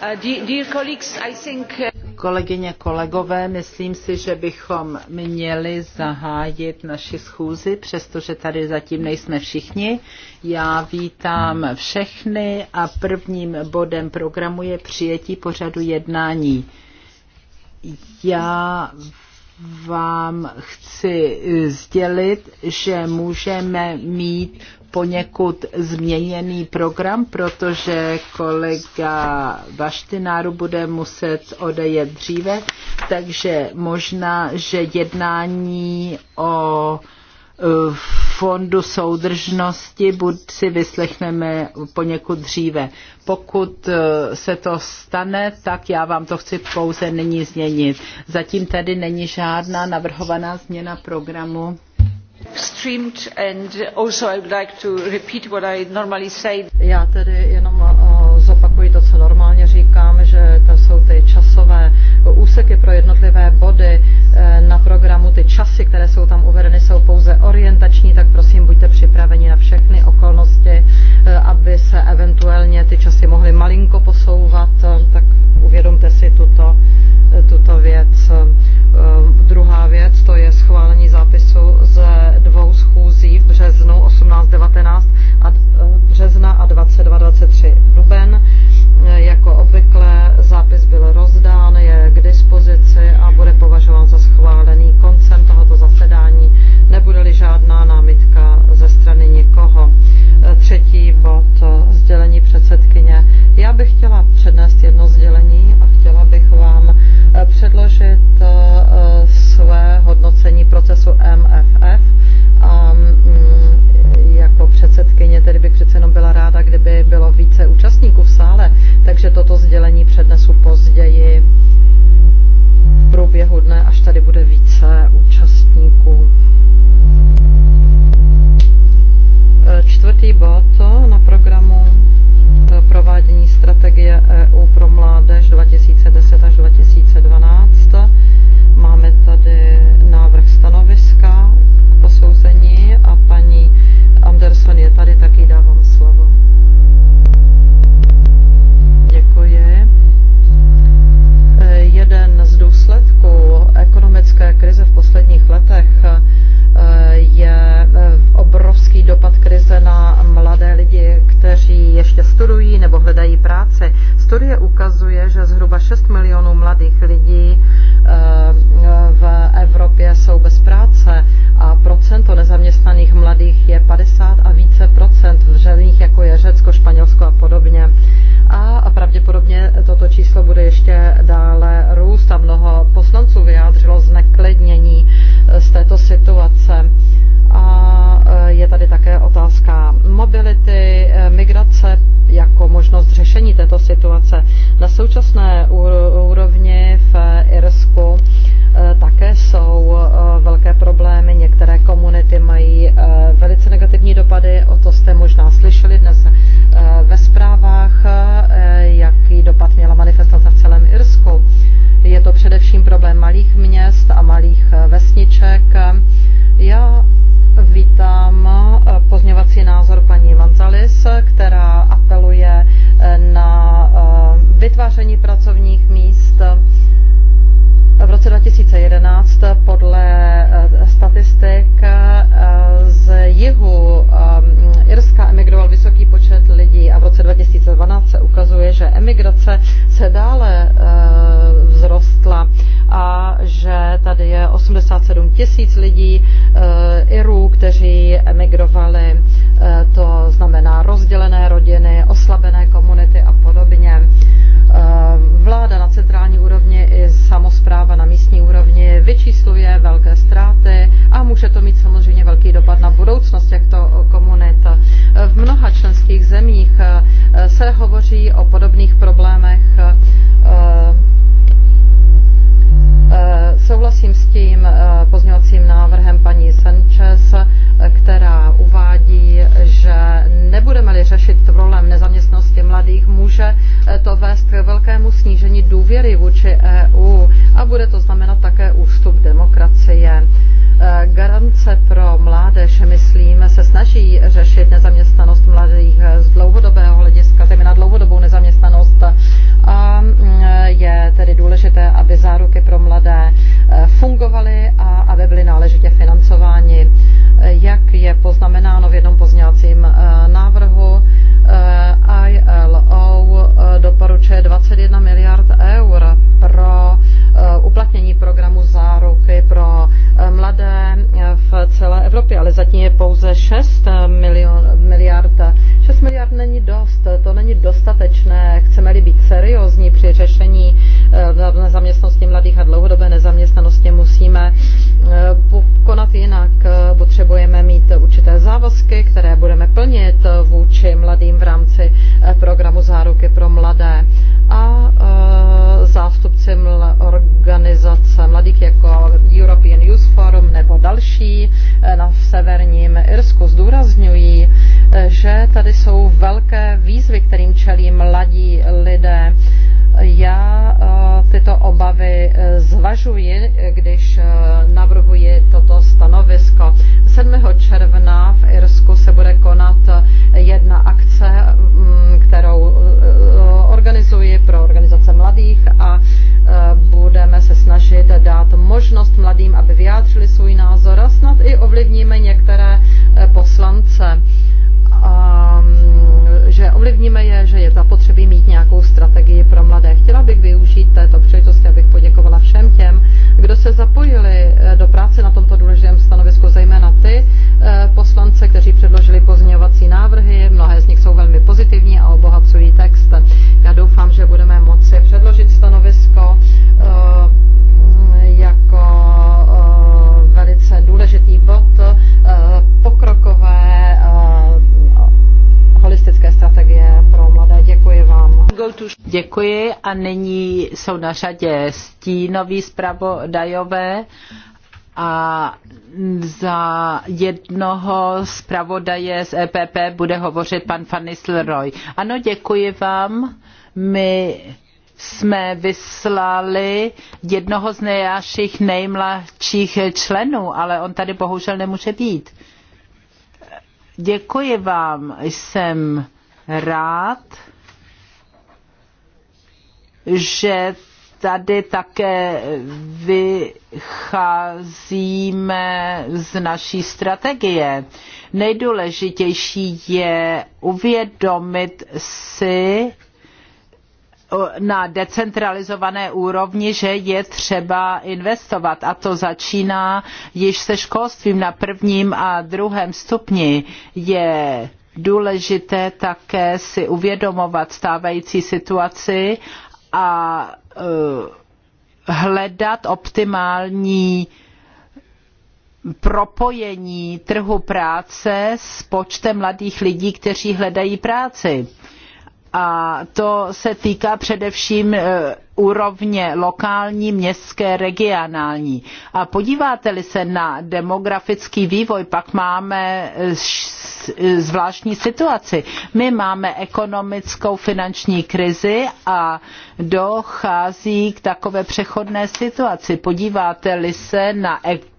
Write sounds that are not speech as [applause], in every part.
Uh, dear colleagues i think uh, kolegyně, kolegové, myslím si, že bychom měli zahájit naši schůzi, přestože tady zatím nejsme všichni. Já vítám všechny a prvním bodem programu je přijetí pořadu jednání. Já vám chci sdělit, že můžeme mít poněkud změněný program, protože kolega Baštináru bude muset odejet dříve, takže možná, že jednání o fondu soudržnosti bud si vyslechneme poněkud dříve. Pokud eh, se to stane, tak já vám to chci pouze nyní změnit. Zatím tady není žádná navrhovaná změna programu Já tedy jenom eh, zopakuji to, co normálně říkám, že to jsou ty časové jako úseky pro jednotlivé body eh, na programu, ty časy, které jsou tam uvedeny, jsou pouze orientační, tak prosím buďte připraveni na všechny okolnosti, eh, aby se eventuálně ty časy mohly malinko posouvat, eh, tak uvědomte si tuto, tuto věc. Druhá věc, to je schválení zápisu ze dvou schůzí v březnu 18.19 a března a 22.23 23 duben. Jako obvykle zápis byl rozdán, je k dispozici a bude považován za schválený koncem tohoto zasedání. Nebude-li žádná námitka ze strany nikoho. E, třetí bod, e, sdělení předsedkyně. Já bych chtěla přednést jedno sdělení a chtěla bych vám e, předložit své hodnocení procesu MFF a mm, jako předsedkyně tedy bych přece jenom byla ráda, kdyby bylo více účastníků v sále, takže toto sdělení přednesu později v průběhu dne, až tady bude více účastníků. E, čtvrtý bod na programu e, provádění strategie EU pro mládež 2010 až 2012. Máme tady návrh stanoviska k posouzení a paní Anderson je tady, tak jí dávám slovo. jeden z důsledků ekonomické krize v posledních letech eh, je eh, obrovský dopad krize na mladé lidi, kteří ještě studují nebo hledají práci. Studie ukazuje, že zhruba 6 milionů mladých lidí eh, v Evropě jsou bez práce a procento nezaměstnaných mladých je 50 a více procent v zemích, jako je Řecko, Španělsko a podobně. A pravděpodobně toto číslo bude ještě dále dále růst a mnoho poslanců vyjádřilo zneklidnění eh, z této situace. A eh, je tady také otázka mobility, eh, migrace jako možnost řešení této situace. Na současné úrovni v Irsku E, také jsou e, velké problémy. Některé komunity mají e, velice negativní dopady, o to jste možná slyšeli dnes ve zprávách, jaký dopad měla manifestace v celém Irsku. Je to především problém malých měst a malých vesniček. Já vítám pozměvací názor paní Manzalis, která apeluje na vytváření pracovních míst v roce 2011 podle eh, statistik eh, z jihu eh, Irska emigroval vysoký počet lidí a v roce 2012 se ukazuje, že emigrace se dále vzrostla a že tady je 87 tisíc lidí Irů, kteří emigrovali. To znamená rozdělené rodiny, oslabené komunity a podobně. Eh, vláda na centrální úrovni i samozpráva na místní úrovni vyčísluje velké ztráty a může to mít samozřejmě velký dopad na budoucnost těchto komunit. Eh, v mnoha členských zemích eh, se hovoří o podobných problémech Eh, souhlasím s tím eh, pozměňovacím návrhem paní Sanchez, eh, která uvádí, že nebudeme-li řešit problém nezaměstnosti mladých, může to vést k velkému snížení důvěry vůči EU a bude to znamenat také ústup demokracie. Garance pro mládež, myslím, se snaží řešit nezaměstnanost mladých z dlouhodobého hlediska, zejména dlouhodobou nezaměstnanost a mm, je tedy důležité, aby záruky pro mladé mladé eh, fungovaly a aby byly náležitě financováni. Eh, jak je poznamenáno v jednom pozněvacím eh, návrhu, ILO doporučuje 21 miliard eur pro uplatnění programu záruky pro mladé v celé Evropě, ale zatím je pouze 6 milion, miliard. 6 miliard není dost, to není dostatečné. Chceme-li být seriózní při řešení nezaměstnosti mladých a dlouho dlouhodobé nezaměstnanosti musíme eh, konat jinak. Eh, potřebujeme mít určité závazky, které budeme plnit eh, vůči mladým v rámci programu záruky pro mladé. A zástupci organizace mladých jako European Youth Forum nebo další na v severním Irsku zdůrazňují, že tady jsou velké výzvy, kterým čelí mladí Obožuji, eh, když eh, nyní jsou na řadě stínoví zpravodajové a za jednoho zpravodaje z EPP bude hovořit pan Fanis Leroy. Ano, děkuji vám. My jsme vyslali jednoho z našich nejmladších členů, ale on tady bohužel nemůže být. Děkuji vám, jsem rád že tady také vycházíme z naší strategie. Nejdůležitější je uvědomit si na decentralizované úrovni, že je třeba investovat. A to začíná již se školstvím na prvním a druhém stupni. Je důležité také si uvědomovat stávající situaci a eh, hledat optimální propojení trhu práce s počtem mladých lidí, kteří hledají práci. A to se týká především e, úrovně lokální, městské, regionální. A podíváte-li se na demografický vývoj, pak máme zvláštní situaci. My máme ekonomickou finanční krizi a dochází k takové přechodné situaci. Podíváte-li se na ek-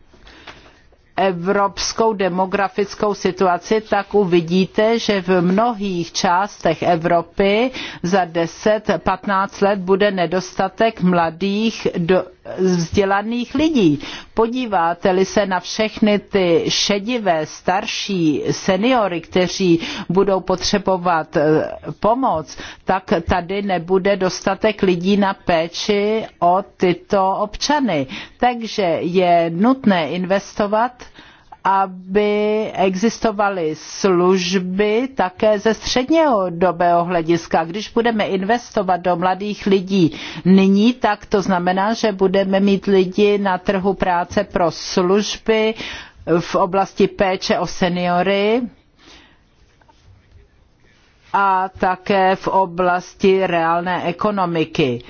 evropskou demografickou situaci, tak uvidíte, že v mnohých částech Evropy za 10-15 let bude nedostatek mladých do vzdělaných lidí. Podíváte-li se na všechny ty šedivé starší seniory, kteří budou potřebovat eh, pomoc, tak tady nebude dostatek lidí na péči o tyto občany. Takže je nutné investovat aby existovaly služby také ze středního dobého hlediska. Když budeme investovat do mladých lidí nyní, tak to znamená, že budeme mít lidi na trhu práce pro služby v oblasti péče o seniory a také v oblasti reálné ekonomiky.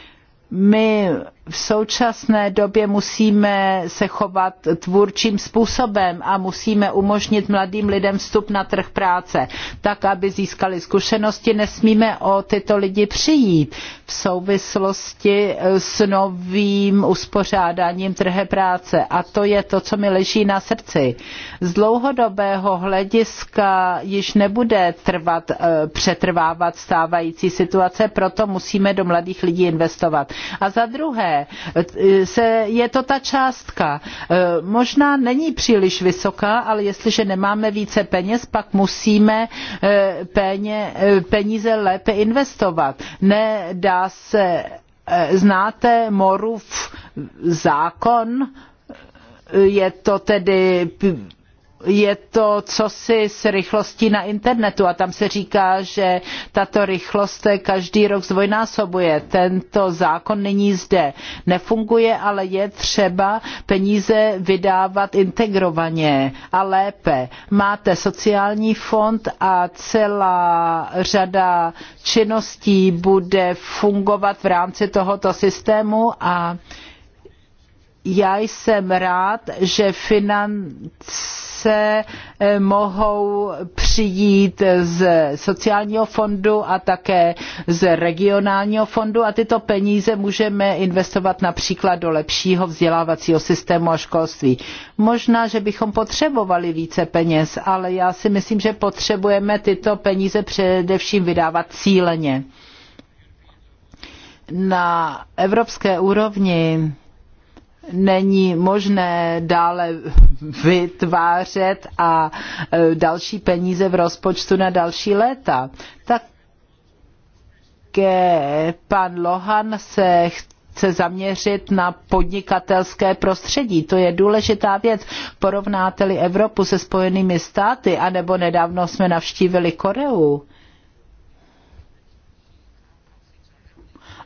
My v současné době musíme se chovat tvůrčím způsobem a musíme umožnit mladým lidem vstup na trh práce, tak aby získali zkušenosti. Nesmíme o tyto lidi přijít v souvislosti s novým uspořádáním trhe práce. A to je to, co mi leží na srdci. Z dlouhodobého hlediska již nebude trvat, eh, přetrvávat stávající situace, proto musíme do mladých lidí investovat. A za druhé, se, je to ta částka. E, možná není příliš vysoká, ale jestliže nemáme více peněz, pak musíme e, peně, e, peníze lépe investovat. Nedá se, znáte Morův zákon, je to tedy je to cosi s rychlostí na internetu a tam se říká, že tato rychlost se každý rok zdvojnásobuje. Tento zákon není zde. Nefunguje, ale je třeba peníze vydávat integrovaně a lépe. Máte sociální fond a celá řada činností bude fungovat v rámci tohoto systému a já jsem rád, že finance dotace eh, mohou přijít z sociálního fondu a také z regionálního fondu a tyto peníze můžeme investovat například do lepšího vzdělávacího systému a školství. Možná, že bychom potřebovali více peněz, ale já si myslím, že potřebujeme tyto peníze především vydávat cíleně. Na evropské úrovni není možné dále vytvářet a e, další peníze v rozpočtu na další léta. Tak pan Lohan se chce zaměřit na podnikatelské prostředí. To je důležitá věc. Porovnáte-li Evropu se Spojenými státy, anebo nedávno jsme navštívili Koreu.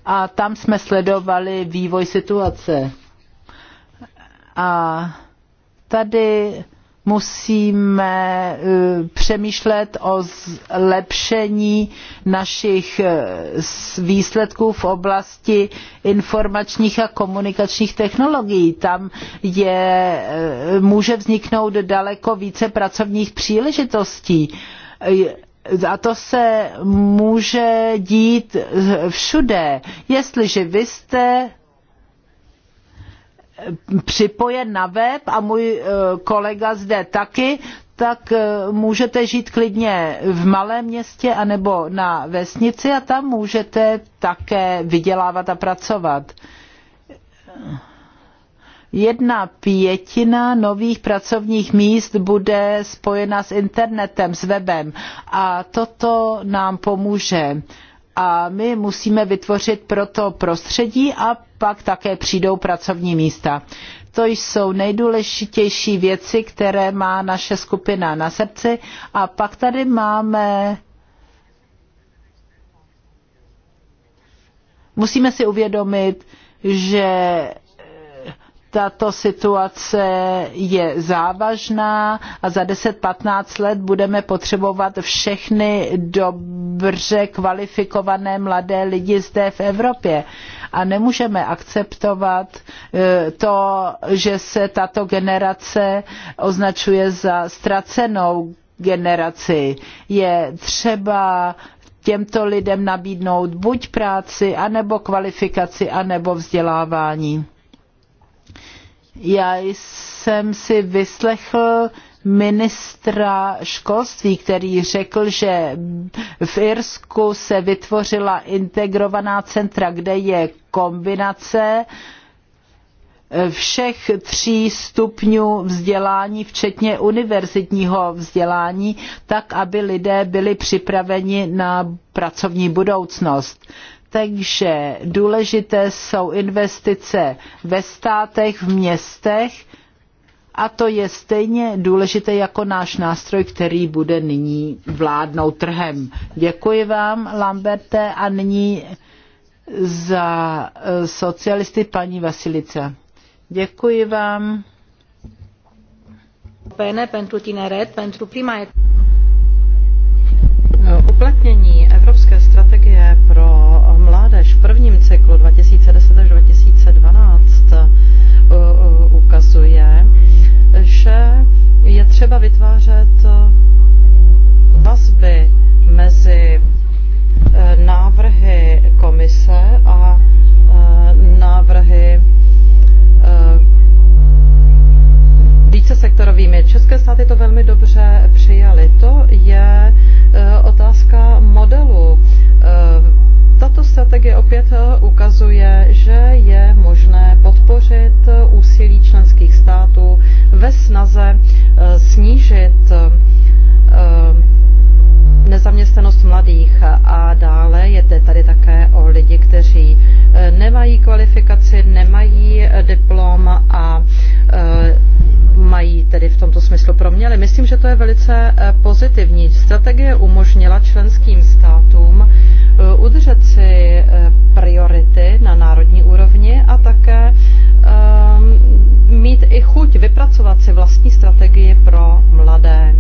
A tam jsme sledovali vývoj situace. A tady musíme eh, přemýšlet o zlepšení našich eh, výsledků v oblasti informačních a komunikačních technologií. Tam je, eh, může vzniknout daleko více pracovních příležitostí. A to se může dít všude. Jestliže vy jste připojen na web a můj eh, kolega zde taky, tak eh, můžete žít klidně v malém městě anebo na vesnici a tam můžete také vydělávat a pracovat. Jedna pětina nových pracovních míst bude spojena s internetem, s webem a toto nám pomůže. A my musíme vytvořit proto prostředí a pak také přijdou pracovní místa. To jsou nejdůležitější věci, které má naše skupina na srdci. A pak tady máme musíme si uvědomit, že tato situace je závažná a za 10-15 let budeme potřebovat všechny dobře kvalifikované mladé lidi zde v Evropě. A nemůžeme akceptovat eh, to, že se tato generace označuje za ztracenou generaci. Je třeba těmto lidem nabídnout buď práci, anebo kvalifikaci, anebo vzdělávání já jsem si vyslechl ministra školství, který řekl, že v Irsku se vytvořila integrovaná centra, kde je kombinace všech tří stupňů vzdělání, včetně univerzitního vzdělání, tak, aby lidé byli připraveni na pracovní budoucnost. Takže důležité jsou investice ve státech, v městech a to je stejně důležité jako náš nástroj, který bude nyní vládnout trhem. Děkuji vám, Lamberte, a nyní za eh, socialisty paní Vasilice. Děkuji vám. Uplatnění Evropské strategie pro prvním cyklu 2010 až 2012 eh, eh, ukazuje, že je třeba vytvářet eh, vazby mezi návrhy komise a návrhy více sektorovými. České státy to velmi dobře přijaly. To je otázka modelu tato strategie opět eh, ukazuje, že je možné podpořit eh, úsilí členských států ve snaze eh, snížit nezaměstnanost mladých a dále je tady také o lidi, kteří nemají kvalifikaci, nemají diplom a mají tedy v tomto smyslu proměly. Myslím, že to je velice eh, pozitivní. Strategie umožnila členským státům eh, udržet si eh, priority na národní úrovni a také mít i chuť vypracovat si vlastní strategii pro mladé.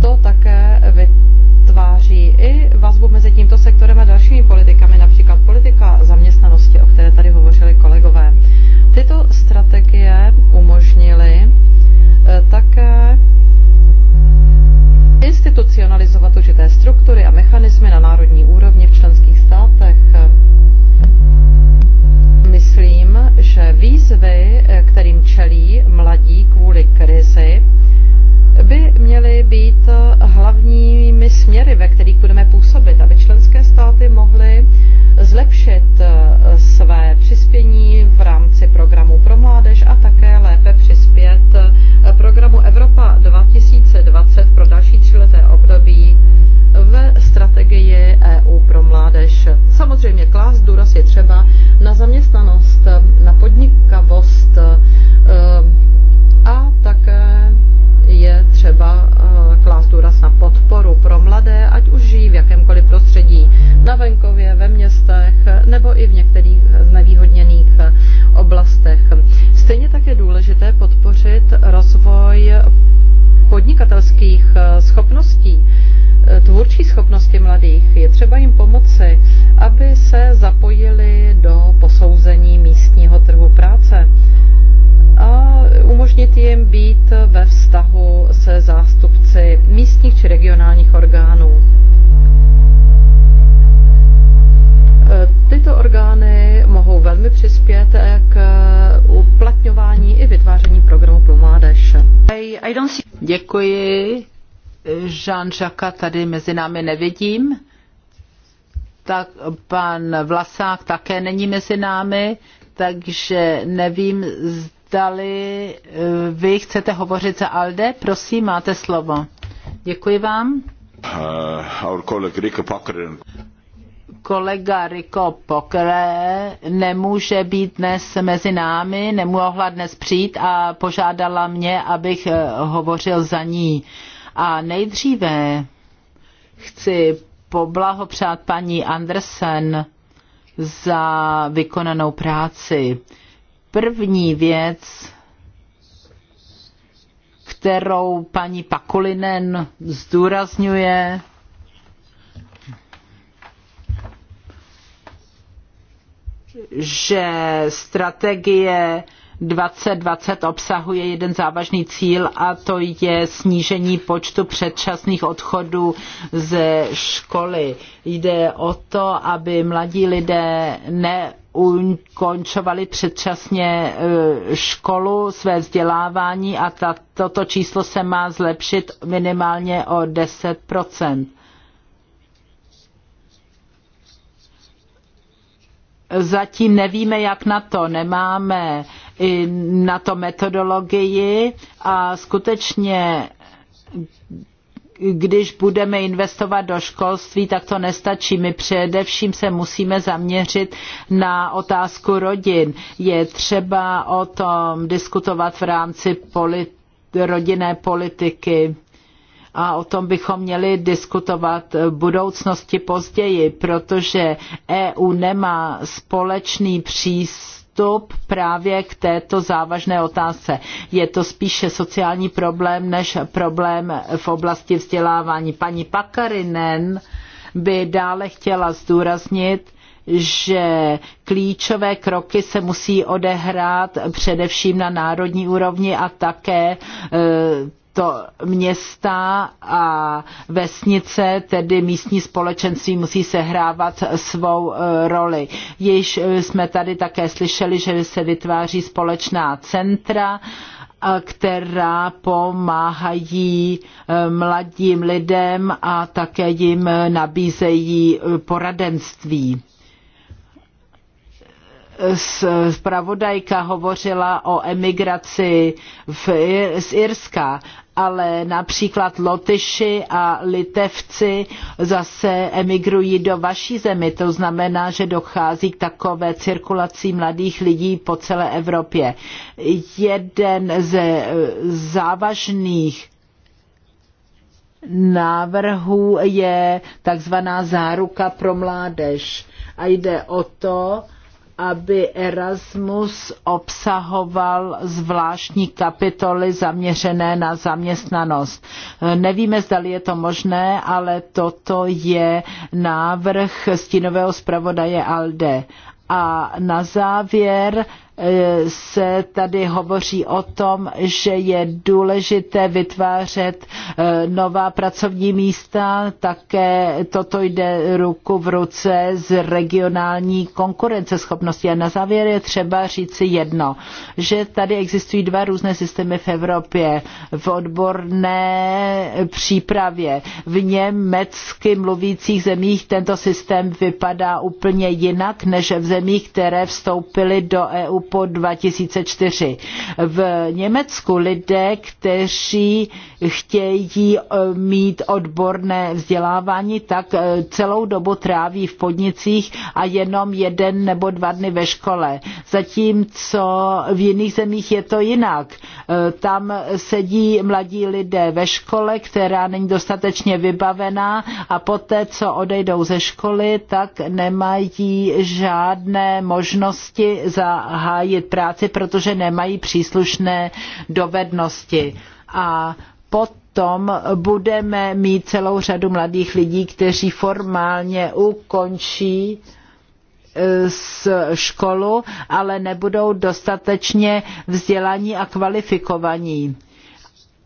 To také vytváří i vazbu mezi tímto sektorem a dalšími politikami, například politika zaměstnanosti, o které tady hovořili kolegové. Tyto strategie umožnily eh, také institucionalizovat určité struktury a mechanismy na národní úrovni v členských státech. Myslím, že výzvy, eh, kterým čelí mladí kvůli krizi, by měly být eh, hlavními směry, ve kterých budeme působit, aby členské státy mohly zlepšit eh, své přispění v rámci programu pro mládež a také lépe přispět eh, programu Evropa 2020 pro další tříleté období v strategii EU pro mládež. Samozřejmě klást důraz je třeba na zaměstnanost, na podnikavost a také je třeba eh, klást důraz na podporu pro mladé, ať už žijí v jakémkoliv prostředí, na venkově, ve městech eh, nebo i v některých eh, znevýhodněných oblastech. Stejně tak je důležité podpořit rozvoj podnikatelských schopností, tvůrčí schopnosti mladých. Je třeba jim pomoci, aby se zapojili do posouzení místního trhu práce a umožnit jim být ve vztahu se zástupci místních či regionálních orgánů. E, tyto orgány mohou velmi přispět k uplatňování i vytváření programu pro mládež. Děkuji. Jean Žaka tady mezi námi nevidím. Tak pan Vlasák také není mezi námi, takže nevím, zda Dali eh, vy chcete hovořit za ALDE? Prosím, máte slovo. Děkuji vám. Eh, kolega Riko Pokre nemůže být dnes mezi námi, nemohla dnes přijít a požádala mě, abych eh, hovořil za ní. A nejdříve chci poblahopřát paní Andersen za vykonanou práci. První věc, kterou paní Pakolinen zdůrazňuje, že strategie 2020 obsahuje jeden závažný cíl a to je snížení počtu předčasných odchodů ze školy. Jde o to, aby mladí lidé ne ukončovali předčasně eh, školu, své vzdělávání a toto číslo se má zlepšit minimálně o 10 Zatím nevíme, jak na to. Nemáme na to metodologii a skutečně když budeme investovat do školství, tak to nestačí. My především se musíme zaměřit na otázku rodin. Je třeba o tom diskutovat v rámci polit, rodinné politiky a o tom bychom měli diskutovat v budoucnosti později, protože EU nemá společný přístup přístup právě k této závažné otázce. Je to spíše sociální problém než problém v oblasti vzdělávání. Paní Pakarinen by dále chtěla zdůraznit, že klíčové kroky se musí odehrát především na národní úrovni a také eh, to města a vesnice, tedy místní společenství, musí sehrávat svou e, roli. Již e, jsme tady také slyšeli, že se vytváří společná centra, e, která pomáhají mladým lidem a také jim nabízejí poradenství zpravodajka hovořila o emigraci v, z Irska ale například Lotyši a Litevci zase emigrují do vaší zemi. To znamená, že dochází k takové cirkulaci mladých lidí po celé Evropě. Jeden ze eh, závažných návrhů je takzvaná záruka pro mládež. A jde o to, aby Erasmus obsahoval zvláštní kapitoly zaměřené na zaměstnanost. E, nevíme, zda je to možné, ale toto je návrh stínového zpravodaje ALDE. A na závěr se tady hovoří o tom, že je důležité vytvářet eh, nová pracovní místa, také toto jde ruku v ruce z regionální konkurenceschopnosti. A na závěr je třeba říci jedno, že tady existují dva různé systémy v Evropě v odborné přípravě. V německy mluvících zemích tento systém vypadá úplně jinak, než v zemích, které vstoupily do EU po 2004. V Německu lidé, kteří chtějí eh, mít odborné vzdělávání, tak eh, celou dobu tráví v podnicích a jenom jeden nebo dva dny ve škole. Zatímco v jiných zemích je to jinak. Eh, tam sedí mladí lidé ve škole, která není dostatečně vybavená a poté, co odejdou ze školy, tak nemají žádné možnosti zahájit práci, protože nemají příslušné dovednosti. A potom budeme mít celou řadu mladých lidí, kteří formálně ukončí z e, školu, ale nebudou dostatečně vzdělaní a kvalifikovaní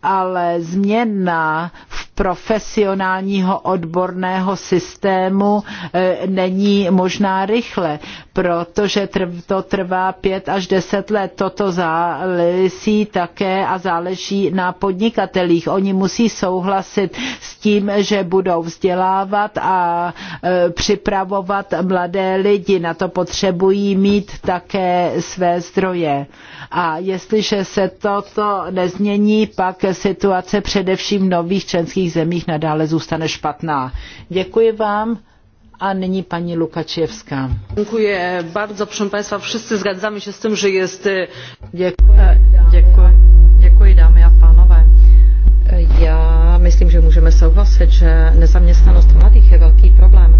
ale změna v profesionálního odborného systému e, není možná rychle, protože to trvá pět až deset let. Toto závisí také a záleží na podnikatelích. Oni musí souhlasit s tím, že budou vzdělávat a e, připravovat mladé lidi. Na to potřebují mít také své zdroje. A jestliže se toto nezmění, pak situace především v nových členských zemích nadále zůstane špatná. Děkuji vám. A nyní paní Lukačevská. Děkuji bardzo, proszę Państwa. Wszyscy zgadzamy się z tym, że jest... E, e, děkuji. dámy a pánové. E, já myslím, že můžeme souhlasit, že nezaměstnanost mladých je velký problém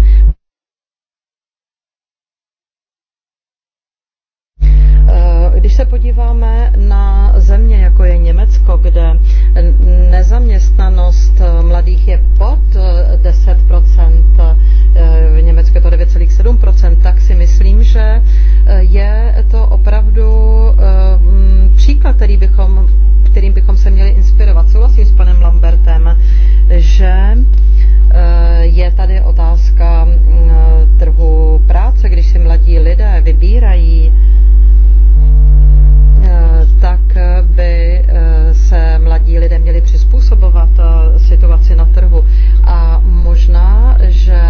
Když se podíváme na země, jako je Německo, kde nezaměstnanost mladých je pod 10%, eh, v Německu je to 9,7%, tak si myslím, že eh, je to opravdu eh, mm, příklad, který bychom, kterým bychom se měli inspirovat. Souhlasím s panem Lambertem, že je tady otázka mm, trhu práce, když si mladí lidé vybírají Eh, tak eh, by eh, se mladí lidé měli přizpůsobovat situaci na trhu. A možná, že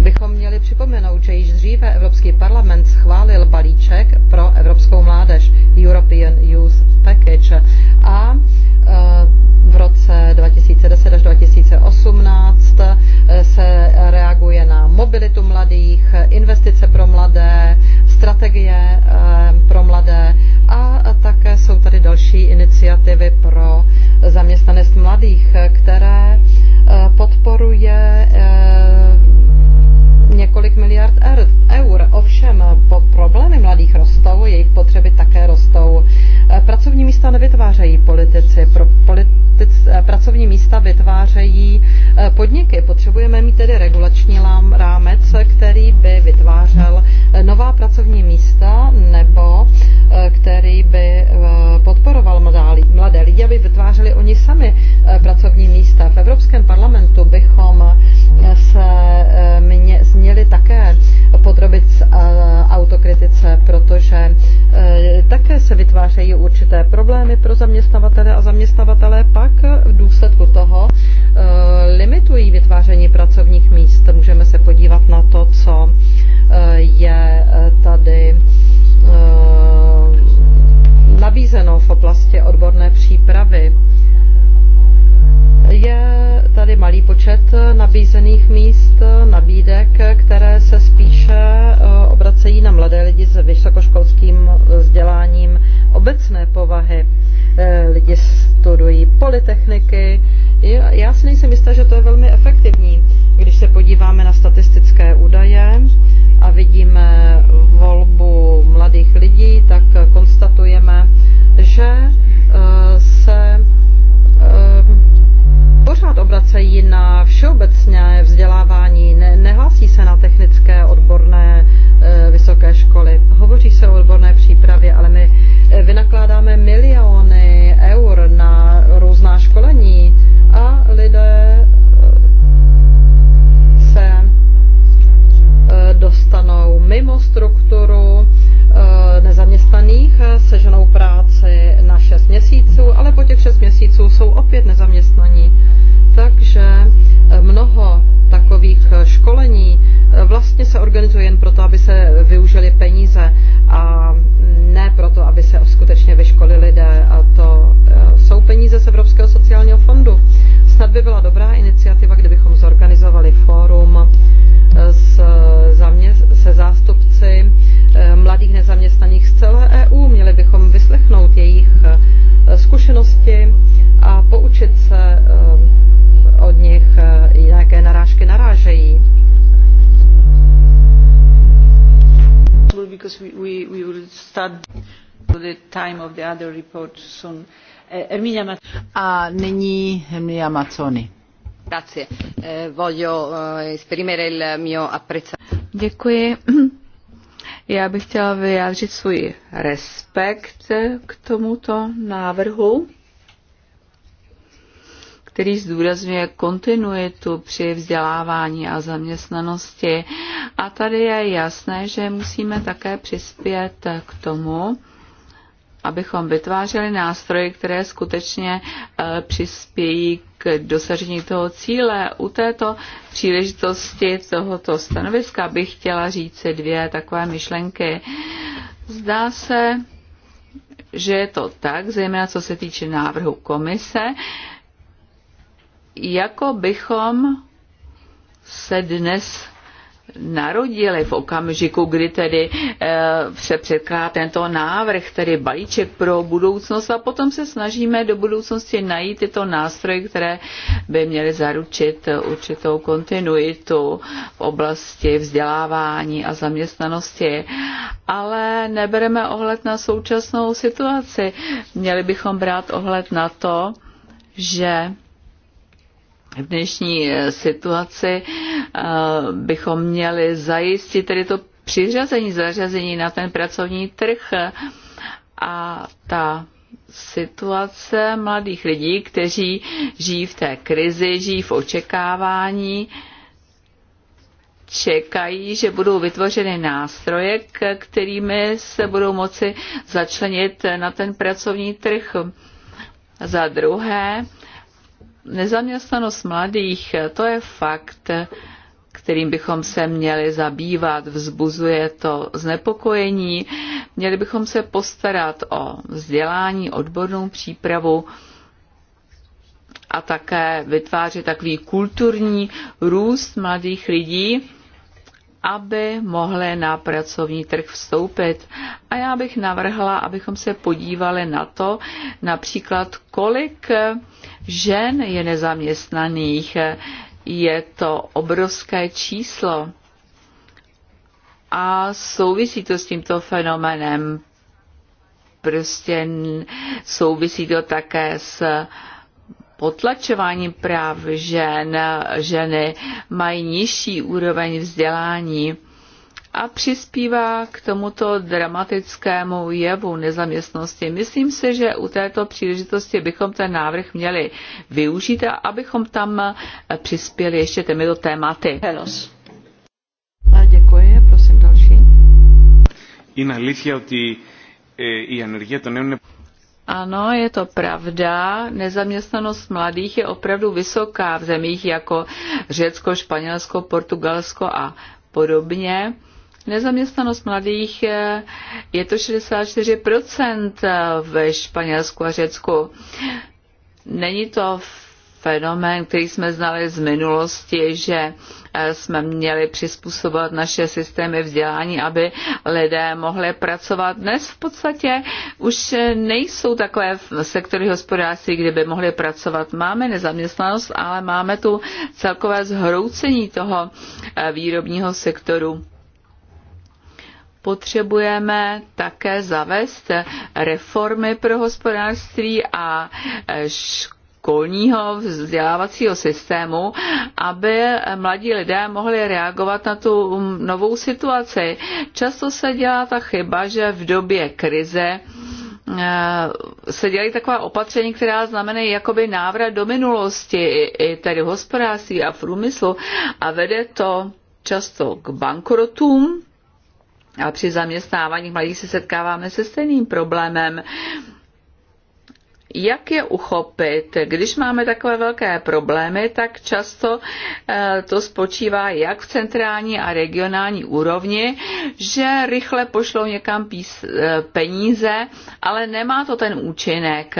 bychom měli připomenout, že již dříve Evropský parlament schválil balíček pro evropskou mládež European Youth Package a eh, v roce 2010 až 2018 eh, se reaguje na mobilitu mladých, investice pro mladé, strategie eh, pro mladé a také jsou tady další iniciativy pro zaměstnanost mladých, které podporuje několik miliard er- eur. Ovšem po problémy mladých rostou, jejich potřeby také rostou. E, pracovní místa nevytvářejí politici, pro politic, e, pracovní místa vytvářejí e, podniky. Potřebujeme mít tedy regulační rámec, který by vytvářel nová pracovní místa nebo Eh, který by eh, podporoval mladé lidi, aby vytvářeli oni sami eh, pracovní místa. V Evropském parlamentu bychom se měli také podrobit autokritice, protože také se vytvářejí určité problémy pro zaměstnavatele a zaměstnavatele pak v důsledku toho limitují vytváření pracovních míst. Můžeme se podívat na to, co je tady nabízeno v oblasti odborné přípravy. Je tady malý počet nabízených míst, nabídek, které se spíše e, obracejí na mladé lidi s vysokoškolským vzděláním obecné povahy. E, lidi studují polytechniky. Já si nejsem jistá, že to je velmi efektivní. Když se podíváme na statistické údaje, a vidíme eh, volbu mladých lidí, tak eh, konstatujeme, že eh, se pořád obracejí na všeobecné vzdělávání, nehlásí se na technické odborné vysoké školy. Hovoří se o odborné přípravě, ale my vynakládáme miliony eur na různá školení a lidé dostanou mimo strukturu eh, nezaměstnaných, eh, seženou práci na 6 měsíců, ale po těch 6 měsíců jsou opět nezaměstnaní. Takže eh, mnoho takových školení vlastně se organizuje jen proto, aby se využili peníze a ne proto, aby se skutečně vyškolili lidé. A to jsou peníze z Evropského sociálního fondu. Snad by byla dobrá iniciativa, kdybychom zorganizovali fórum eh, s, se zástupci eh, mladých nezaměstnaných z celé EU. Měli bychom vyslechnout jejich eh, zkušenosti a poučit se od nich, jaké narážky narážejí. Because we, we, we will start the time of the other report soon. A nyní Mazzoni. Eh, eh, Děkuji. [clears throat] Já bych chtěla vyjádřit svůj respekt k tomuto návrhu, který zdůrazňuje kontinuitu při vzdělávání a zaměstnanosti. A tady je jasné, že musíme také přispět k tomu, abychom vytvářeli nástroje, které skutečně eh, přispějí k dosažení toho cíle. U této příležitosti tohoto stanoviska bych chtěla říct si dvě takové myšlenky. Zdá se, že je to tak, zejména co se týče návrhu komise, jako bychom se dnes narodili v okamžiku, kdy tedy eh, se předkládá tento návrh, tedy balíček pro budoucnost a potom se snažíme do budoucnosti najít tyto nástroje, které by měly zaručit určitou kontinuitu v oblasti vzdělávání a zaměstnanosti. Ale nebereme ohled na současnou situaci. Měli bychom brát ohled na to, že v dnešní eh, situaci eh, bychom měli zajistit tedy to přiřazení, zařazení na ten pracovní trh a ta situace mladých lidí, kteří žijí v té krizi, žijí v očekávání, čekají, že budou vytvořeny nástroje, kterými se budou moci začlenit na ten pracovní trh. Za druhé, Nezaměstnanost mladých, to je fakt, kterým bychom se měli zabývat, vzbuzuje to znepokojení. Měli bychom se postarat o vzdělání, odbornou přípravu a také vytvářet takový kulturní růst mladých lidí, aby mohli na pracovní trh vstoupit. A já bych navrhla, abychom se podívali na to, například kolik žen je nezaměstnaných. Je to obrovské číslo. A souvisí to s tímto fenoménem. Prostě souvisí to také s potlačováním práv žen. Ženy mají nižší úroveň vzdělání a přispívá k tomuto dramatickému jevu nezaměstnosti. Myslím si, že u této příležitosti bychom ten návrh měli využít a abychom tam přispěli ještě těmito tématy. Helos. A děkuji, prosím další. Είναι αλήθεια ότι ε, η ανεργία των νέων ano, je to pravda. Nezaměstnanost mladých je opravdu vysoká v zemích jako Řecko, Španělsko, Portugalsko a podobně. Nezaměstnanost mladých je to 64% ve Španělsku a Řecku. Není to fenomén, který jsme znali z minulosti, že eh, jsme měli přizpůsobovat naše systémy vzdělání, aby lidé mohli pracovat. Dnes v podstatě už nejsou takové sektory hospodářství, kde by mohli pracovat. Máme nezaměstnanost, ale máme tu celkové zhroucení toho eh, výrobního sektoru potřebujeme také zavést reformy pro hospodářství a e, školního vzdělávacího systému, aby mladí lidé mohli reagovat na tu um, novou situaci. Často se dělá ta chyba, že v době krize e, se dělají taková opatření, která znamenají jakoby návrat do minulosti, i tedy hospodářství a průmyslu a vede to často k bankrotům a při zaměstnávání mladých se setkáváme se stejným problémem. Jak je uchopit? Když máme takové velké problémy, tak často eh, to spočívá jak v centrální a regionální úrovni, že rychle pošlou někam eh, peníze, ale nemá to ten účinek.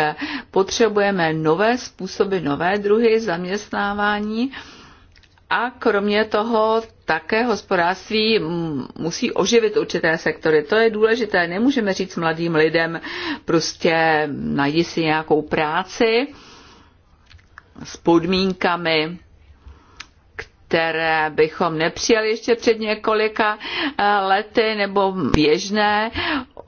Potřebujeme nové způsoby, nové druhy zaměstnávání a kromě toho také hospodářství musí oživit určité sektory. To je důležité. Nemůžeme říct mladým lidem prostě najdi si nějakou práci s podmínkami, které bychom nepřijali ještě před několika eh, lety nebo běžné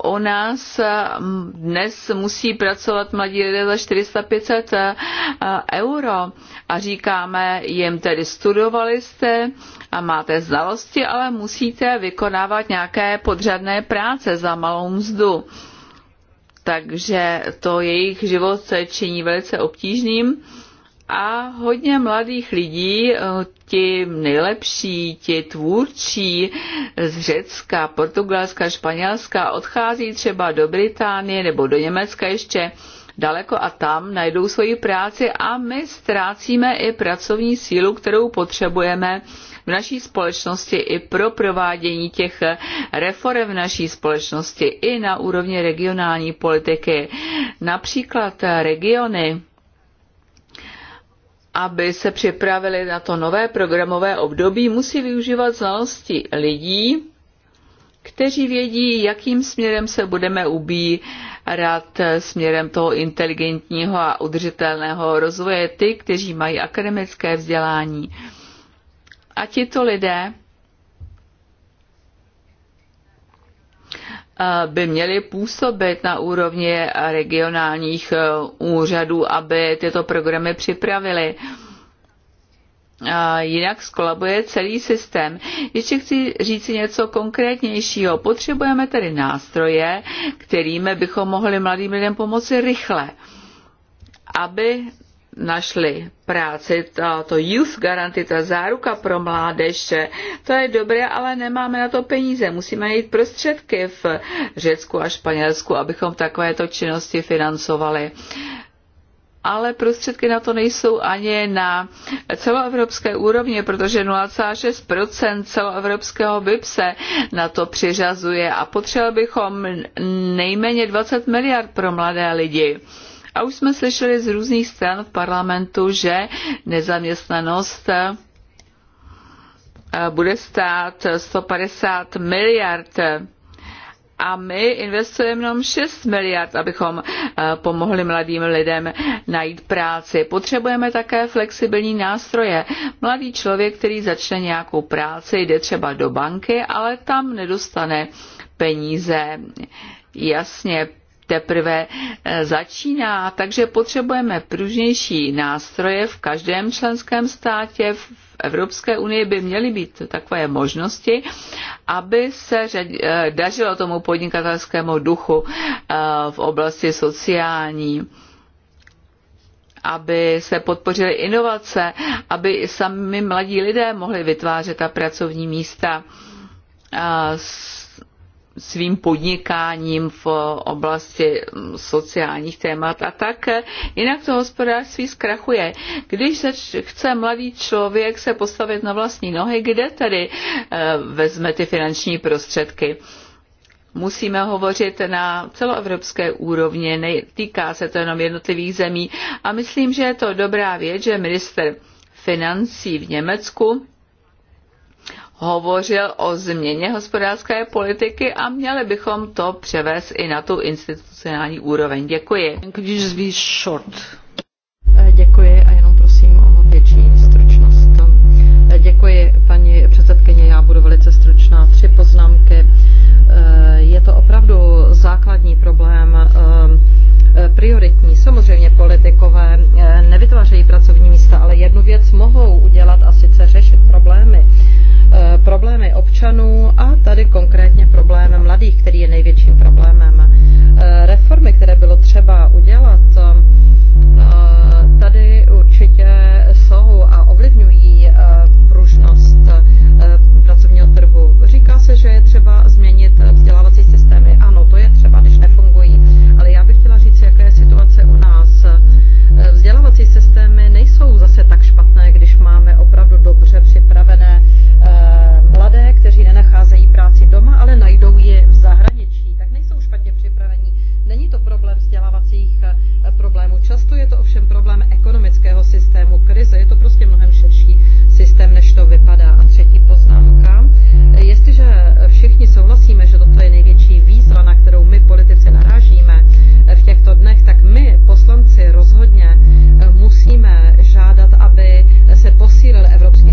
u nás mm, dnes musí pracovat mladí lidé za 400-500 eh, eh, euro a říkáme jim tedy studovali jste a máte znalosti, ale musíte vykonávat nějaké podřadné práce za malou mzdu. Takže to jejich život se činí velice obtížným a hodně mladých lidí, eh, ti nejlepší, ti tvůrčí z Řecka, Portugalska, Španělska odchází třeba do Británie nebo do Německa ještě daleko a tam najdou svoji práci a my ztrácíme i pracovní sílu, kterou potřebujeme v naší společnosti i pro provádění těch reform v naší společnosti i na úrovni regionální politiky. Například regiony, aby se připravili na to nové programové období, musí využívat znalosti lidí, kteří vědí, jakým směrem se budeme ubírat směrem toho inteligentního a udržitelného rozvoje, ty, kteří mají akademické vzdělání. A tito lidé by měly působit na úrovni regionálních e, úřadů, aby tyto programy připravily. Jinak skolabuje celý systém. Ještě chci říct něco konkrétnějšího. Potřebujeme tedy nástroje, kterými bychom mohli mladým lidem pomoci rychle, aby našli práci, to, to Youth Guarantee, ta záruka pro mládež, to je dobré, ale nemáme na to peníze. Musíme najít prostředky v Řecku a Španělsku, abychom takovéto činnosti financovali. Ale prostředky na to nejsou ani na celoevropské úrovni, protože 0,6 celoevropského BIPSE na to přiřazuje a potřebovali bychom nejméně 20 miliard pro mladé lidi. A už jsme slyšeli z různých stran v parlamentu, že nezaměstnanost eh, bude stát 150 miliard a my investujeme jenom 6 miliard, abychom eh, pomohli mladým lidem najít práci. Potřebujeme také flexibilní nástroje. Mladý člověk, který začne nějakou práci, jde třeba do banky, ale tam nedostane peníze. Jasně, teprve eh, začíná, takže potřebujeme pružnější nástroje v každém členském státě, v Evropské unii by měly být takové možnosti, aby se eh, dařilo tomu podnikatelskému duchu eh, v oblasti sociální aby se podpořily inovace, aby sami mladí lidé mohli vytvářet ta pracovní místa. s svým podnikáním v oblasti mm, sociálních témat a tak. Eh, jinak to hospodářství zkrachuje. Když se chce mladý člověk se postavit na vlastní nohy, kde tedy eh, vezme ty finanční prostředky? musíme hovořit na celoevropské úrovni, týká se to jenom jednotlivých zemí. A myslím, že je to dobrá věc, že minister financí v Německu hovořil o změně hospodářské politiky a měli bychom to převést i na tu institucionální úroveň. Děkuji. Eh, děkuji a jenom prosím o větší stručnost. Eh, děkuji, paní předsedkyně, já budu velice stručná. Tři poznámky. Eh, je to opravdu základní problém Eh, prioritní. Samozřejmě politikové eh, nevytvářejí pracovní místa, ale jednu věc mohou udělat a sice řešit problémy. Eh, problémy občanů a tady konkrétně problémy mladých, který je největším problémem. Reformy, které bylo třeba udělat, tady určitě jsou a ovlivňují pružnost pracovního trhu. Říká se, že je třeba změnit vzdělávací vzdělávací systémy nejsou zase tak špatné, když máme opravdu dobře připravené eh, mladé, kteří nenacházejí práci doma, ale najdou ji v zahraničí, tak nejsou špatně připravení. Není to problém vzdělávacích eh, problémů. Často je to ovšem problém ekonomického systému, krize. Je to prostě mnohem širší systém, než to vypadá. A třetí poznámka. Jestliže všichni souhlasíme, že toto je největší výzva, na kterou my politici narážíme eh, v těchto dnech, tak my, poslanci, rozhodně musíme žádat, aby se posílil evropský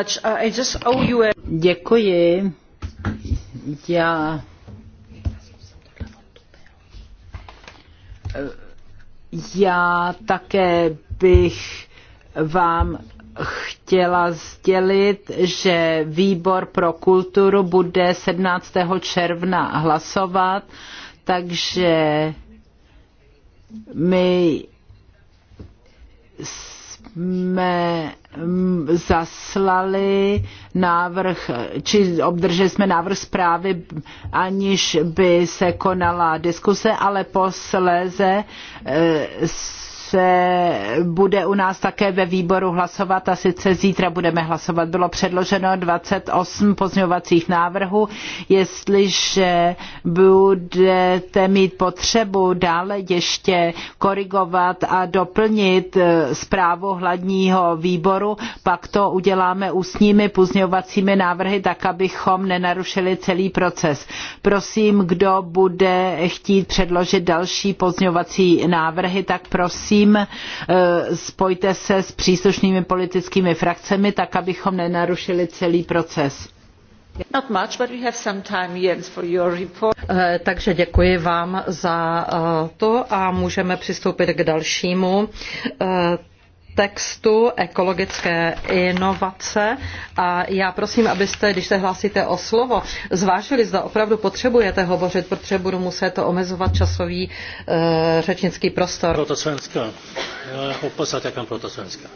much. Uh, I just owe you a... Děkuji. Já... Já také bych vám chtěla sdělit, že výbor pro kulturu bude 17. června hlasovat, takže my jsme mm, zaslali návrh, či obdrželi jsme návrh zprávy, aniž by se konala diskuse, ale posléze eh, se bude u nás také ve výboru hlasovat a sice zítra budeme hlasovat. Bylo předloženo 28 pozměňovacích návrhů. Jestliže budete mít potřebu dále ještě korigovat a doplnit eh, zprávu hladního výboru, pak to uděláme ústními pozměňovacími návrhy, tak abychom nenarušili celý proces. Prosím, kdo bude chtít předložit další pozměňovací návrhy, tak prosím, prosím eh, spojte se s příslušnými politickými frakcemi, tak abychom nenarušili celý proces. Eh, takže děkuji vám za eh, to a můžeme přistoupit k dalšímu textu ekologické inovace a já prosím, abyste, když se hlásíte o slovo, zvážili, zda opravdu potřebujete hovořit, protože budu muset to omezovat časový uh, řečnický prostor. Proto svenska. Já hoppas att jag kan svenska.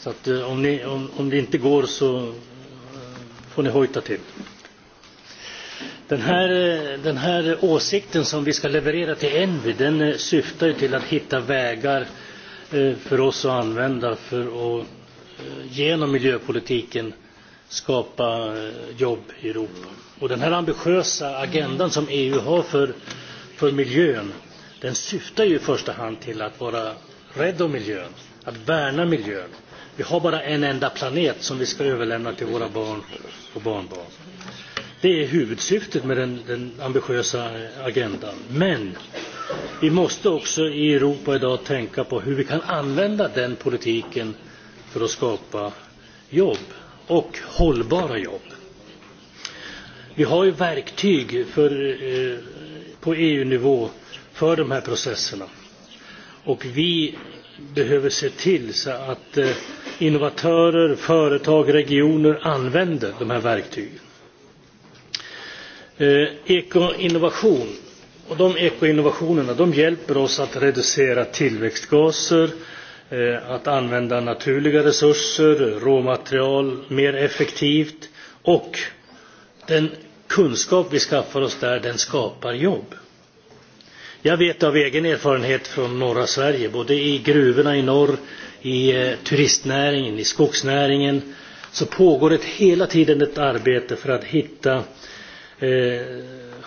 Så eh, om, ni, om, om det inte går så eh, får ni hojta till. Den här, den här åsikten som vi ska leverera till Envi, den syftar ju till att hitta vägar Eh, för oss att använda för att eh, genom miljöpolitiken skapa eh, jobb i Europa. Och den här ambitiösa agendan som EU har för, för miljön, den syftar ju i första hand till att vara rädd om miljön, att värna miljön. Vi har bara en enda planet som vi ska överlämna till våra barn och barnbarn. Det är huvudsyftet med den, den ambitiösa agendan. Men Vi måste också i Europa idag tänka på hur vi kan använda den politiken för att skapa jobb och hållbara jobb. Vi har ju verktyg för, eh, på EU-nivå för de här processerna. Och vi behöver se till så att eh, innovatörer, företag, regioner använder de här verktygen. Eh, Ekoinnovation Och de ekoinnovationerna de hjälper oss att reducera tillväxtgaser, eh, att använda naturliga resurser, råmaterial mer effektivt och den kunskap vi skaffar oss där den skapar jobb. Jag vet av egen erfarenhet från norra Sverige, både i gruvorna i norr, i eh, turistnäringen, i skogsnäringen, så pågår det hela tiden ett arbete för att hitta eh,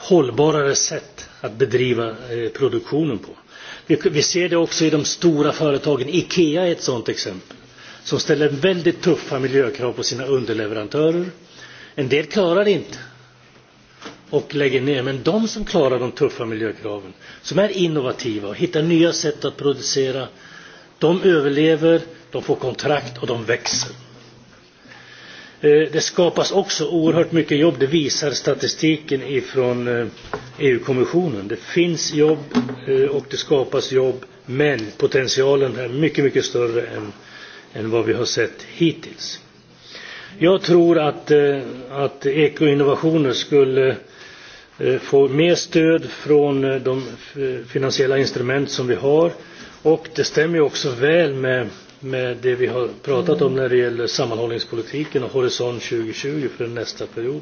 hållbarare sätt att bedriva eh, produktionen på. Vi ser det också i de stora företagen. Ikea är ett sådant exempel. Som ställer väldigt tuffa miljökrav på sina underleverantörer. En del klarar det inte och lägger ner. Men de som klarar de tuffa miljökraven, som är innovativa och hittar nya sätt att producera, de överlever, de får kontrakt och de växer. Eh, det skapas också oerhört mycket jobb, det visar statistiken ifrån eh, EU-kommissionen. Det finns jobb eh, och det skapas jobb, men potentialen är mycket, mycket större än, än vad vi har sett hittills. Jag tror att, att ekoinnovationer skulle få mer stöd från de finansiella instrument som vi har och det stämmer också väl med med det vi har pratat om när det gäller sammanhållningspolitiken och Horisont 2020 för den nästa period.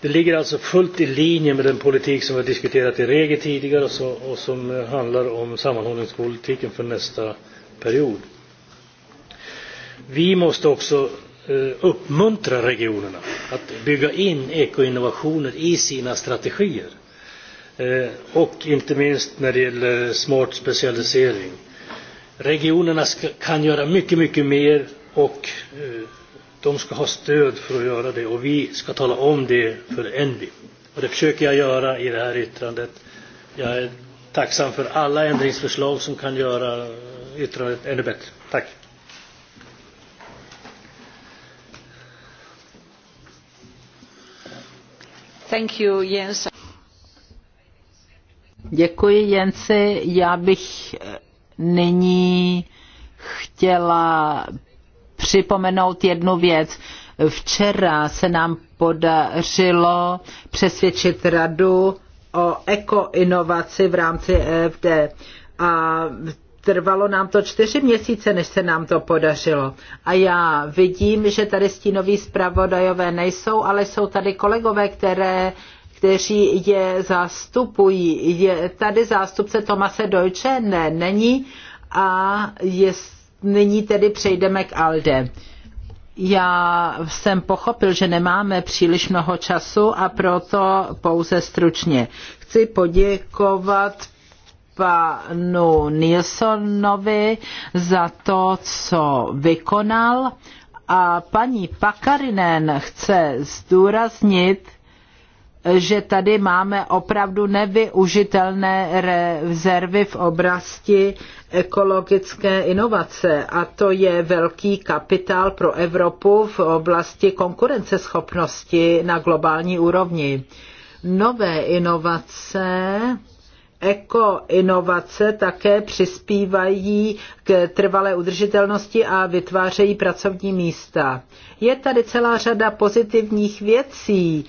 Det ligger alltså fullt i linje med den politik som vi har diskuterat i regel tidigare och, så, och som handlar om sammanhållningspolitiken för nästa period. Vi måste också eh, uppmuntra regionerna att bygga in ekoinnovationer i sina strategier. Eh, och inte minst när det gäller smart specialisering. Eh, regionerna ska, kan göra mycket, mycket mer och eh, de ska ha stöd för att göra det och vi ska tala om det för Envi. Och det försöker jag göra i det här yttrandet. Jag är tacksam för alla ändringsförslag som kan göra eh, yttrandet ännu bättre. Tack! Thank you, Jens. Děkuji, Jensi. Já bych eh, nyní chtěla připomenout jednu věc. Včera se nám podařilo přesvědčit radu o ekoinovaci v rámci EFD a trvalo nám to čtyři měsíce, než se nám to podařilo. A já vidím, že tady stínoví zpravodajové nejsou, ale jsou tady kolegové, které kteří je zastupují. Je tady zástupce Tomase Deutsche? Ne, není. A je, nyní tedy přejdeme k Alde. Já jsem pochopil, že nemáme příliš mnoho času a proto pouze stručně. Chci poděkovat panu Nilsonovi za to, co vykonal a paní Pakarinen chce zdůraznit, že tady máme opravdu nevyužitelné rezervy v oblasti ekologické inovace a to je velký kapitál pro Evropu v oblasti konkurenceschopnosti na globální úrovni. Nové inovace ekoinovace také přispívají k trvalé udržitelnosti a vytvářejí pracovní místa. Je tady celá řada pozitivních věcí,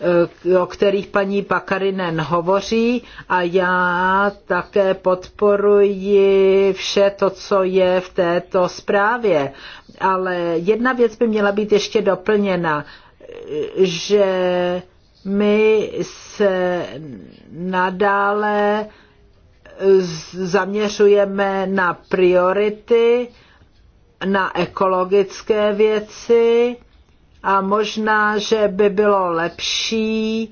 Eh, o kterých paní Pakarinen hovoří a já také podporuji vše to, co je v této zprávě. Ale jedna věc by měla být ještě doplněna, eh, že my se nadále eh, zaměřujeme na priority, na ekologické věci, a možná, že by bylo lepší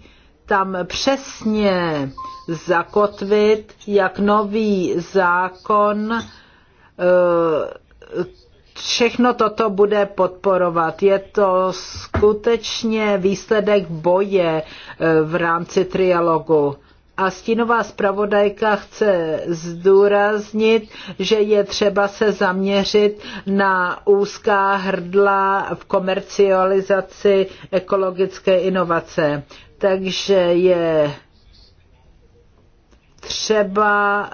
tam přesně zakotvit, jak nový zákon eh, všechno toto bude podporovat. Je to skutečně výsledek boje eh, v rámci trialogu. A stínová zpravodajka chce zdůraznit, že je třeba se zaměřit na úzká hrdla v komercializaci ekologické inovace. Takže je třeba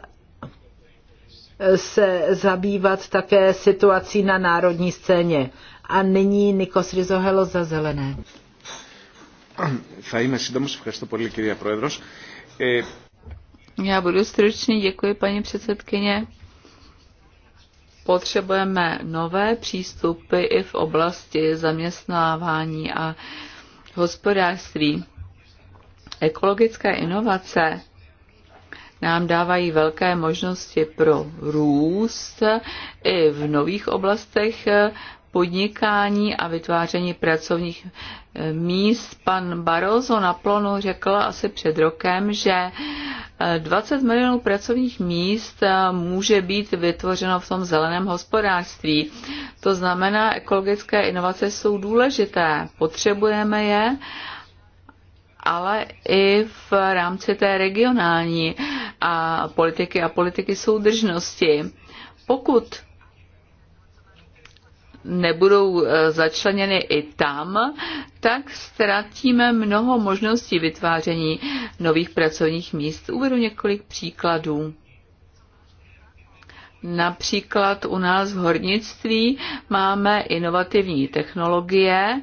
se zabývat také situací na národní scéně. A nyní Nikos Rizohelo za zelené. [clears throat] Θα είμαι σύντομος, ευχαριστώ πολύ κυρία Πρόεδρος. Já budu stručný, děkuji paní předsedkyně. Potřebujeme nové přístupy i v oblasti zaměstnávání a hospodářství. Ekologické inovace nám dávají velké možnosti pro růst i v nových oblastech podnikání a vytváření pracovních eh, míst. Pan Barroso na plonu řekl asi před rokem, že 20 eh, milionů pracovních míst eh, může být vytvořeno v tom zeleném hospodářství. To znamená, ekologické inovace jsou důležité, potřebujeme je, ale i v rámci té regionální a politiky a politiky soudržnosti. Pokud nebudou eh, začleněny i tam, tak ztratíme mnoho možností vytváření nových pracovních míst. Uvedu několik příkladů. Například u nás v hornictví máme inovativní technologie,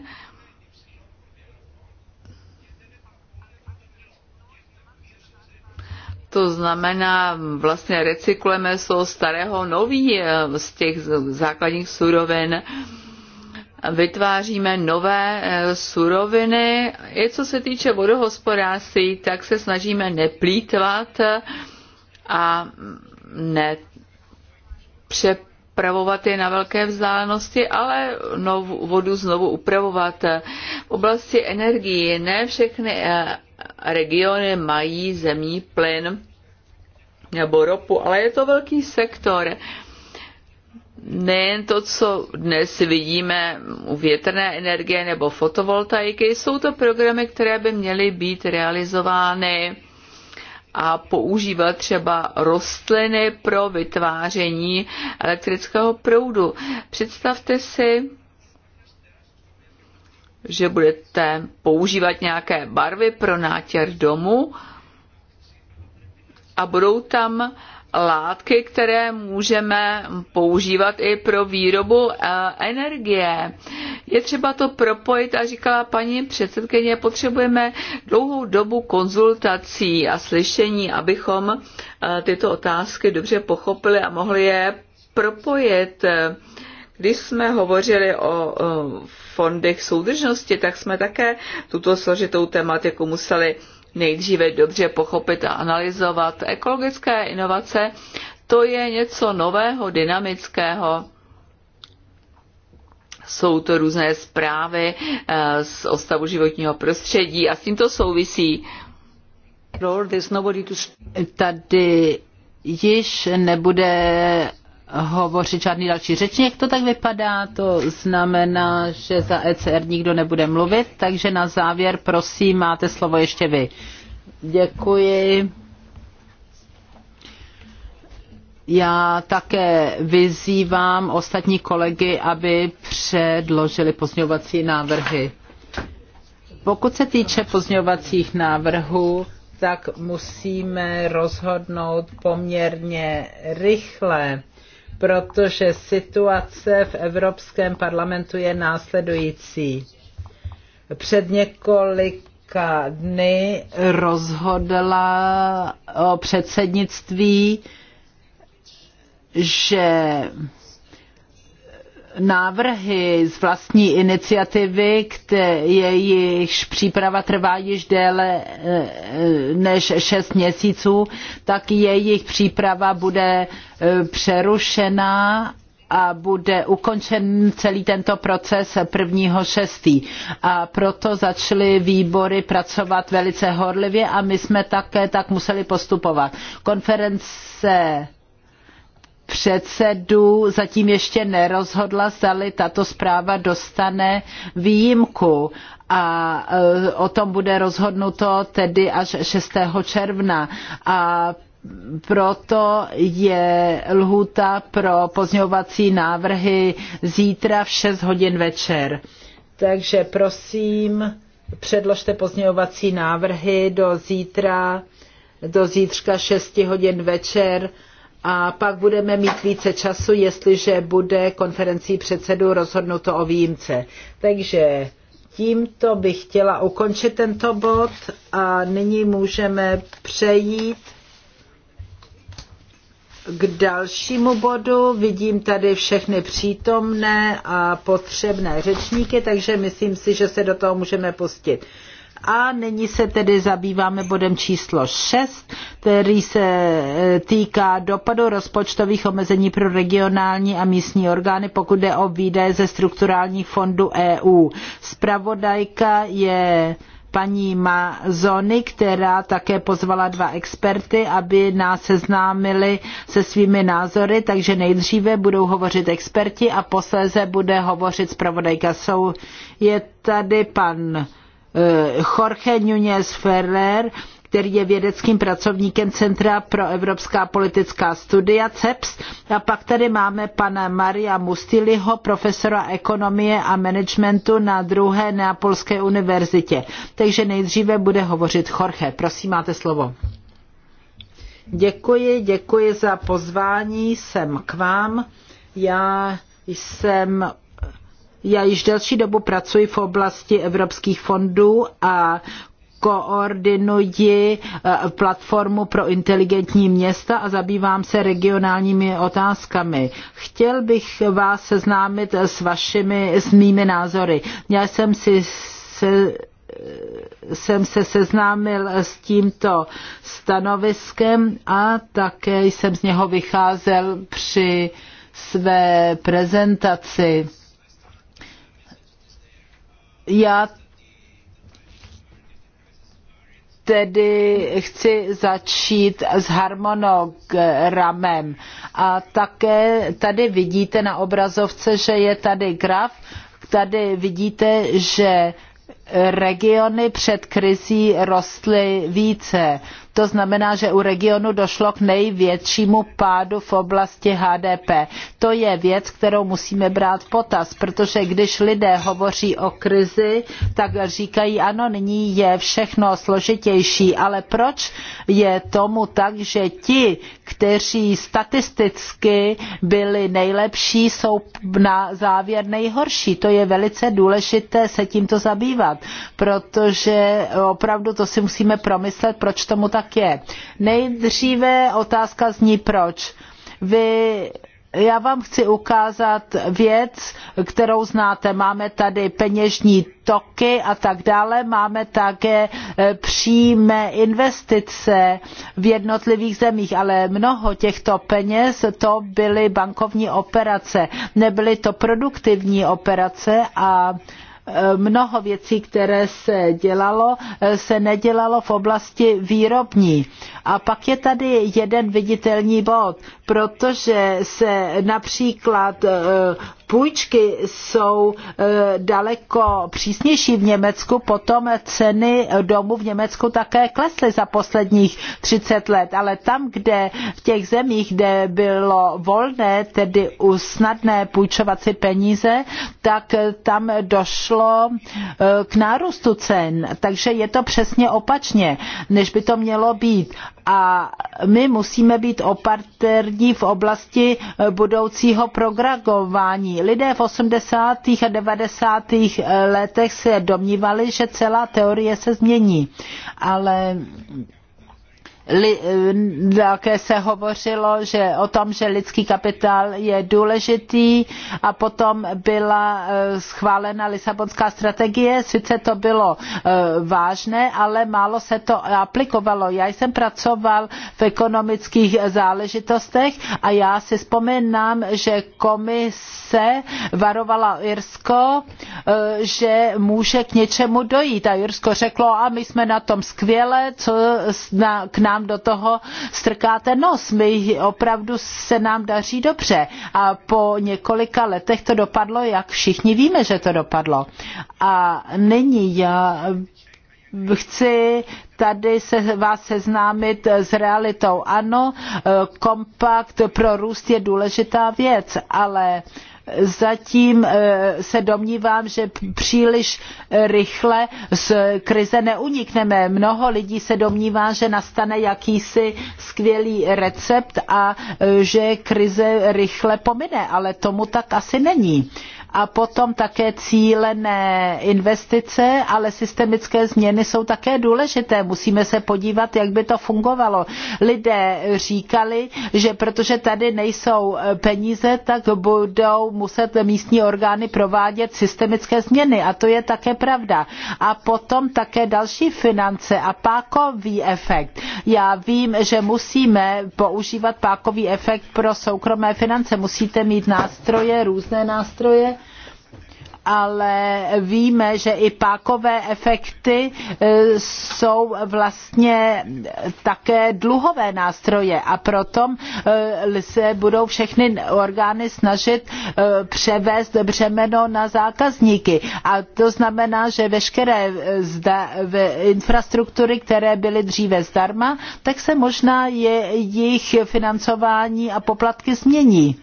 To znamená, vlastně recyklujeme jsou starého nový eh, z těch základních surovin, vytváříme nové eh, suroviny. I co se týče vodohospodářství, tak se snažíme neplýtvat eh, a ne přepravovat je na velké vzdálenosti, ale vodu znovu upravovat. V oblasti energii ne všechny regiony mají zemní plyn nebo ropu, ale je to velký sektor. Nejen to, co dnes vidíme u větrné energie nebo fotovoltaiky, jsou to programy, které by měly být realizovány a používat třeba rostliny pro vytváření elektrického proudu. Představte si, že budete používat nějaké barvy pro nátěr domu a budou tam látky, které můžeme používat i pro výrobu e, energie. Je třeba to propojit a říkala paní předsedkyně, potřebujeme dlouhou dobu konzultací a slyšení, abychom e, tyto otázky dobře pochopili a mohli je propojit. Když jsme hovořili o fondech soudržnosti, tak jsme také tuto složitou tematiku museli nejdříve dobře pochopit a analyzovat. Ekologické inovace to je něco nového, dynamického. Jsou to různé zprávy eh, z ostavu životního prostředí a s tímto souvisí. Tady již nebude hovořit žádný další řečník. To tak vypadá, to znamená, že za ECR nikdo nebude mluvit, takže na závěr, prosím, máte slovo ještě vy. Děkuji. Já také vyzývám ostatní kolegy, aby předložili pozňovací návrhy. Pokud se týče pozňovacích návrhů, tak musíme rozhodnout poměrně rychle protože situace v Evropském parlamentu je následující. Před několika dny rozhodla o předsednictví, že návrhy z vlastní iniciativy, jejichž příprava trvá již déle eh, než 6 měsíců, tak jejich příprava bude eh, přerušena a bude ukončen celý tento proces šestý. A proto začaly výbory pracovat velice horlivě a my jsme také tak museli postupovat. Konference předsedů zatím ještě nerozhodla, zdali tato zpráva dostane výjimku a e, o tom bude rozhodnuto tedy až 6. června. A proto je lhůta pro pozňovací návrhy zítra v 6 hodin večer. Takže prosím, předložte pozňovací návrhy do zítra, do zítřka 6 hodin večer a pak budeme mít více času, jestliže bude konferencí předsedů rozhodnuto o výjimce. Takže tímto bych chtěla ukončit tento bod a nyní můžeme přejít k dalšímu bodu. Vidím tady všechny přítomné a potřebné řečníky, takže myslím si, že se do toho můžeme pustit. A nyní se tedy zabýváme bodem číslo 6, který se e, týká dopadu rozpočtových omezení pro regionální a místní orgány, pokud jde o výdaje ze strukturálních fondů EU. Spravodajka je paní Mazony, která také pozvala dva experty, aby nás seznámili se svými názory, takže nejdříve budou hovořit experti a posléze bude hovořit zpravodajka. Jsou, je tady pan Eh, Jorge Núñez Ferrer, který je vědeckým pracovníkem Centra pro evropská politická studia CEPS. A pak tady máme pana Maria Mustiliho, profesora ekonomie a managementu na druhé Neapolské univerzitě. Takže nejdříve bude hovořit Jorge. Prosím, máte slovo. Děkuji, děkuji za pozvání, jsem k vám. Já jsem já již delší dobu pracuji v oblasti evropských fondů a koordinuji eh, platformu pro inteligentní města a zabývám se regionálními otázkami. Chtěl bych vás seznámit s vašimi, s mými názory. Já jsem si se jsem se seznámil s tímto stanoviskem a také jsem z něho vycházel při své prezentaci. Já tedy chci začít s harmonogramem. A také tady vidíte na obrazovce, že je tady graf. Tady vidíte, že regiony před krizí rostly více. To znamená, že u regionu došlo k největšímu pádu v oblasti HDP. To je věc, kterou musíme brát v potaz, protože když lidé hovoří o krizi, tak říkají, ano, nyní je všechno složitější, ale proč je tomu tak, že ti, kteří statisticky byli nejlepší, jsou na závěr nejhorší. To je velice důležité se tímto zabývat, protože opravdu to si musíme promyslet, proč tomu tak tak je. Nejdříve otázka zní proč. Vy já vám chci ukázat věc, kterou znáte. Máme tady peněžní toky a tak dále. Máme také e, přímé investice v jednotlivých zemích, ale mnoho těchto peněz to byly bankovní operace. Nebyly to produktivní operace a Eh, mnoho věcí, které se dělalo, eh, se nedělalo v oblasti výrobní. A pak je tady jeden viditelný bod, protože se například eh, půjčky jsou e, daleko přísnější v Německu, potom ceny domů v Německu také klesly za posledních 30 let, ale tam, kde v těch zemích, kde bylo volné, tedy snadné půjčovat si peníze, tak tam došlo e, k nárůstu cen. Takže je to přesně opačně, než by to mělo být a my musíme být opatrní v oblasti eh, budoucího programování. Lidé v 80. a 90. Eh, letech se domnívali, že celá teorie se změní, ale li, eh, také se hovořilo že o tom, že lidský kapitál je důležitý a potom byla eh, schválena Lisabonská strategie. Sice to bylo eh, vážné, ale málo se to aplikovalo. Já jsem pracoval v ekonomických záležitostech a já si vzpomínám, že komise varovala Irsko, že může k něčemu dojít. A Irsko řeklo, a my jsme na tom skvěle, co na, k nám nám do toho strkáte nos. My opravdu se nám daří dobře a po několika letech to dopadlo, jak všichni víme, že to dopadlo. A nyní já chci tady se vás seznámit s realitou. Ano, eh, kompakt pro růst je důležitá věc, ale uh, zatím eh, se domnívám, že příliš eh, rychle z krize neunikneme. Mnoho lidí se domnívá, že nastane jakýsi skvělý recept a eh, že krize rychle pomine, ale tomu tak asi není a potom také cílené investice, ale systemické změny jsou také důležité. Musíme se podívat, jak by to fungovalo. Lidé říkali, že protože tady nejsou peníze, tak budou muset místní orgány provádět systemické změny a to je také pravda. A potom také další finance a pákový efekt. Já vím, že musíme používat pákový efekt pro soukromé finance. Musíte mít nástroje, různé nástroje, ale víme, že i pákové efekty e, jsou vlastně také dluhové nástroje a proto e, se budou všechny orgány snažit e, převést břemeno na zákazníky. A to znamená, že veškeré zda, infrastruktury, které byly dříve zdarma, tak se možná jejich financování a poplatky změní.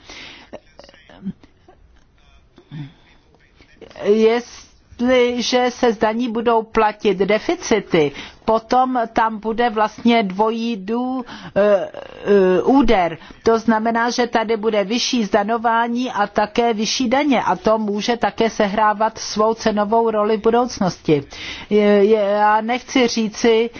jestliže se daní budou platit deficity, potom tam bude vlastně dvojí dů, uh, uh, úder. To znamená, že tady bude vyšší zdanování a také vyšší daně a to může také sehrávat svou cenovou roli v budoucnosti. je, já nechci říci,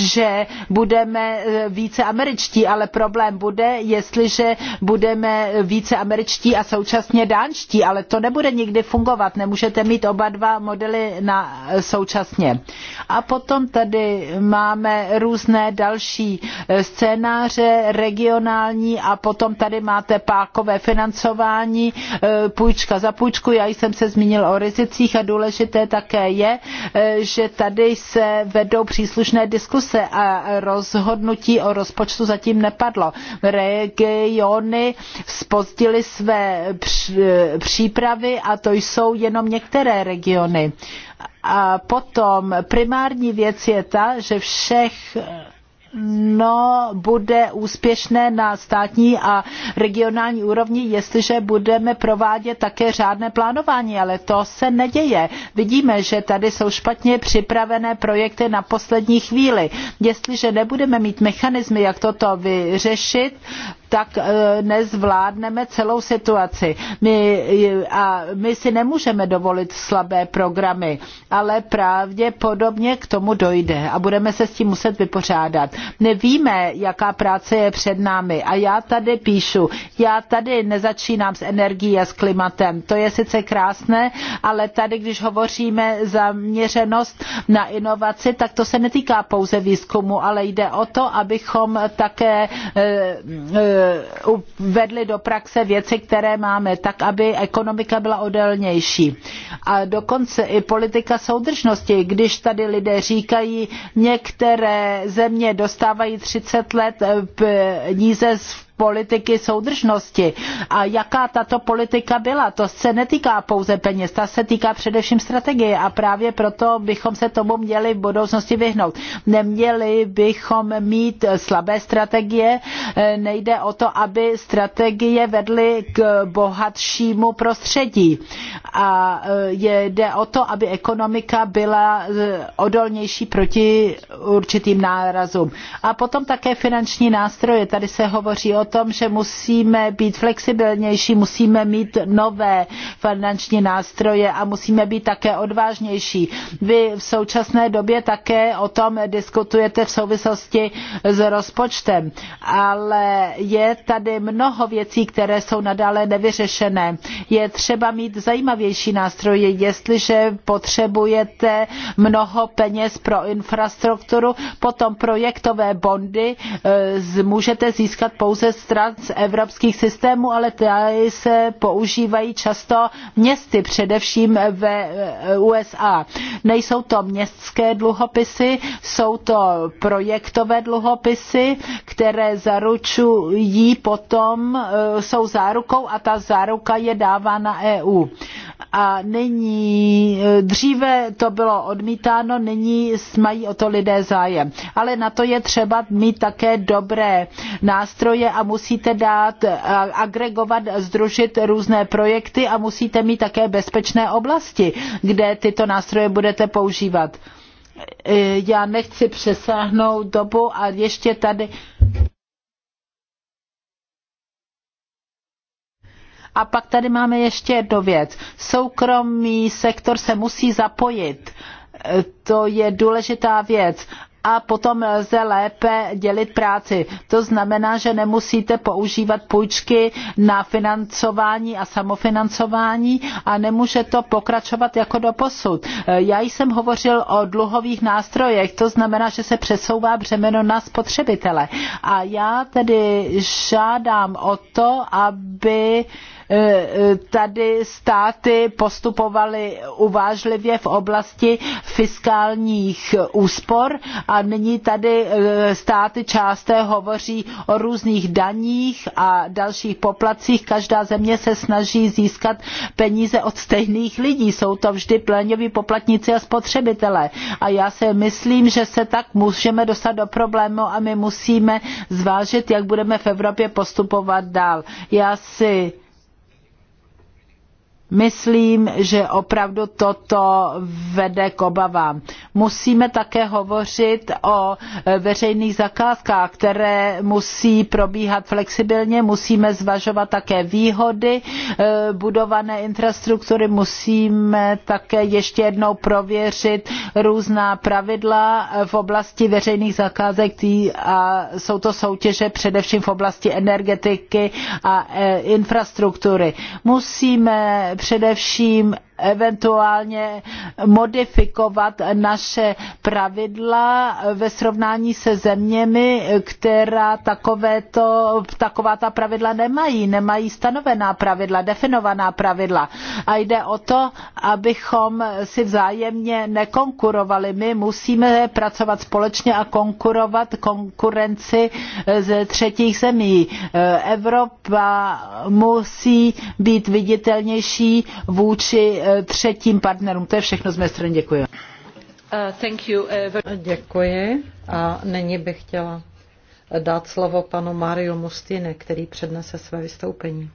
že budeme více američtí, ale problém bude, jestliže budeme více američtí a současně dánští, ale to nebude nikdy fungovat. Nemůžete mít oba dva modely na, současně. A potom Potom tady máme různé další eh, scénáře regionální a potom tady máte pákové financování, eh, půjčka za půjčku. Já jsem se zmínil o rizicích a důležité také je, eh, že tady se vedou příslušné diskuse a rozhodnutí o rozpočtu zatím nepadlo. Regiony spozdily své přípravy a to jsou jenom některé regiony. A potom primární věc je ta, že všech no, bude úspěšné na státní a regionální úrovni, jestliže budeme provádět také řádné plánování, ale to se neděje. Vidíme, že tady jsou špatně připravené projekty na poslední chvíli. Jestliže nebudeme mít mechanizmy, jak toto vyřešit, tak eh, nezvládneme celou situaci. My, a my si nemůžeme dovolit slabé programy, ale pravděpodobně k tomu dojde a budeme se s tím muset vypořádat. Nevíme, jaká práce je před námi a já tady píšu, já tady nezačínám s energií a s klimatem. To je sice krásné, ale tady, když hovoříme zaměřenost na inovaci, tak to se netýká pouze výzkumu, ale jde o to, abychom také eh, eh, Eh, uvedli do praxe věci, které máme, tak aby ekonomika byla odolnější. A dokonce i politika soudržnosti, když tady lidé říkají, některé země dostávají 30 let eh, níze z politiky soudržnosti. A jaká tato politika byla? To se netýká pouze peněz, ta se týká především strategie a právě proto bychom se tomu měli v budoucnosti vyhnout. Neměli bychom mít slabé strategie, nejde o to, aby strategie vedly k bohatšímu prostředí. A jde o to, aby ekonomika byla odolnější proti určitým nárazům. A potom také finanční nástroje. Tady se hovoří o tom, že musíme být flexibilnější, musíme mít nové finanční nástroje a musíme být také odvážnější. Vy v současné době také o tom diskutujete v souvislosti s rozpočtem, ale je tady mnoho věcí, které jsou nadále nevyřešené. Je třeba mít zajímavější nástroje, jestliže potřebujete mnoho peněz pro infrastrukturu, potom projektové bondy eh, můžete získat pouze z transevropských systémů, ale ty se používají často městy, především ve USA. Nejsou to městské dluhopisy, jsou to projektové dluhopisy, které zaručují potom, e, jsou zárukou a ta záruka je dávána EU. A nyní, e, dříve to bylo odmítáno, nyní mají o to lidé zájem. Ale na to je třeba mít také dobré nástroje a musíte dát, eh, agregovat, združit různé projekty a musíte mít také bezpečné oblasti, kde tyto nástroje budete používat. Eh, já nechci přesáhnout dobu a ještě tady A pak tady máme ještě jednu věc. Soukromý sektor se musí zapojit. Eh, to je důležitá věc a potom lze lépe dělit práci. To znamená, že nemusíte používat půjčky na financování a samofinancování a nemůže to pokračovat jako do posud. Já jsem hovořil o dluhových nástrojech, to znamená, že se přesouvá břemeno na spotřebitele. A já tedy žádám o to, aby uh, Eh, eh, tady státy postupovaly uvážlivě v oblasti fiskálních úspor a nyní tady eh, státy částé hovoří o různých daních a dalších poplacích. Každá země se snaží získat peníze od stejných lidí. Jsou to vždy pléňoví poplatníci a spotřebitelé. A já si myslím, že se tak můžeme dostat do problému a my musíme zvážit, jak budeme v Evropě postupovat dál. Já si Myslím, že opravdu toto vede k obavám. Musíme také hovořit o e, veřejných zakázkách, které musí probíhat flexibilně, musíme zvažovat také výhody e, budované infrastruktury, musíme také ještě jednou prověřit různá pravidla v oblasti veřejných zakázek a jsou to soutěže především v oblasti energetiky a e, infrastruktury. Musíme především eventuálně modifikovat naše pravidla ve srovnání se zeměmi, která takovéto, taková ta pravidla nemají. Nemají stanovená pravidla, definovaná pravidla. A jde o to, abychom si vzájemně nekonkurovali. My musíme pracovat společně a konkurovat konkurenci ze třetích zemí. Evropa musí být viditelnější vůči třetím partnerům. To je všechno z mé strany. Děkuji. Uh, uh, uh, děkuji a nyní bych chtěla dát slovo panu Mario Mustine, který přednese své vystoupení.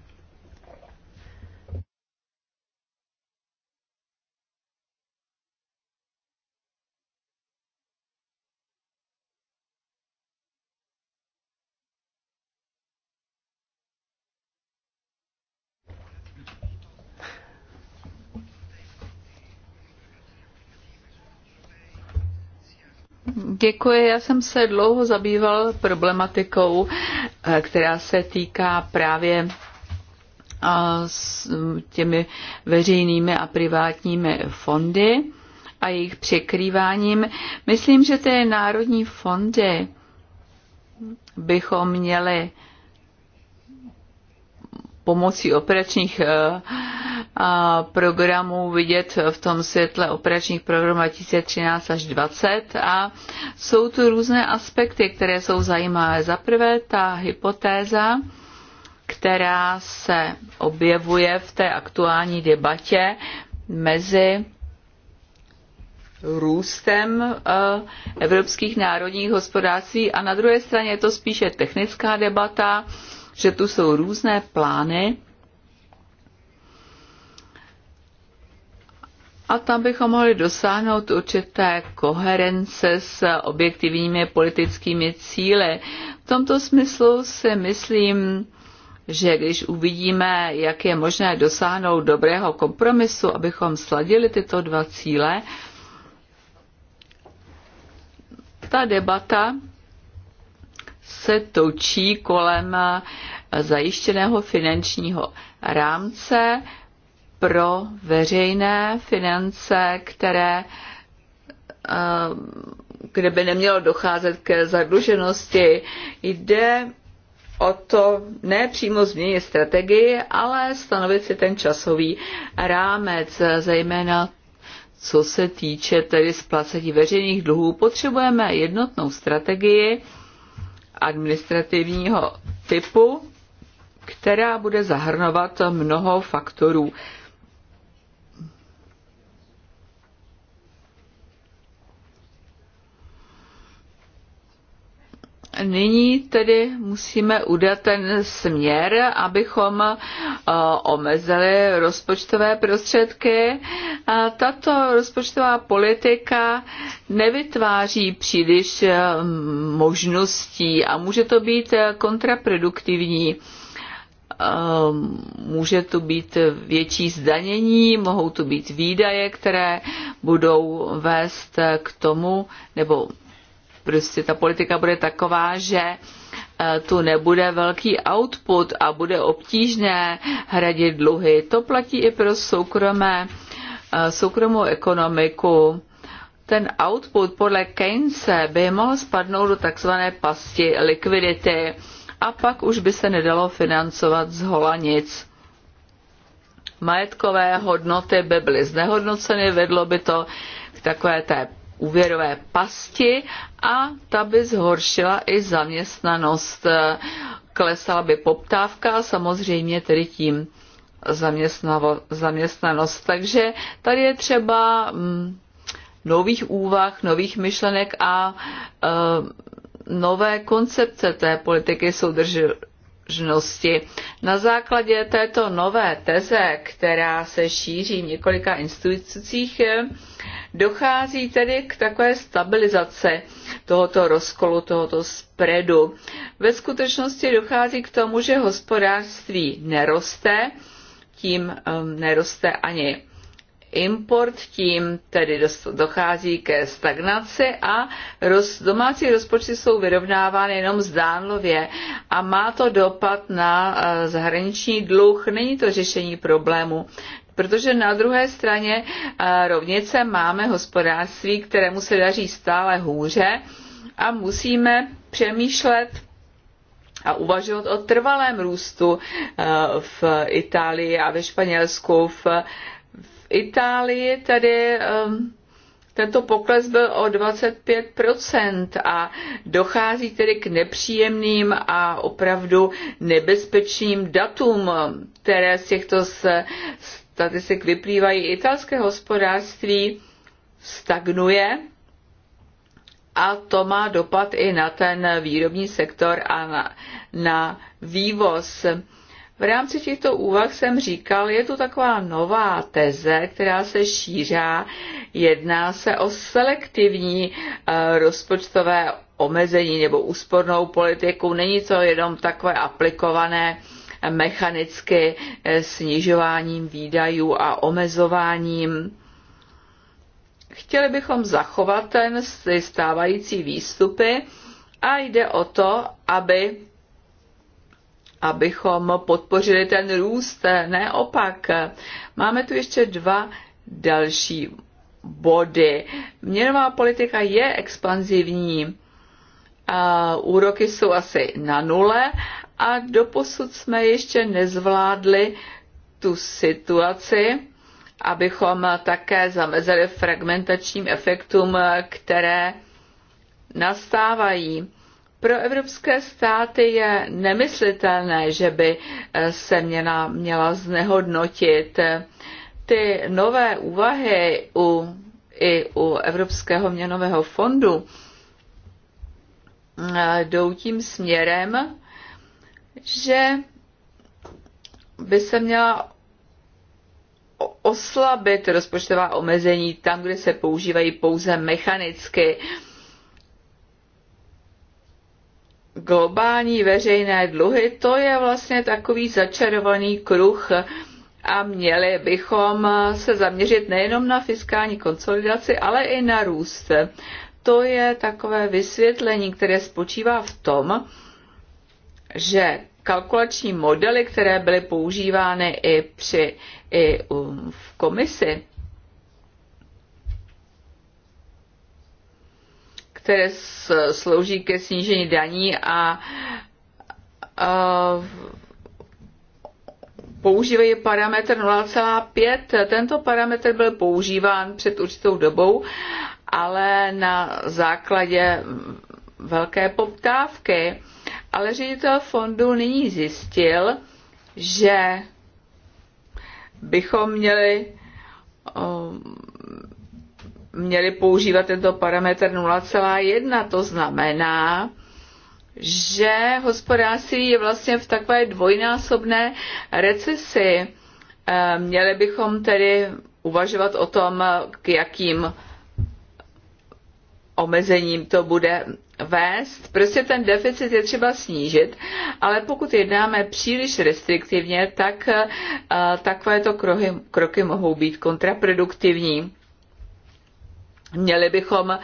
Děkuji. Já jsem se dlouho zabýval problematikou, eh, která se týká právě eh, s těmi veřejnými a privátními fondy a jejich překrýváním. Myslím, že ty národní fondy bychom měli pomocí operačních eh, programů vidět v tom světle operačních programů 2013 až 2020 a jsou tu různé aspekty, které jsou zajímavé. Za prvé ta hypotéza, která se objevuje v té aktuální debatě mezi růstem eh, evropských národních hospodářství a na druhé straně je to spíše technická debata, že tu jsou různé plány a tam bychom mohli dosáhnout určité koherence s objektivními politickými cíly. V tomto smyslu si myslím, že když uvidíme, jak je možné dosáhnout dobrého kompromisu, abychom sladili tyto dva cíle, ta debata se točí kolem eh, zajištěného finančního rámce pro veřejné finance, které eh, kde by nemělo docházet k zadluženosti. Jde o to ne přímo změnit strategii, ale stanovit si ten časový rámec, zejména co se týče tedy splacení veřejných dluhů. Potřebujeme jednotnou strategii, administrativního typu, která bude zahrnovat mnoho faktorů. Nyní tedy musíme udat ten směr, abychom eh, omezili rozpočtové prostředky. A tato rozpočtová politika nevytváří příliš eh, možností a může to být eh, kontraproduktivní může tu být větší zdanění, mohou tu být výdaje, které budou vést k tomu, nebo Prostě ta politika bude taková, že eh, tu nebude velký output a bude obtížné hradit dluhy. To platí i pro soukromé, eh, soukromou ekonomiku. Ten output podle Keynese by mohl spadnout do takzvané pasti likvidity a pak už by se nedalo financovat z holanic majetkové hodnoty by byly znehodnoceny, vedlo by to k takové té úvěrové pasti a ta by zhoršila i zaměstnanost. Klesala by poptávka a samozřejmě tedy tím zaměstnanost. Takže tady je třeba mm, nových úvah, nových myšlenek a eh, nové koncepce té politiky soudržnosti. Na základě této nové teze, která se šíří v několika institucích, eh, Dochází tedy k takové stabilizaci tohoto rozkolu, tohoto spredu. Ve skutečnosti dochází k tomu, že hospodářství neroste, tím um, neroste ani import, tím tedy dochází ke stagnaci a roz, domácí rozpočty jsou vyrovnávány jenom zdánlově a má to dopad na uh, zahraniční dluh. Není to řešení problému. Protože na druhé straně eh, rovnice máme hospodářství, kterému se daří stále hůře a musíme přemýšlet a uvažovat o trvalém růstu eh, v Itálii a ve Španělsku. V, Itálii tady ehm, tento pokles byl o 25% a dochází tedy k nepříjemným a opravdu nebezpečným datům, které z těchto z statistik vyplývají, italské hospodářství stagnuje a to má dopad i na ten výrobní sektor a na, na vývoz. V rámci těchto úvah jsem říkal, je tu taková nová teze, která se šířá. Jedná se o selektivní eh, rozpočtové omezení nebo úspornou politiku. Není to jenom takové aplikované mechanicky eh, snižováním výdajů a omezováním. Chtěli bychom zachovat ten stávající výstupy a jde o to, aby abychom podpořili ten růst, eh, Neopak, Máme tu ještě dva další body. Měnová politika je expanzivní, a úroky jsou asi na nule a doposud jsme ještě nezvládli tu situaci, abychom také zamezili fragmentačním efektům, které nastávají. Pro evropské státy je nemyslitelné, že by eh, se měna měla znehodnotit. Ty nové úvahy u, i u Evropského měnového fondu eh, jdou tím směrem, že by se měla oslabit rozpočtová omezení tam, kde se používají pouze mechanicky. Globální veřejné dluhy, to je vlastně takový začarovaný kruh a měli bychom se zaměřit nejenom na fiskální konsolidaci, ale i na růst. To je takové vysvětlení, které spočívá v tom, že kalkulační modely, které byly používány i, při, i um, v komisi, které slouží ke snížení daní a, a používají parametr 0,5. Tento parametr byl používán před určitou dobou, ale na základě velké poptávky ale ředitel fondu nyní zjistil, že bychom měli, um, měli používat tento parametr 0,1. To znamená, že hospodářství je vlastně v takové dvojnásobné recesi. Eh, měli bychom tedy uvažovat o tom, k jakým omezením to bude vést. Prostě ten deficit je třeba snížit, ale pokud jednáme příliš restriktivně, tak eh, takovéto kroky, kroky mohou být kontraproduktivní. Měli bychom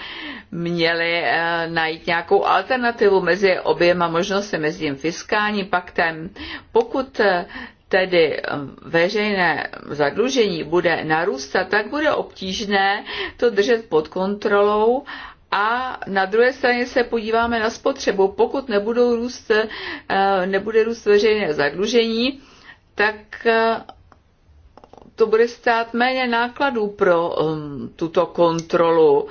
měli eh, najít nějakou alternativu mezi oběma možnostmi, mezi tím fiskálním paktem. Pokud eh, tedy veřejné zadlužení bude narůstat, tak bude obtížné to držet pod kontrolou a na druhé straně se podíváme na spotřebu. Pokud nebudou růst, eh, nebude růst veřejné zadlužení, tak eh, to bude stát méně nákladů pro um, tuto kontrolu. Um,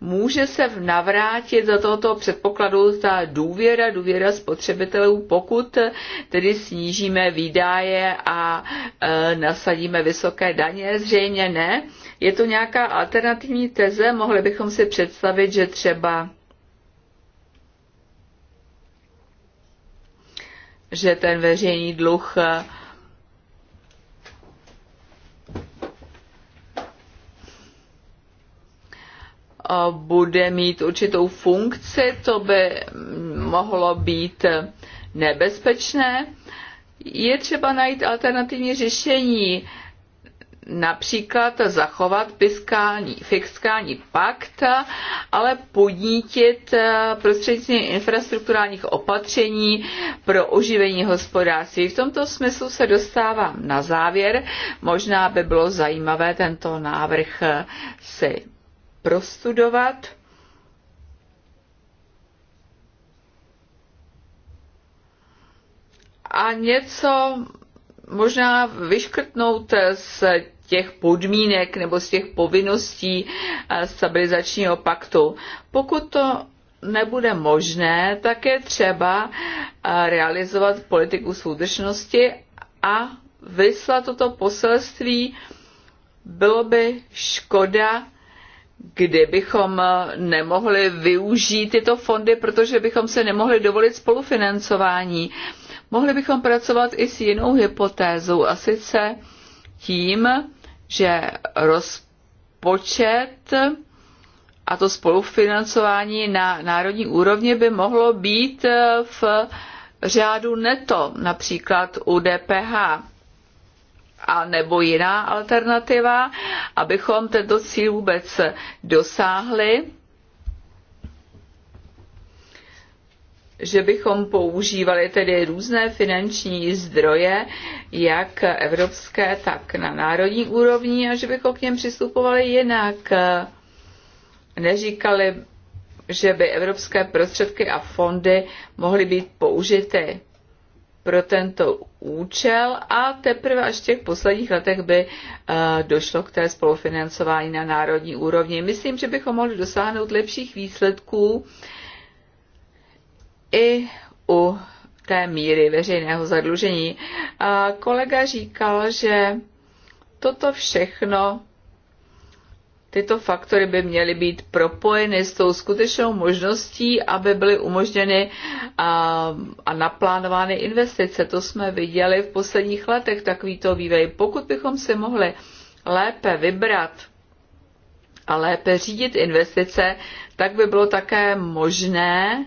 může se navrátit do tohoto předpokladu ta důvěra, důvěra spotřebitelů, pokud eh, tedy snížíme výdaje a e, nasadíme vysoké daně? Zřejmě ne. Je to nějaká alternativní teze? Mohli bychom si představit, že třeba že ten veřejný dluh e, bude mít určitou funkci, to by mohlo být nebezpečné. Je třeba najít alternativní řešení, například zachovat fiskální, fiskální pakt, ale podnítit eh, prostřednictvím infrastrukturálních opatření pro oživení hospodářství. V tomto smyslu se dostávám na závěr. Možná by bylo zajímavé tento návrh si prostudovat. A něco možná vyškrtnout z těch podmínek nebo z těch povinností eh, stabilizačního paktu. Pokud to nebude možné, tak je třeba eh, realizovat politiku soudržnosti a vyslat toto poselství. Bylo by škoda kdybychom eh, nemohli využít tyto fondy, protože bychom se nemohli dovolit spolufinancování. Mohli bychom pracovat i s jinou hypotézou a sice tím, že rozpočet a to spolufinancování na národní úrovni by mohlo být eh, v řádu neto, například u DPH a nebo jiná alternativa, abychom tento cíl vůbec dosáhli, že bychom používali tedy různé finanční zdroje, jak evropské, tak na národní úrovni a že bychom k něm přistupovali jinak. Neříkali, že by evropské prostředky a fondy mohly být použity pro tento účel a teprve až v těch posledních letech by eh, došlo k té spolufinancování na národní úrovni. Myslím, že bychom mohli dosáhnout lepších výsledků i u té míry veřejného zadlužení. A kolega říkal, že toto všechno Tyto faktory by měly být propojeny s tou skutečnou možností, aby byly umožněny a, a naplánovány investice. To jsme viděli v posledních letech takovýto vývoj. Pokud bychom si mohli lépe vybrat a lépe řídit investice, tak by bylo také možné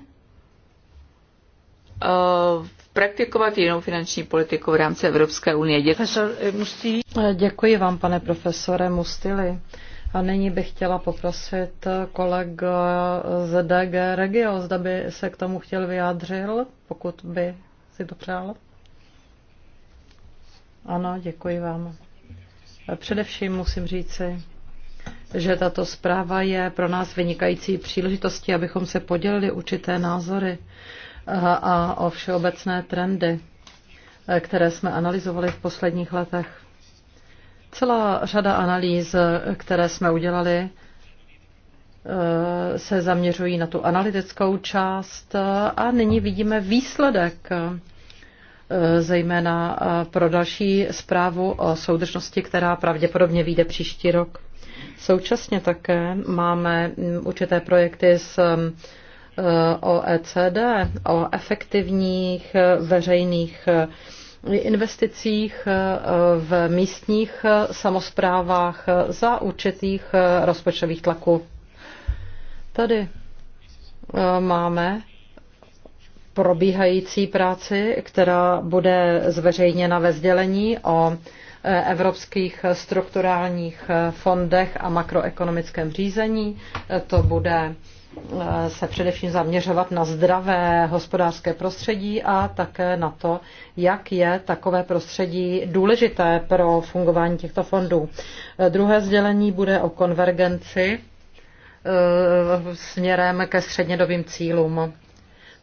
uh, praktikovat jinou finanční politiku v rámci Evropské unie. Děkuji, e, e, Děkuji vám, pane profesore Mustily. A nyní bych chtěla poprosit kolega z DG Regio, zda by se k tomu chtěl vyjádřil, pokud by si to přál. Ano, děkuji vám. Především musím říci, že tato zpráva je pro nás vynikající příležitostí, abychom se podělili určité názory a o všeobecné trendy, které jsme analyzovali v posledních letech. Celá řada analýz, které jsme udělali, eh, se zaměřují na tu analytickou část eh, a nyní vidíme výsledek eh, zejména pro další zprávu o soudržnosti, která pravděpodobně vyjde příští rok. Současně také máme mm, určité projekty s mm, OECD o efektivních veřejných investicích eh, v místních eh, samozprávách eh, za určitých rozpočtových tlaků. Tady máme probíhající práci, která bude zveřejněna ve sdělení o evropských strukturálních fondech a makroekonomickém řízení. To bude Eh, se především zaměřovat na zdravé hospodářské prostředí a také na to, jak je takové prostředí důležité pro fungování těchto fondů. Eh, druhé sdělení bude o konvergenci eh, směrem ke střednědobým cílům.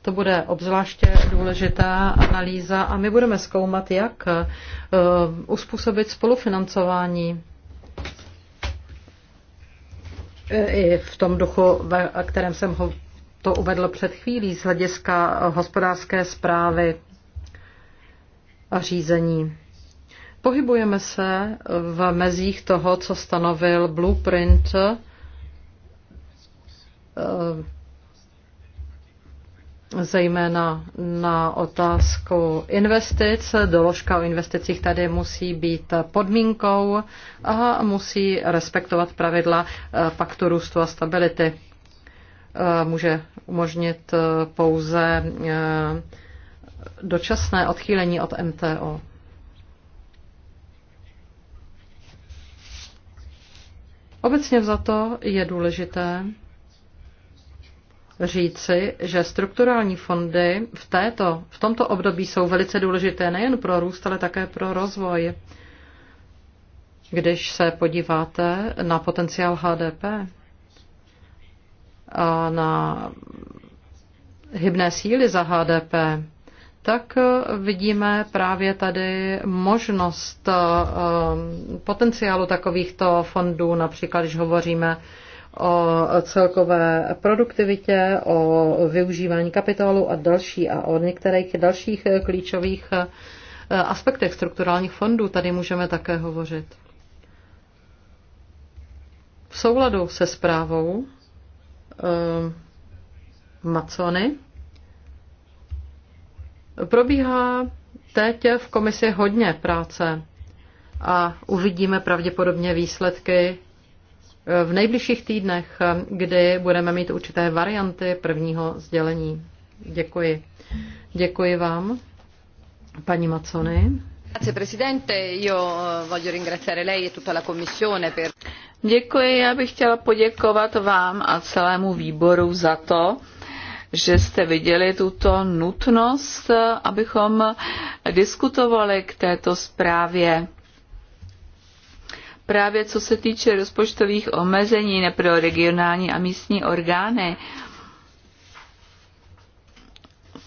To bude obzvláště důležitá analýza a my budeme zkoumat, jak uspůsobit spolufinancování i v tom duchu, ve kterém jsem ho to uvedl před chvílí z hlediska hospodářské zprávy a řízení. Pohybujeme se v mezích toho, co stanovil blueprint eh, zejména na otázku investic. Doložka o investicích tady musí být podmínkou a musí respektovat pravidla eh, paktu růstu a stability. Eh, může umožnit eh, pouze dočasné odchýlení od MTO. Obecně vzato je důležité, říci, že strukturální fondy v, této, v tomto období jsou velice důležité nejen pro růst, ale také pro rozvoj. Když se podíváte na potenciál HDP a na hybné síly za HDP, tak eh, vidíme právě tady možnost eh, potenciálu takovýchto fondů, například když hovoříme o celkové produktivitě, o využívání kapitálu a další a o některých dalších klíčových eh, aspektech strukturálních fondů tady můžeme také hovořit. V souladu se zprávou eh, Macony probíhá teď v komisi hodně práce a uvidíme pravděpodobně výsledky v nejbližších týdnech, kdy budeme mít určité varianty prvního sdělení. Děkuji. Děkuji vám, paní Macony. Eh, e Děkuji, já bych chtěla poděkovat vám a celému výboru za to, že jste viděli tuto nutnost, abychom diskutovali k této zprávě právě co se týče rozpočtových omezení pro regionální a místní orgány.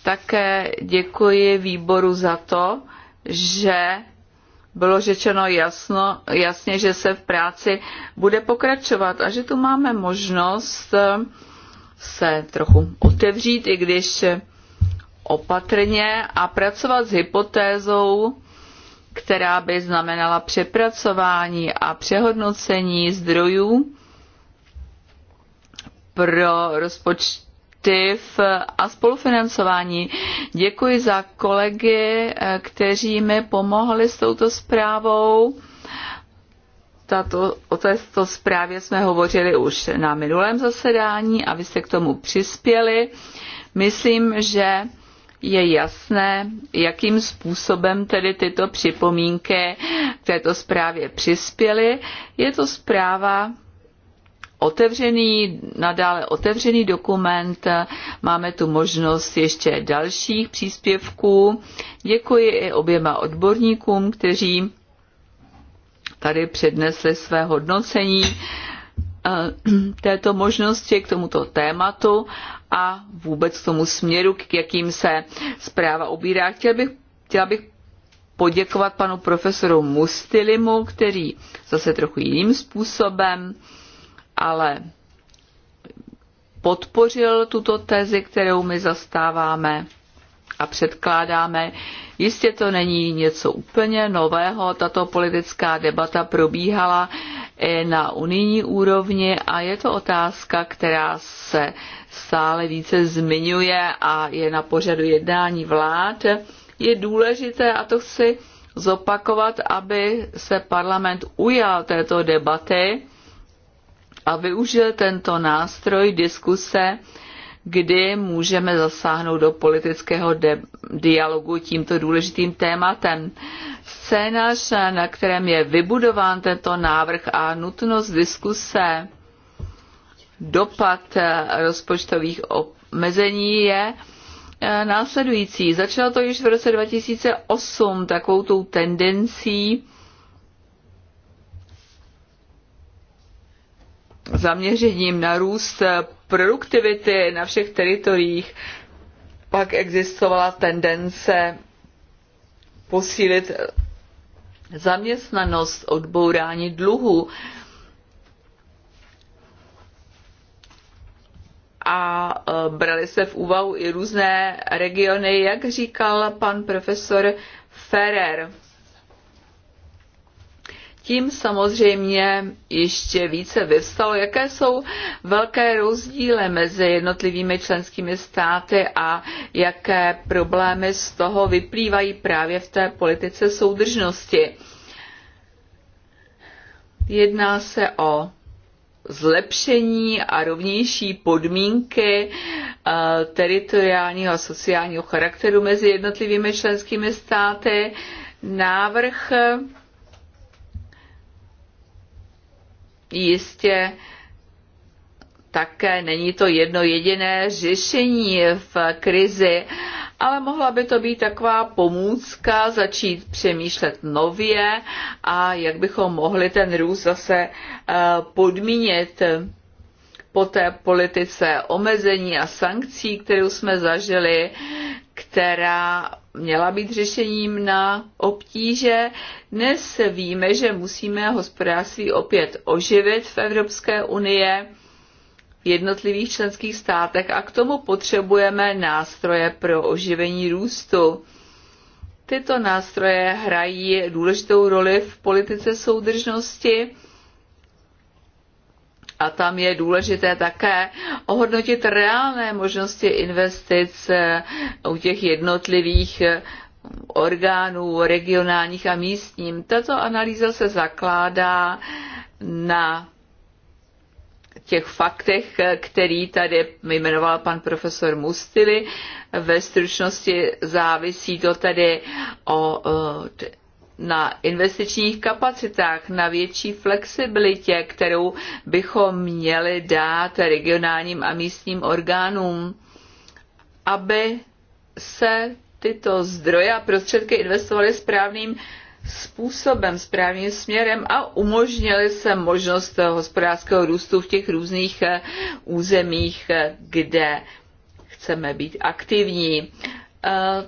Také děkuji výboru za to, že bylo řečeno jasno, jasně, že se v práci bude pokračovat a že tu máme možnost eh, se trochu otevřít, i když opatrně a pracovat s hypotézou, která by znamenala přepracování a přehodnocení zdrojů pro rozpočty a spolufinancování. Děkuji za kolegy, eh, kteří mi pomohli s touto zprávou. Tato, o této zprávě jsme hovořili už na minulém zasedání a vy jste k tomu přispěli. Myslím, že je jasné, jakým způsobem tedy tyto připomínky k této zprávě přispěly. Je to zpráva otevřený, nadále otevřený dokument. Máme tu možnost ještě dalších příspěvků. Děkuji i oběma odborníkům, kteří tady přednesli své hodnocení eh, této možnosti k tomuto tématu a vůbec tomu směru, k jakým se zpráva ubírá. Chtěl bych, chtěla bych poděkovat panu profesoru Mustilimu, který zase trochu jiným způsobem, ale podpořil tuto tezi, kterou my zastáváme a předkládáme. Jistě to není něco úplně nového, tato politická debata probíhala i na unijní úrovni a je to otázka, která se stále více zmiňuje a je na pořadu jednání vlád, je důležité, a to chci zopakovat, aby se parlament ujal této debaty a využil tento nástroj diskuse, kdy můžeme zasáhnout do politického dialogu tímto důležitým tématem. Scénář, na kterém je vybudován tento návrh a nutnost diskuse, dopad eh, rozpočtových omezení je eh, následující. Začalo to již v roce 2008 takovou tou tendencí zaměřením na růst eh, produktivity na všech teritoriích. Pak existovala tendence posílit zaměstnanost, odbourání dluhu. a e, brali se v úvahu i různé regiony, jak říkal pan profesor Ferrer. Tím samozřejmě ještě více vyvstalo, jaké jsou velké rozdíly mezi jednotlivými členskými státy a jaké problémy z toho vyplývají právě v té politice soudržnosti. Jedná se o zlepšení a rovnější podmínky eh, teritoriálního a sociálního charakteru mezi jednotlivými členskými státy. Návrh eh, jistě také není to jedno jediné řešení v krizi ale mohla by to být taková pomůcka začít přemýšlet nově a jak bychom mohli ten růst zase eh, podmínit po té politice omezení a sankcí, kterou jsme zažili, která měla být řešením na obtíže. Dnes víme, že musíme hospodářství opět oživit v Evropské unie jednotlivých členských státech a k tomu potřebujeme nástroje pro oživení růstu. Tyto nástroje hrají důležitou roli v politice soudržnosti a tam je důležité také ohodnotit reálné možnosti investic u těch jednotlivých orgánů regionálních a místním. Tato analýza se zakládá na těch faktech, který tady jmenoval pan profesor Mustily. Ve stručnosti závisí to tady o, na investičních kapacitách, na větší flexibilitě, kterou bychom měli dát regionálním a místním orgánům, aby se tyto zdroje a prostředky investovaly správným způsobem, správným směrem a umožnili se možnost hospodářského růstu v těch různých eh, územích, eh, kde chceme být aktivní. Eh,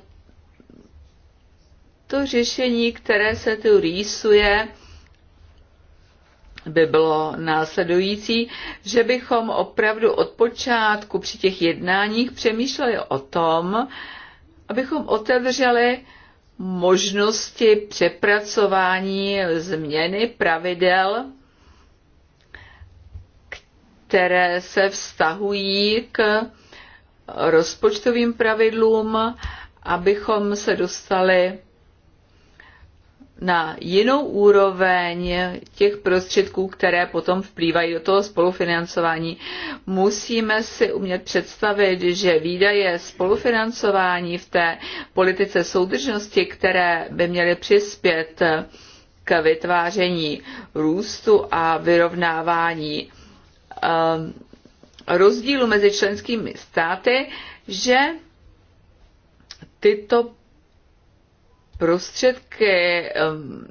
to řešení, které se tu rýsuje, by bylo následující, že bychom opravdu od počátku při těch jednáních přemýšleli o tom, abychom otevřeli možnosti přepracování změny pravidel, které se vztahují k rozpočtovým pravidlům, abychom se dostali na jinou úroveň těch prostředků, které potom vplývají do toho spolufinancování. Musíme si umět představit, že výdaje spolufinancování v té politice soudržnosti, které by měly přispět k vytváření růstu a vyrovnávání ehm, rozdílu mezi členskými státy, že tyto prostředky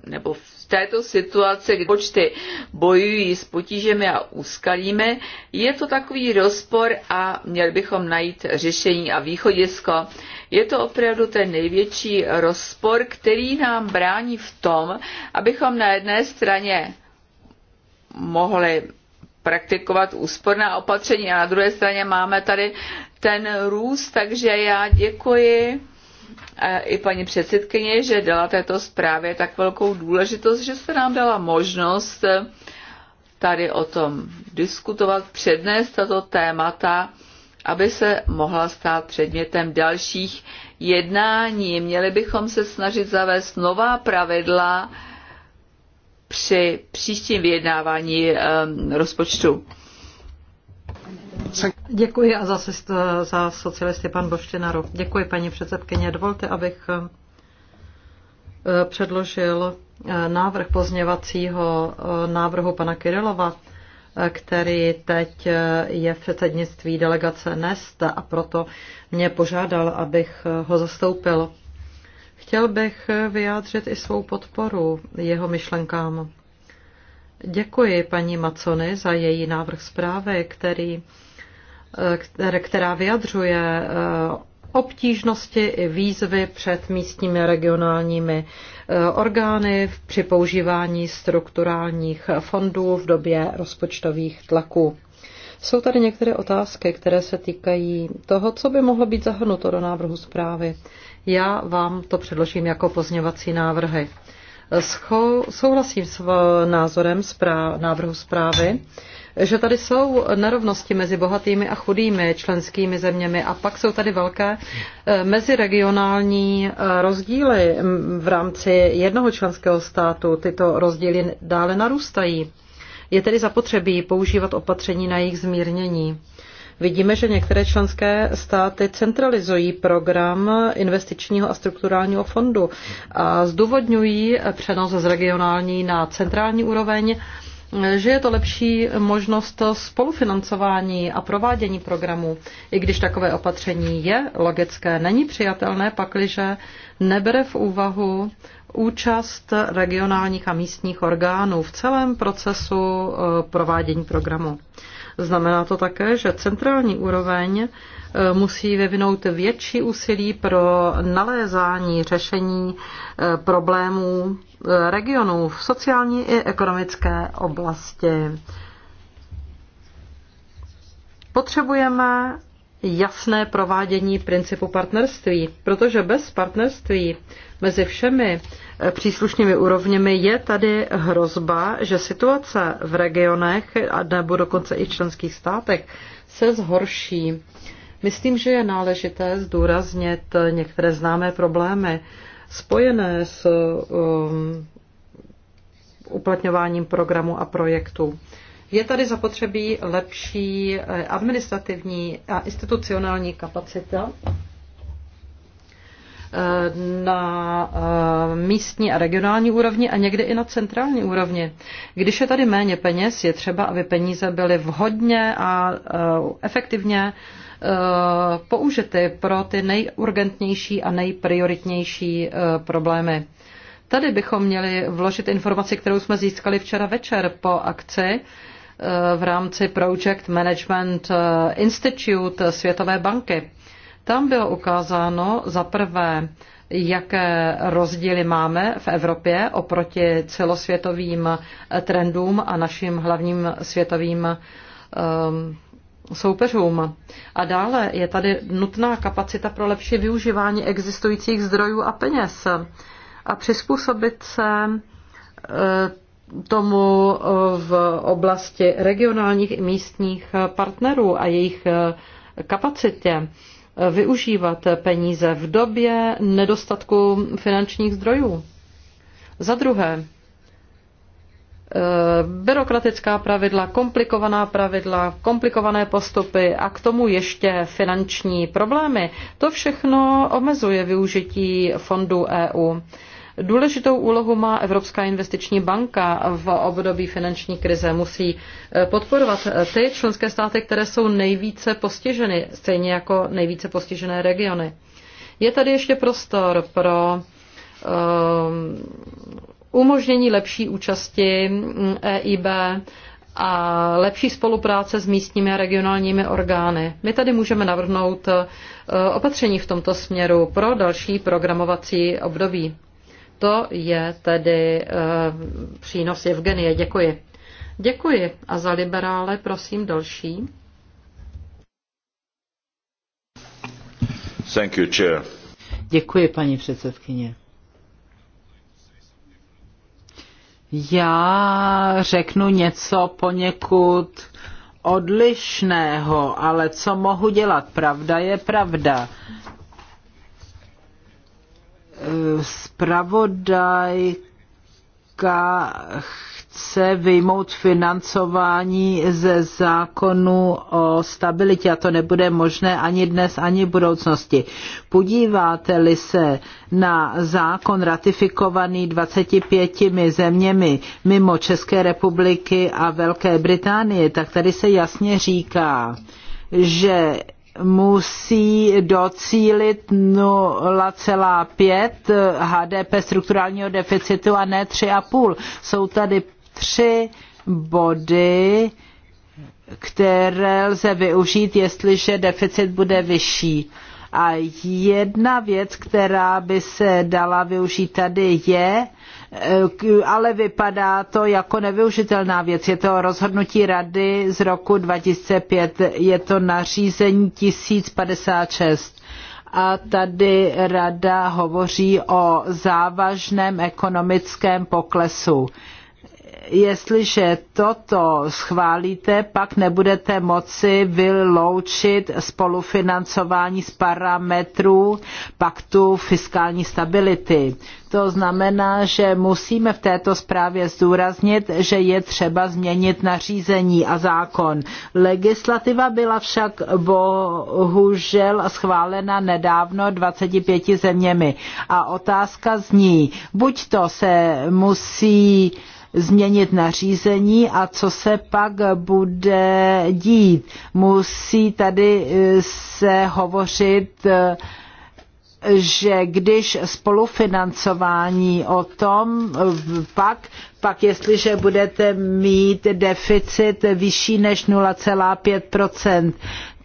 nebo v této situaci, kdy počty bojují s potížemi a úskalími, je to takový rozpor a měli bychom najít řešení a východisko. Je to opravdu ten největší rozpor, který nám brání v tom, abychom na jedné straně mohli praktikovat úsporná opatření a na druhé straně máme tady ten růst, takže já děkuji i paní předsedkyně, že dala této zprávě tak velkou důležitost, že se nám dala možnost eh, tady o tom diskutovat, přednést tato témata, aby se mohla stát předmětem dalších jednání. Měli bychom se snažit zavést nová pravidla při příštím vyjednávání eh, rozpočtu. Děkuji a zase za socialisty pan Boštěnarov. Děkuji, paní předsedkyně. Dovolte, abych eh, předložil eh, návrh pozněvacího eh, návrhu pana Kirilova, který teď je v předsednictví delegace NEST a proto mě požádal, abych ho zastoupil. Chtěl bych vyjádřit i svou podporu jeho myšlenkám. Děkuji paní Macony za její návrh zprávy, který Eh, která vyjadřuje eh, obtížnosti i výzvy před místními regionálními eh, orgány při používání strukturálních fondů v době rozpočtových tlaků. Jsou tady některé otázky, které se týkají toho, co by mohlo být zahrnuto do návrhu zprávy. Já vám to předložím jako pozněvací návrhy. Scho- souhlasím s názorem zpráv- návrhu zprávy že tady jsou nerovnosti mezi bohatými a chudými členskými zeměmi a pak jsou tady velké eh, meziregionální eh, rozdíly v rámci jednoho členského státu. Tyto rozdíly dále narůstají. Je tedy zapotřebí používat opatření na jejich zmírnění. Vidíme, že některé členské státy centralizují program investičního a strukturálního fondu a zdůvodňují přenos z regionální na centrální úroveň že je to lepší možnost spolufinancování a provádění programu, i když takové opatření je logické. Není přijatelné pakliže nebere v úvahu účast regionálních a místních orgánů v celém procesu eh, provádění programu. Znamená to také, že centrální úroveň Eh, musí vyvinout větší úsilí pro nalézání řešení eh, problémů eh, regionů v sociální i ekonomické oblasti. Potřebujeme jasné provádění principu partnerství, protože bez partnerství mezi všemi příslušnými úrovněmi je tady hrozba, že situace v regionech a nebo dokonce i členských státech se zhorší. Myslím, že je náležité zdůraznit některé známé problémy spojené s um, uplatňováním programu a projektu. Je tady zapotřebí lepší eh, administrativní a institucionální kapacita eh, na eh, místní a regionální úrovni a někdy i na centrální úrovni. Když je tady méně peněz, je třeba, aby peníze byly vhodně a efektivně Eh, použity pro ty nejurgentnější a nejprioritnější eh, problémy. Tady bychom měli vložit informaci, kterou jsme získali včera večer po akci eh, v rámci Project Management Institute Světové banky. Tam bylo ukázáno za prvé, jaké rozdíly máme v Evropě oproti celosvětovým trendům a našim hlavním světovým um, soupeřům. A dále je tady nutná kapacita pro lepší využívání existujících zdrojů a peněz a přizpůsobit se eh, tomu eh, v oblasti regionálních i místních eh, partnerů a jejich kapacitě využívat peníze v době nedostatku finančních zdrojů. Za druhé, Eh, byrokratická pravidla, komplikovaná pravidla, komplikované postupy a k tomu ještě finanční problémy. To všechno omezuje využití fondů EU. Důležitou úlohu má Evropská investiční banka v období finanční krize. Musí eh, podporovat eh, ty členské státy, které jsou nejvíce postiženy, stejně jako nejvíce postižené regiony. Je tady ještě prostor pro um, umožnění lepší účasti mm, EIB a lepší spolupráce s místními a regionálními orgány. My tady můžeme navrhnout e, opatření v tomto směru pro další programovací období. To je tedy e, přínos Evgenie. Děkuji. Děkuji. A za liberále prosím další. Thank you, chair. Děkuji, paní předsedkyně. Já řeknu něco poněkud odlišného, ale co mohu dělat? Pravda je pravda. Spravodajka se vyjmout financování ze zákonu o stabilitě a to nebude možné ani dnes, ani v budoucnosti. Podíváte-li se na zákon ratifikovaný 25 zeměmi mimo České republiky a Velké Británie, tak tady se jasně říká, že musí docílit 0,5 HDP strukturálního deficitu a ne 3,5. Jsou tady tři body, které lze využít, jestliže deficit bude vyšší. A jedna věc, která by se dala využít tady, je, eh, ale vypadá to jako nevyužitelná věc. Je to rozhodnutí rady z roku 2005, je to nařízení 1056. A tady rada hovoří o závažném ekonomickém poklesu jestliže toto schválíte, pak nebudete moci vyloučit spolufinancování z parametrů paktu fiskální stability. To znamená, že musíme v této zprávě zdůraznit, že je třeba změnit nařízení a zákon. Legislativa byla však bohužel schválena nedávno 25 zeměmi. A otázka zní, buď to se musí změnit nařízení a co se pak bude dít. Musí tady eh, se hovořit eh, že když spolufinancování o tom pak, pak jestliže budete mít deficit vyšší než 0,5%,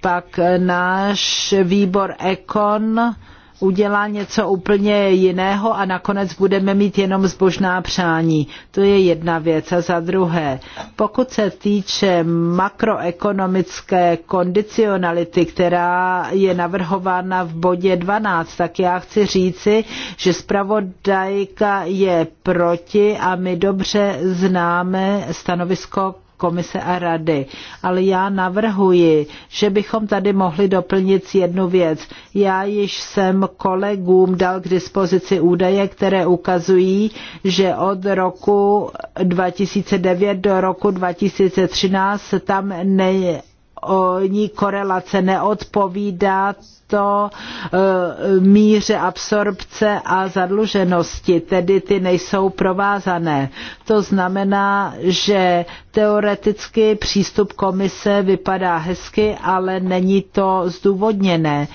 pak náš výbor ekon udělá něco úplně jiného a nakonec budeme mít jenom zbožná přání. To je jedna věc. A za druhé, pokud se týče makroekonomické kondicionality, která je navrhována v bodě 12, tak já chci říci, že zpravodajka je proti a my dobře známe stanovisko komise a rady. Ale já navrhuji, že bychom tady mohli doplnit jednu věc. Já již jsem kolegům dal k dispozici údaje, které ukazují, že od roku 2009 do roku 2013 tam ne, o ní korelace neodpovídá často eh, míře absorpce a zadluženosti, tedy ty nejsou provázané. To znamená, že teoreticky přístup komise vypadá hezky, ale není to zdůvodněné.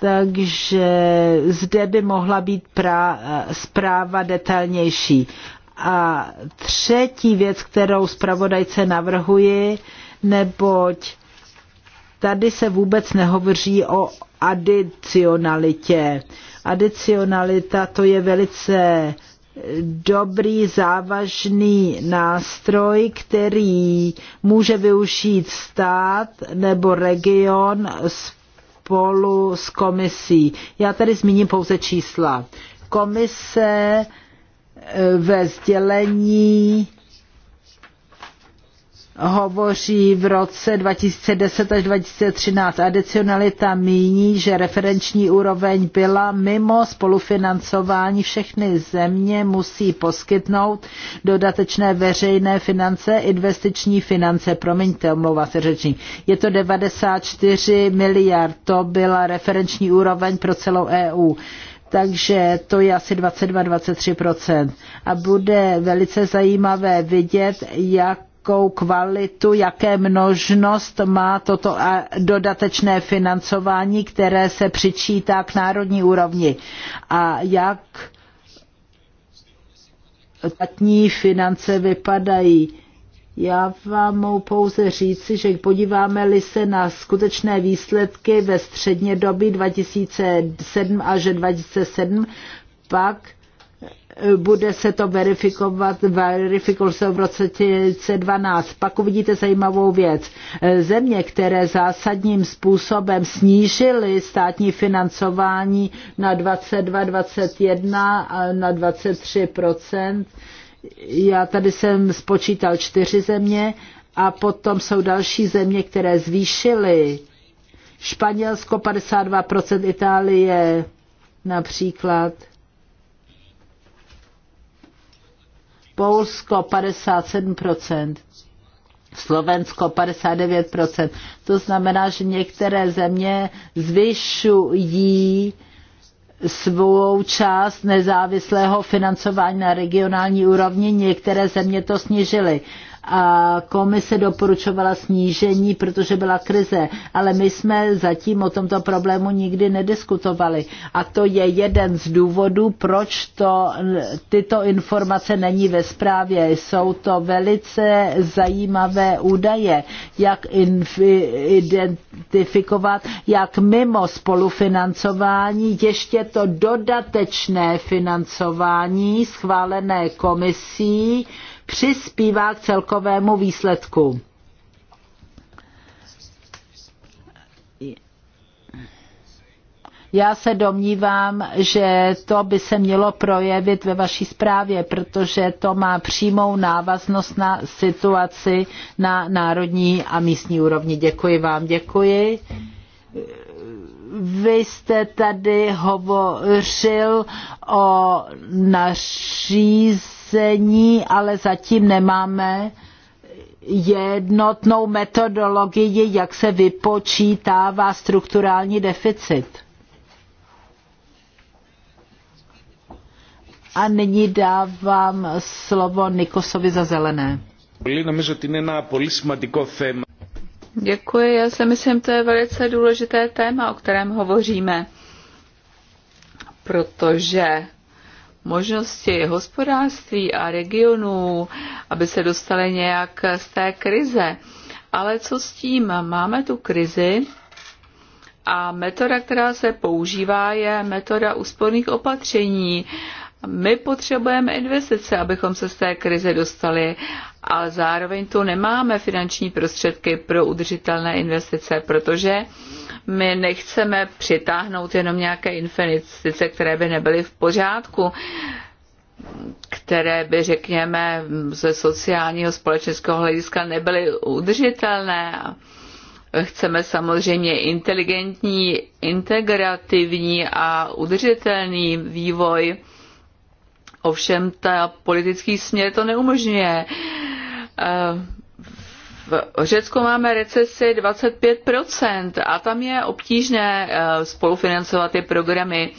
Takže zde by mohla být pra, zpráva detailnější. A třetí věc, kterou zpravodajce navrhuji, neboť Tady se vůbec nehovoří o adicionalitě. Adicionalita to je velice dobrý závažný nástroj, který může využít stát nebo region spolu s komisí. Já tady zmíním pouze čísla. Komise eh, ve sdělení hovoří v roce 2010 až 2013. Adicionalita míní, že referenční úroveň byla mimo spolufinancování. Všechny země musí poskytnout dodatečné veřejné finance, investiční finance. Promiňte, omlouvá se řečník. Je to 94 miliard, to byla referenční úroveň pro celou EU takže to je asi 22-23%. A bude velice zajímavé vidět, jak jakou kvalitu, jaké množnost má toto dodatečné financování, které se přičítá k národní úrovni a jak ostatní finance vypadají. Já vám mohu pouze říci, že podíváme-li se na skutečné výsledky ve střednědobí 2007 až 2007, pak bude se to verifikovat, verifikovalo se v roce 2012. Pak uvidíte zajímavou věc. Země, které zásadním způsobem snížily státní financování na 22, 21 a na 23 já tady jsem spočítal čtyři země a potom jsou další země, které zvýšily. Španělsko 52%, Itálie například Polsko 57%, Slovensko 59%. To znamená, že některé země zvyšují svou část nezávislého financování na regionální úrovni, některé země to snížily a komise doporučovala snížení, protože byla krize, ale my jsme zatím o tomto problému nikdy nediskutovali. A to je jeden z důvodů, proč to, tyto informace není ve zprávě. Jsou to velice zajímavé údaje, jak identifikovat, jak mimo spolufinancování ještě to dodatečné financování schválené komisí, přispívá k celkovému výsledku. Já se domnívám, že to by se mělo projevit ve vaší zprávě, protože to má přímou návaznost na situaci na národní a místní úrovni. Děkuji vám, děkuji. Vy jste tady hovořil o nařízení řízení, ale zatím nemáme jednotnou metodologii, jak se vypočítává strukturální deficit. A nyní dávám slovo Nikosovi za zelené. Děkuji, já si myslím, to je velice důležité téma, o kterém hovoříme, protože možnosti hospodářství a regionů, aby se dostali nějak z té krize. Ale co s tím? Máme tu krizi a metoda, která se používá, je metoda úsporných opatření. My potřebujeme investice, abychom se z té krize dostali, ale zároveň tu nemáme finanční prostředky pro udržitelné investice, protože uh, my nechceme přitáhnout jenom nějaké investice, které by nebyly v pořádku které by, řekněme, ze sociálního společenského hlediska nebyly udržitelné. Chceme samozřejmě inteligentní, integrativní a udržitelný vývoj. Ovšem ta politický směr to neumožňuje. V Řecku máme recesi 25% a tam je obtížné eh, spolufinancovat ty programy.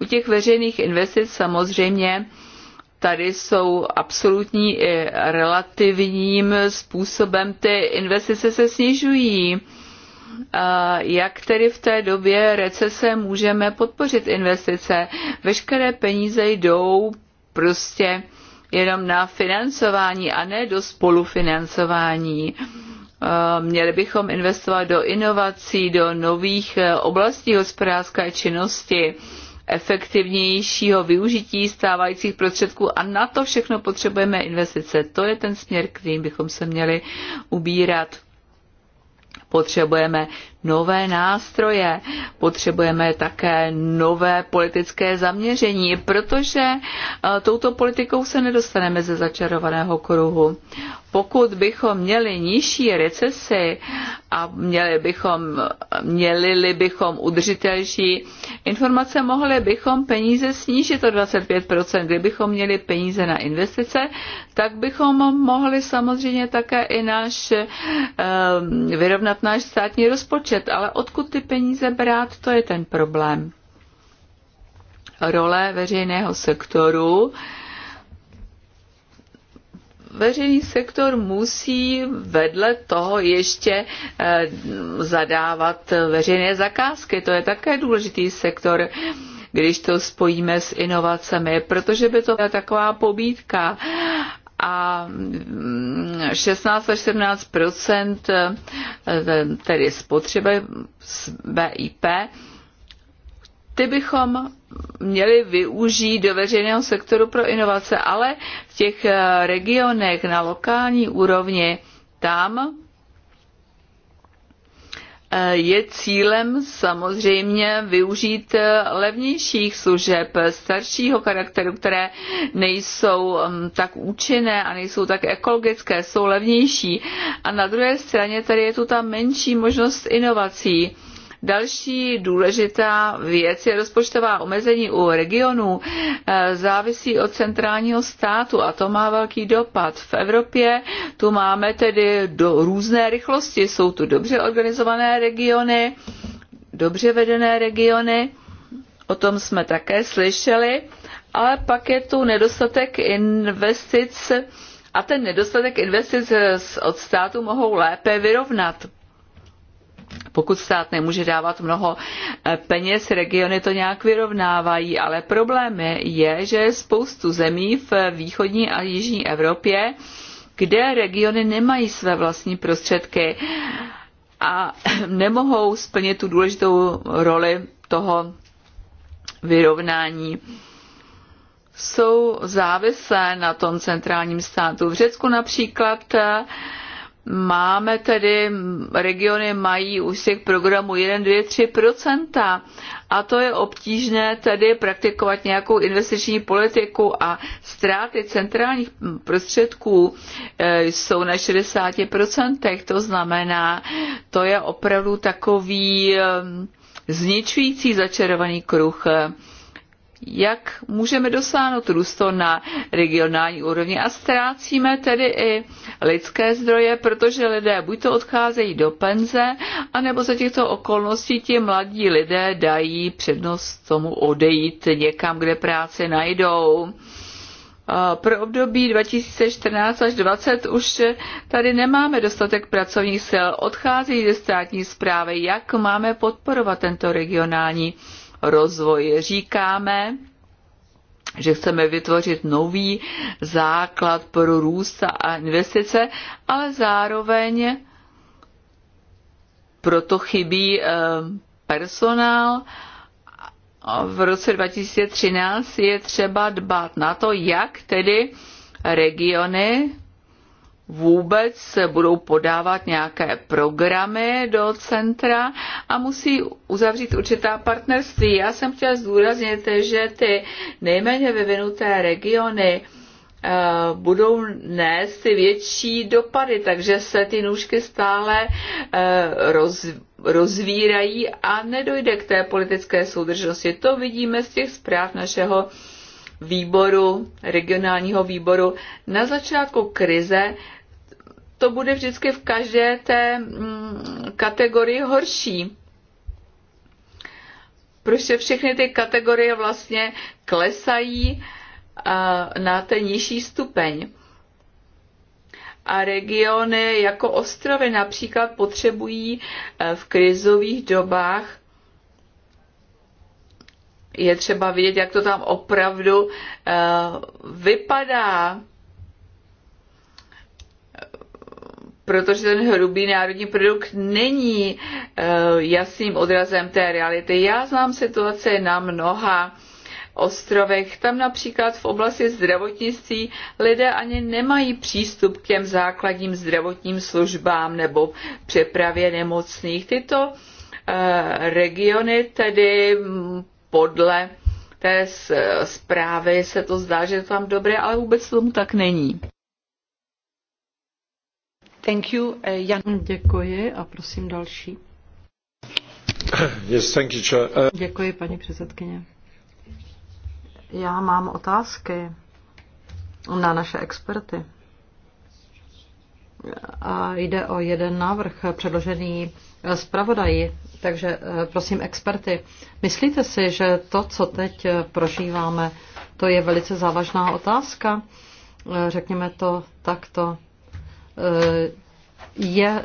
U těch veřejných investic samozřejmě tady jsou absolutní i eh, relativním způsobem ty investice se snižují. Eh, jak tedy v té době recese můžeme podpořit investice? Veškeré peníze jdou prostě jenom na financování a ne do spolufinancování. Eh, měli bychom investovat do inovací, do nových eh, oblastí hospodářské činnosti, efektivnějšího využití stávajících prostředků a na to všechno potřebujeme investice. To je ten směr, kterým bychom se měli ubírat. Potřebujeme nové nástroje, potřebujeme také nové politické zaměření, protože e, touto politikou se nedostaneme ze začarovaného kruhu. Pokud bychom měli nižší recesi a měli bychom, měli bychom udržitelší informace, mohli bychom peníze snížit o 25%. Kdybychom měli peníze na investice, tak bychom mohli samozřejmě také i náš e, vyrovnat financovat náš státní rozpočet, ale odkud ty peníze brát, to je ten problém. Role veřejného sektoru. Veřejný sektor musí vedle toho ještě eh, zadávat veřejné zakázky. To je také důležitý sektor když to spojíme s inovacemi, protože by to byla taková pobídka a 16 mm, až 17 eh, tedy spotřeby z BIP, ty bychom měli využít do veřejného sektoru pro inovace, ale v těch eh, regionech na lokální úrovni tam je cílem samozřejmě využít eh, levnějších služeb staršího charakteru, které nejsou mm, tak účinné a nejsou tak ekologické, jsou levnější. A na druhé straně tady je tu ta menší možnost inovací Další důležitá věc je rozpočtová omezení u regionů. E, závisí od centrálního státu a to má velký dopad. V Evropě tu máme tedy do různé rychlosti. Jsou tu dobře organizované regiony, dobře vedené regiony, o tom jsme také slyšeli, ale pak je tu nedostatek investic a ten nedostatek investic od státu mohou lépe vyrovnat pokud stát nemůže dávat mnoho eh, peněz, regiony to nějak vyrovnávají, ale problém je, že spoustu zemí v východní a jižní Evropě, kde regiony nemají své vlastní prostředky a [clears throat] nemohou splnit tu důležitou roli toho vyrovnání jsou závislé na tom centrálním státu. V Řecku například eh, Máme tedy, regiony mají už těch programů 1, 2, 3 a to je obtížné tedy praktikovat nějakou investiční politiku a ztráty centrálních prostředků eh, jsou na 60 To znamená, to je opravdu takový eh, zničující začarovaný kruh jak můžeme dosáhnout růstu na regionální úrovni a ztrácíme tedy i lidské zdroje, protože lidé buď to odcházejí do penze, anebo za těchto okolností ti mladí lidé dají přednost tomu odejít někam, kde práce najdou. Pro období 2014 až 2020 už tady nemáme dostatek pracovních sil, odchází ze státní zprávy, jak máme podporovat tento regionální uh, rozvoji. Říkáme, že chceme vytvořit nový základ pro růst a investice, ale zároveň proto chybí eh, personál. V roce 2013 je třeba dbát na to, jak tedy regiony vůbec se budou podávat nějaké programy do centra a musí uzavřít určitá partnerství. Já jsem chtěla zdůraznit, že ty nejméně vyvinuté regiony eh, budou nést ty větší dopady, takže se ty nůžky stále eh, roz, rozvírají a nedojde k té politické soudržnosti. To vidíme z těch zpráv našeho výboru, regionálního výboru. Na začátku krize to bude vždycky v každé té mm, kategorii horší. Prostě všechny ty kategorie vlastně klesají na ten nižší stupeň. A regiony jako ostrovy například potřebují e, v krizových dobách je třeba vidět, jak to tam opravdu e, vypadá protože ten hrubý národní produkt není eh, jasným odrazem té reality. Já znám situace na mnoha ostrovech. Tam například v oblasti zdravotnictví lidé ani nemají přístup k těm základním zdravotním službám nebo přepravě nemocných. Tyto eh, regiony tedy mm, podle té eh, zprávy se to zdá, že je tam dobré, ale vůbec tomu tak není. Thank you, uh, Jan. Děkuji a prosím další. Yes, thank you, chair. Uh... Děkuji, paní předsedkyně. Já mám otázky na naše experty. A jde o jeden návrh předložený zpravodaji. Takže uh, prosím experty, myslíte si, že to, co teď uh, prožíváme, to je velice závažná otázka? Řekněme to takto je e,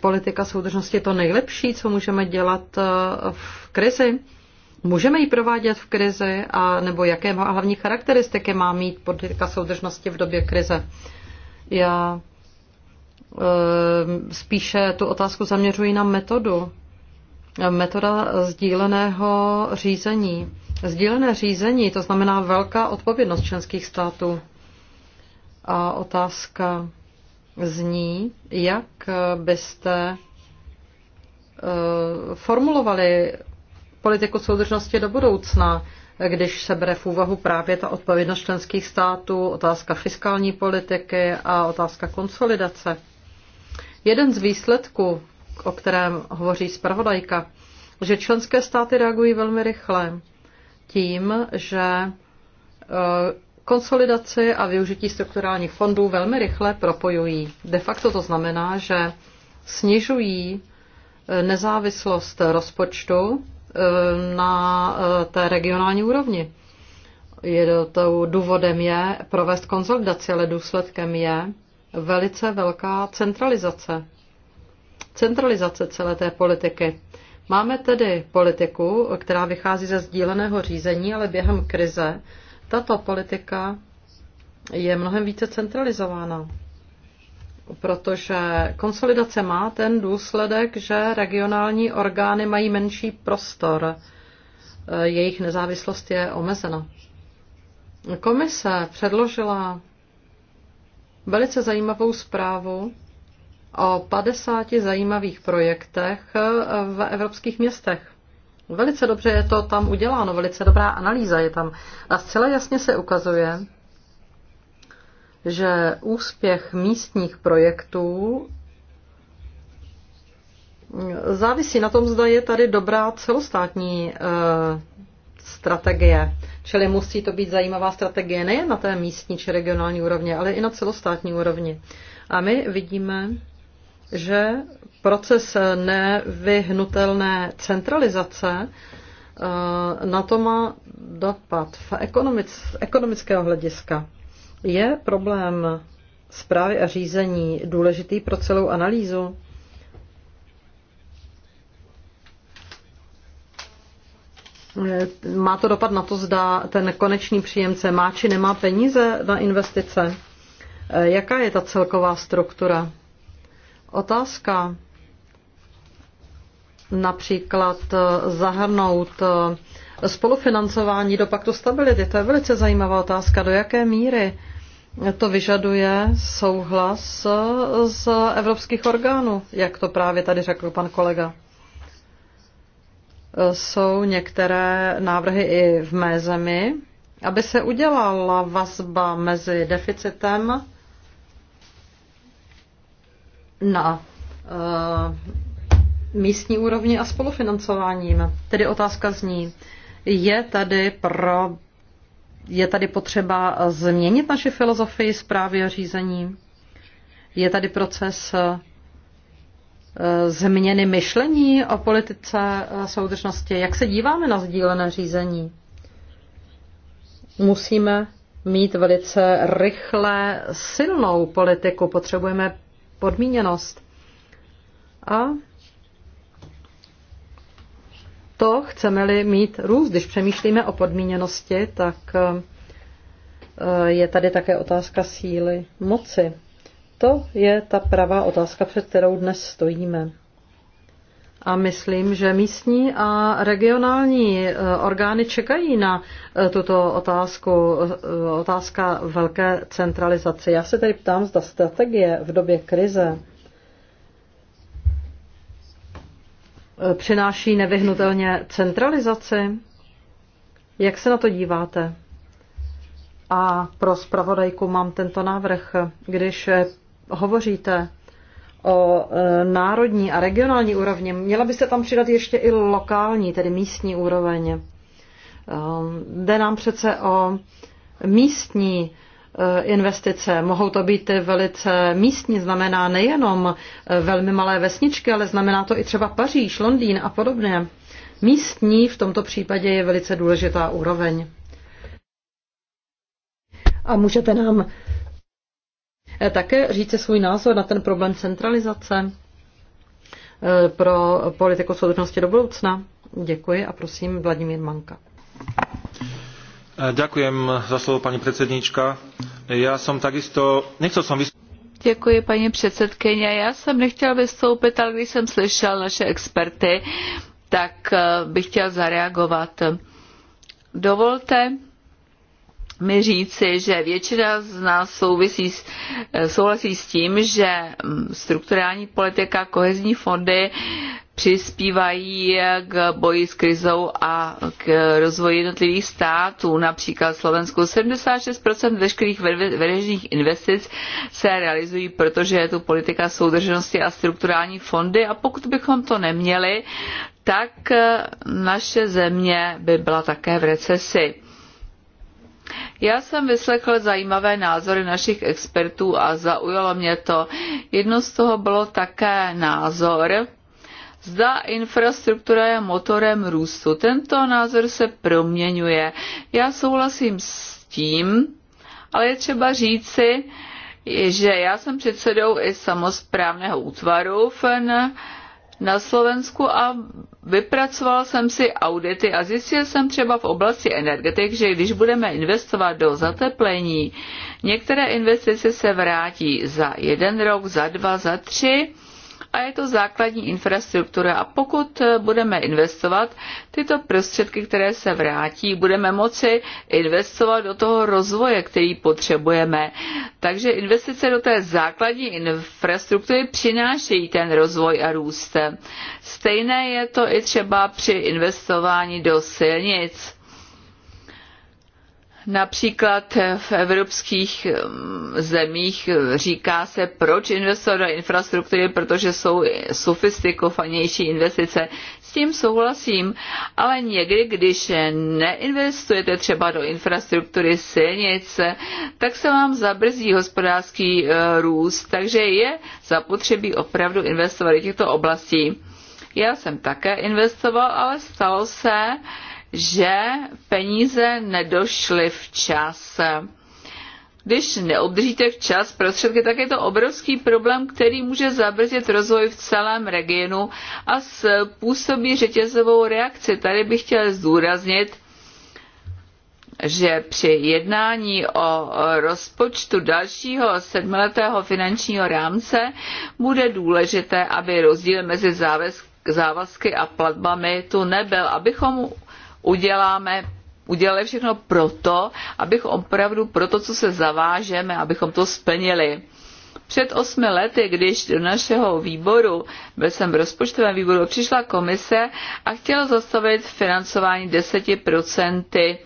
politika soudržnosti to nejlepší, co můžeme dělat e, v krizi? Můžeme ji provádět v krizi a nebo jaké hlavní charakteristiky má mít politika soudržnosti v době krize? Já e, spíše tu otázku zaměřuji na metodu. Metoda sdíleného řízení. Sdílené řízení, to znamená velká odpovědnost členských států. A otázka zní, jak byste eh, formulovali politiku soudržnosti do budoucna, když se bere v úvahu právě ta odpovědnost členských států, otázka fiskální politiky a otázka konsolidace. Jeden z výsledků, o kterém hovoří zpravodajka, že členské státy reagují velmi rychle tím, že eh, konsolidaci a využití strukturálních fondů velmi rychle propojují. De facto to znamená, že snižují eh, nezávislost rozpočtu eh, na eh, té regionální úrovni. Je to, důvodem je provést konsolidaci, ale důsledkem je velice velká centralizace. Centralizace celé té politiky. Máme tedy politiku, která vychází ze sdíleného řízení, ale během krize tato politika je mnohem více centralizována, protože konsolidace má ten důsledek, že regionální orgány mají menší prostor, eh, jejich nezávislost je omezena. Komise předložila velice zajímavou zprávu o 50 zajímavých projektech eh, v evropských městech. Velice dobře je to tam uděláno, velice dobrá analýza je tam. A zcela jasně se ukazuje, že úspěch místních projektů závisí na tom, zda je tady dobrá celostátní e, strategie. Čili musí to být zajímavá strategie nejen na té místní či regionální úrovni, ale i na celostátní úrovni. A my vidíme, že proces nevyhnutelné centralizace eh, na to má dopad v ekonomic, ekonomického hlediska. Je problém zprávy a řízení důležitý pro celou analýzu? Eh, má to dopad na to, zda ten konečný příjemce má či nemá peníze na investice? Eh, jaká je ta celková struktura? Otázka například eh, zahrnout eh, spolufinancování do paktu stability, to je velice zajímavá otázka, do jaké míry to vyžaduje souhlas eh, z evropských orgánů, jak to právě tady řekl pan kolega. Jsou některé návrhy i v mé zemi, aby se udělala vazba mezi deficitem na eh, místní úrovni a spolufinancováním. Tedy otázka zní, je tady pro je tady potřeba změnit naši filozofii zprávy a řízení? Je tady proces eh, změny myšlení o politice soudržnosti? Jak se díváme na sdílené řízení? Musíme mít velice rychle silnou politiku. Potřebujeme podmíněnost. A to chceme-li mít růst, když přemýšlíme o podmíněnosti, tak eh, je tady také otázka síly moci. To je ta pravá otázka, před kterou dnes stojíme. A myslím, že místní a regionální eh, orgány čekají na eh, tuto otázku, eh, otázka velké centralizace. Já se tedy ptám, zda strategie v době krize přináší nevyhnutelně centralizaci. Jak se na to díváte? A pro zpravodajku mám tento návrh. Když hovoříte o e, národní a regionální úrovni, měla by se tam přidat ještě i lokální, tedy místní úroveň. E, jde nám přece o místní e, investice. Mohou to být velice místní, znamená nejenom velmi malé vesničky, ale znamená to i třeba Paříž, Londýn a podobně. Místní v tomto případě je velice důležitá úroveň. A můžete nám Eh, také říci svůj názor na ten problém centralizace eh, pro politiku soudržnosti do budoucna? Děkuji a prosím Vladimír Manka. Eh, Děkuji za slovo, paní předsednička. Já jsem takisto, nechcel jsem vys... Děkuji, paní předsedkyně. Já jsem nechtěl vystoupit, ale když jsem slyšel naše experty, tak bych chtěl zareagovat. Dovolte, mi říci, že většina z nás souvisí, eh, souhlasí s tím, že mm, strukturální politika, kohezní fondy přispívají eh, k boji s krizou a k eh, rozvoji jednotlivých států. Například Slovensku 76% veškerých veřejných investic se realizují, protože je tu politika soudržnosti a strukturální fondy a pokud bychom to neměli, tak naše země by byla také v recesi. Já jsem vyslechl zajímavé názory našich expertů a zaujalo mě to. Jedno z toho bylo také názor, Zda infrastruktura je motorem růstu. Tento názor se proměňuje. Já souhlasím s tím, ale je třeba říci, že já jsem předsedou i samozprávného útvaru v na Slovensku a vypracoval jsem si audity a zjistil jsem třeba v oblasti energetik, že když budeme investovat do zateplení, některé investice se vrátí za jeden rok, za dva, za tři a je to základní infrastruktura. A pokud eh, budeme investovat tyto prostředky, které se vrátí, budeme moci investovat do toho rozvoje, který potřebujeme. Takže investice do té základní infrastruktury přinášejí ten rozvoj a růst. Stejné je to i třeba při investování do silnic Například v evropských mm, zemích říká se, proč investovat do infrastruktury, protože jsou sofistikovanější investice. S tím souhlasím, ale někdy, když neinvestujete třeba do infrastruktury silnic, tak se vám zabrzdí hospodářský e, růst, takže je zapotřebí opravdu investovat do těchto oblastí. Já jsem také investoval, ale stalo se, že peníze nedošly včas. Když neobdržíte včas prostředky, tak je to obrovský problém, který může zabrzdit rozvoj v celém regionu a způsobí řetězovou reakci. Tady bych chtěl zdůraznit, že při jednání o rozpočtu dalšího sedmiletého finančního rámce bude důležité, aby rozdíl mezi závazky a platbami tu nebyl, abychom uděláme udělali všechno proto, abychom opravdu pro to, co se zavážeme, abychom to splnili. Před osmi lety, když do našeho výboru, byl jsem v rozpočtovém výboru, přišla komise a chtěla zastavit financování 10%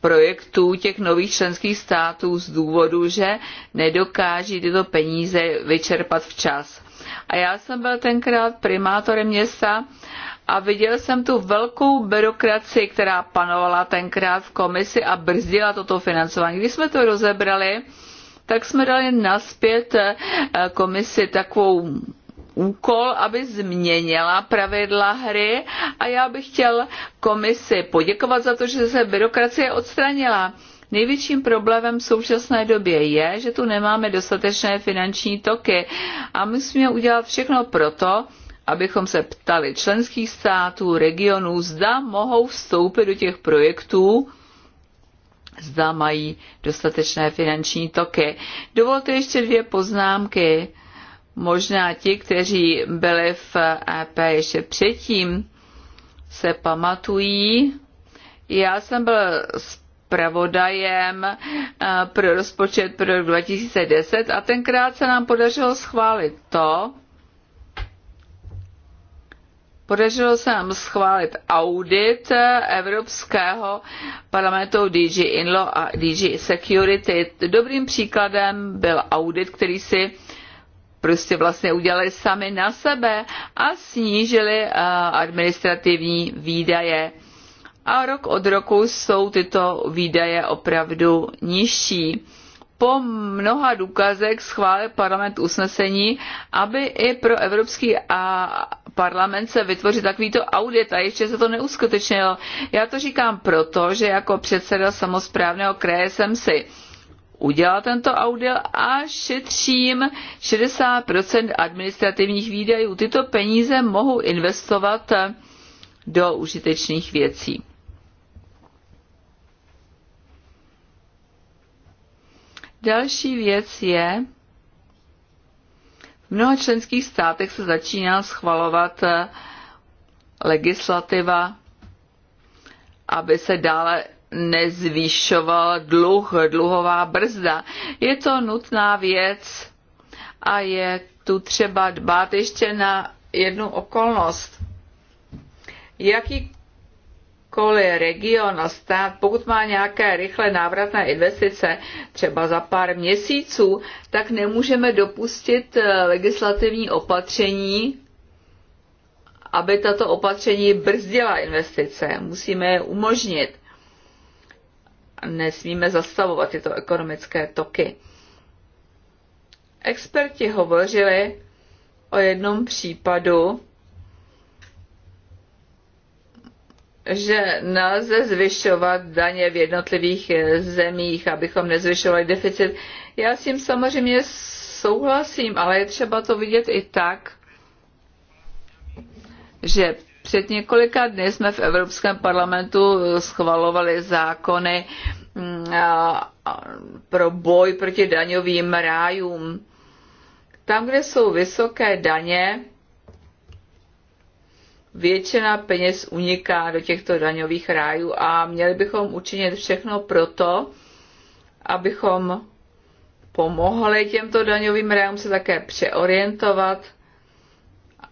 projektů těch nových členských států z důvodu, že nedokáží tyto peníze vyčerpat včas. A já jsem byl tenkrát primátorem města a viděl jsem tu velkou byrokracii, která panovala tenkrát v komisi a brzdila toto financování. Když jsme to rozebrali, tak jsme dali naspět eh, komisi takovou úkol, aby změnila pravidla hry a já bych chtěl komisi poděkovat za to, že se byrokracie odstranila. Největším problémem v současné době je, že tu nemáme dostatečné finanční toky a musíme udělat všechno proto, abychom se ptali členských států, regionů, zda mohou vstoupit do těch projektů, zda mají dostatečné finanční toky. Dovolte ještě dvě poznámky. Možná ti, kteří byli v EP ještě předtím, se pamatují. Já jsem byl zpravodajem eh, pro rozpočet pro rok 2010 a tenkrát se nám podařilo schválit to, Podařilo se nám schválit audit Evropského parlamentu DG Inlo a DG Security. Dobrým příkladem byl audit, který si prostě vlastně udělali sami na sebe a snížili eh, administrativní výdaje. A rok od roku jsou tyto výdaje opravdu nižší po mnoha důkazech schválil parlament usnesení, aby i pro Evropský a parlament se vytvořil takovýto audit a ještě se to neuskutečnilo. Já to říkám proto, že jako předseda samozprávného kraje jsem si udělal tento audit a šetřím 60% administrativních výdajů. Tyto peníze mohu investovat do užitečných věcí. Další věc je, v mnoha členských státech se začíná schvalovat eh, legislativa, aby se dále nezvýšoval dluh, dluhová brzda. Je to nutná věc a je tu třeba dbát ještě na jednu okolnost. Jaký jakýkoliv region a stát, pokud má nějaké rychle návratné investice, třeba za pár měsíců, tak nemůžeme dopustit eh, legislativní opatření, aby tato opatření brzdila investice. Musíme je umožnit. Nesmíme zastavovat tyto ekonomické toky. Experti hovořili o jednom případu, že nelze zvyšovat daně v jednotlivých eh, zemích, abychom nezvyšovali deficit. Já s tím samozřejmě souhlasím, ale je třeba to vidět i tak, že před několika dny jsme v Evropském parlamentu eh, schvalovali zákony mm, pro boj proti daňovým rájům. Tam, kde jsou vysoké daně, většina peněz uniká do těchto daňových rájů a měli bychom učinit všechno proto, abychom pomohli těmto daňovým rájům se také přeorientovat,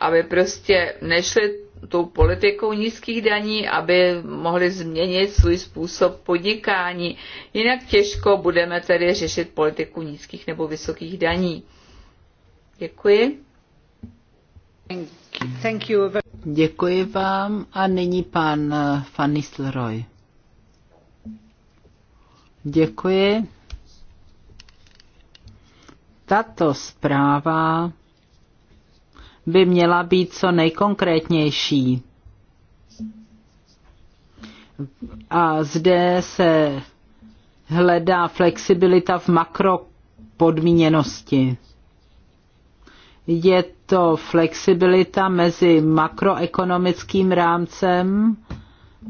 aby prostě nešli tou politikou nízkých daní, aby mohli změnit svůj způsob podnikání. Jinak těžko budeme tedy řešit politiku nízkých nebo vysokých daní. Děkuji. Thank you. Děkuji vám a nyní pan Fanny eh, Nistelrooy. Děkuji. Tato zpráva by měla být co nejkonkrétnější. A zde se hledá flexibilita v makropodmíněnosti. Je to flexibilita mezi makroekonomickým rámcem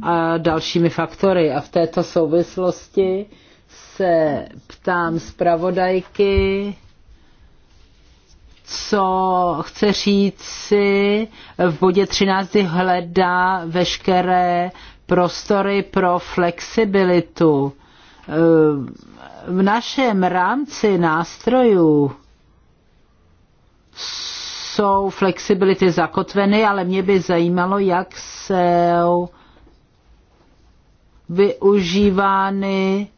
a dalšími faktory. A v této souvislosti se ptám zpravodajky, co chce říci, v bodě 13 hledá veškeré prostory pro flexibilitu. V našem rámci nástrojů jsou flexibility zakotveny, ale mě by zajímalo, jak jsou využívány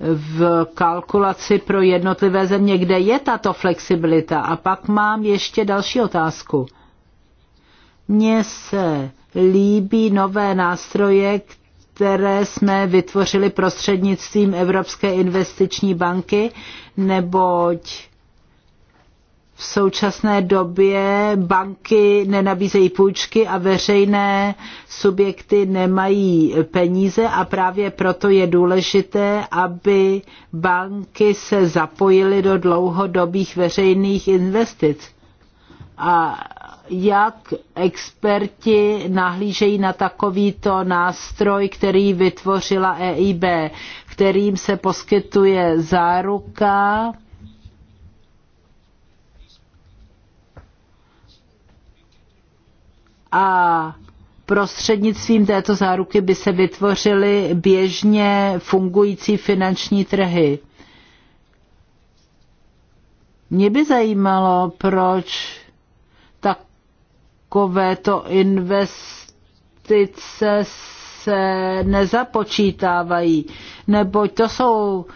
v kalkulaci pro jednotlivé země, kde je tato flexibilita. A pak mám ještě další otázku. Mně se líbí nové nástroje, které jsme vytvořili prostřednictvím Evropské investiční banky, neboť v současné době banky nenabízejí půjčky a veřejné subjekty nemají peníze a právě proto je důležité, aby banky se zapojily do dlouhodobých veřejných investic. A jak experti nahlížejí na takovýto nástroj, který vytvořila EIB, kterým se poskytuje záruka, a prostřednictvím této záruky by se vytvořily běžně fungující finanční trhy. Mě by zajímalo, proč takovéto investice se nezapočítávají, neboť to jsou eh,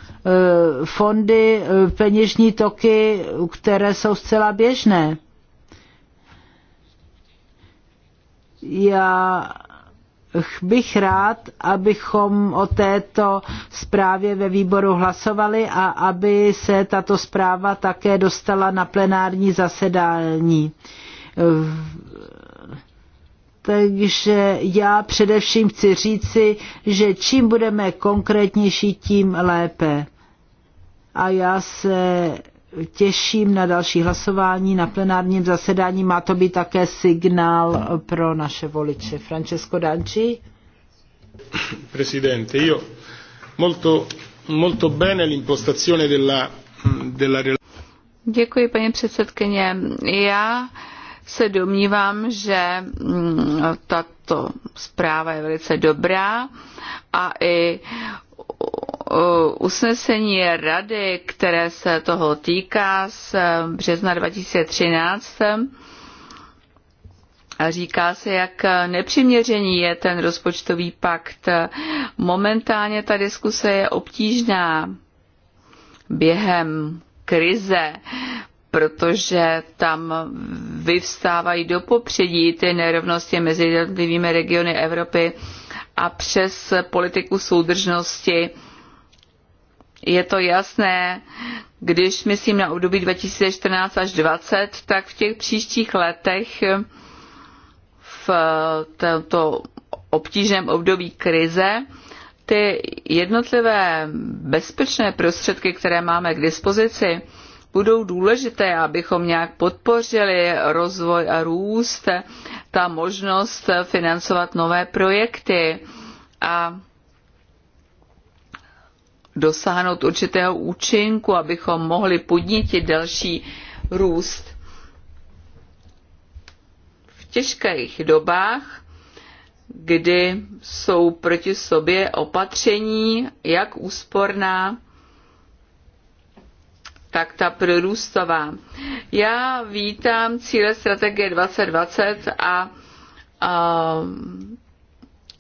fondy, eh, peněžní toky, které jsou zcela běžné. Já bych rád, abychom o této zprávě ve výboru hlasovali a aby se tato zpráva také dostala na plenární zasedání. Takže já především chci říci, že čím budeme konkrétnější, tím lépe. A já se těším na další hlasování na plenárním zasedání. Má to být také signál pro naše voliče. Francesco Danci. Presidente, io molto, molto bene l'impostazione della, della... Děkuji, paní předsedkyně. Já se domnívám, že mm, tato zpráva je velice dobrá a i usnesení rady, které se toho týká z eh, března 2013, Říká se, jak nepřiměřený je ten rozpočtový pakt. Momentálně ta diskuse je obtížná během krize, protože tam vyvstávají do popředí ty nerovnosti mezi jednotlivými regiony Evropy a přes politiku soudržnosti. Je to jasné, když myslím na období 2014 až 2020, tak v těch příštích letech v tomto obtížném období krize ty jednotlivé bezpečné prostředky, které máme k dispozici, budou důležité, abychom nějak podpořili rozvoj a růst ta možnost financovat nové projekty a dosáhnout určitého účinku, abychom mohli podnítit další růst. V těžkých dobách, kdy jsou proti sobě opatření, jak úsporná, tak ta prorůstová. Já vítám cíle strategie 2020 a, a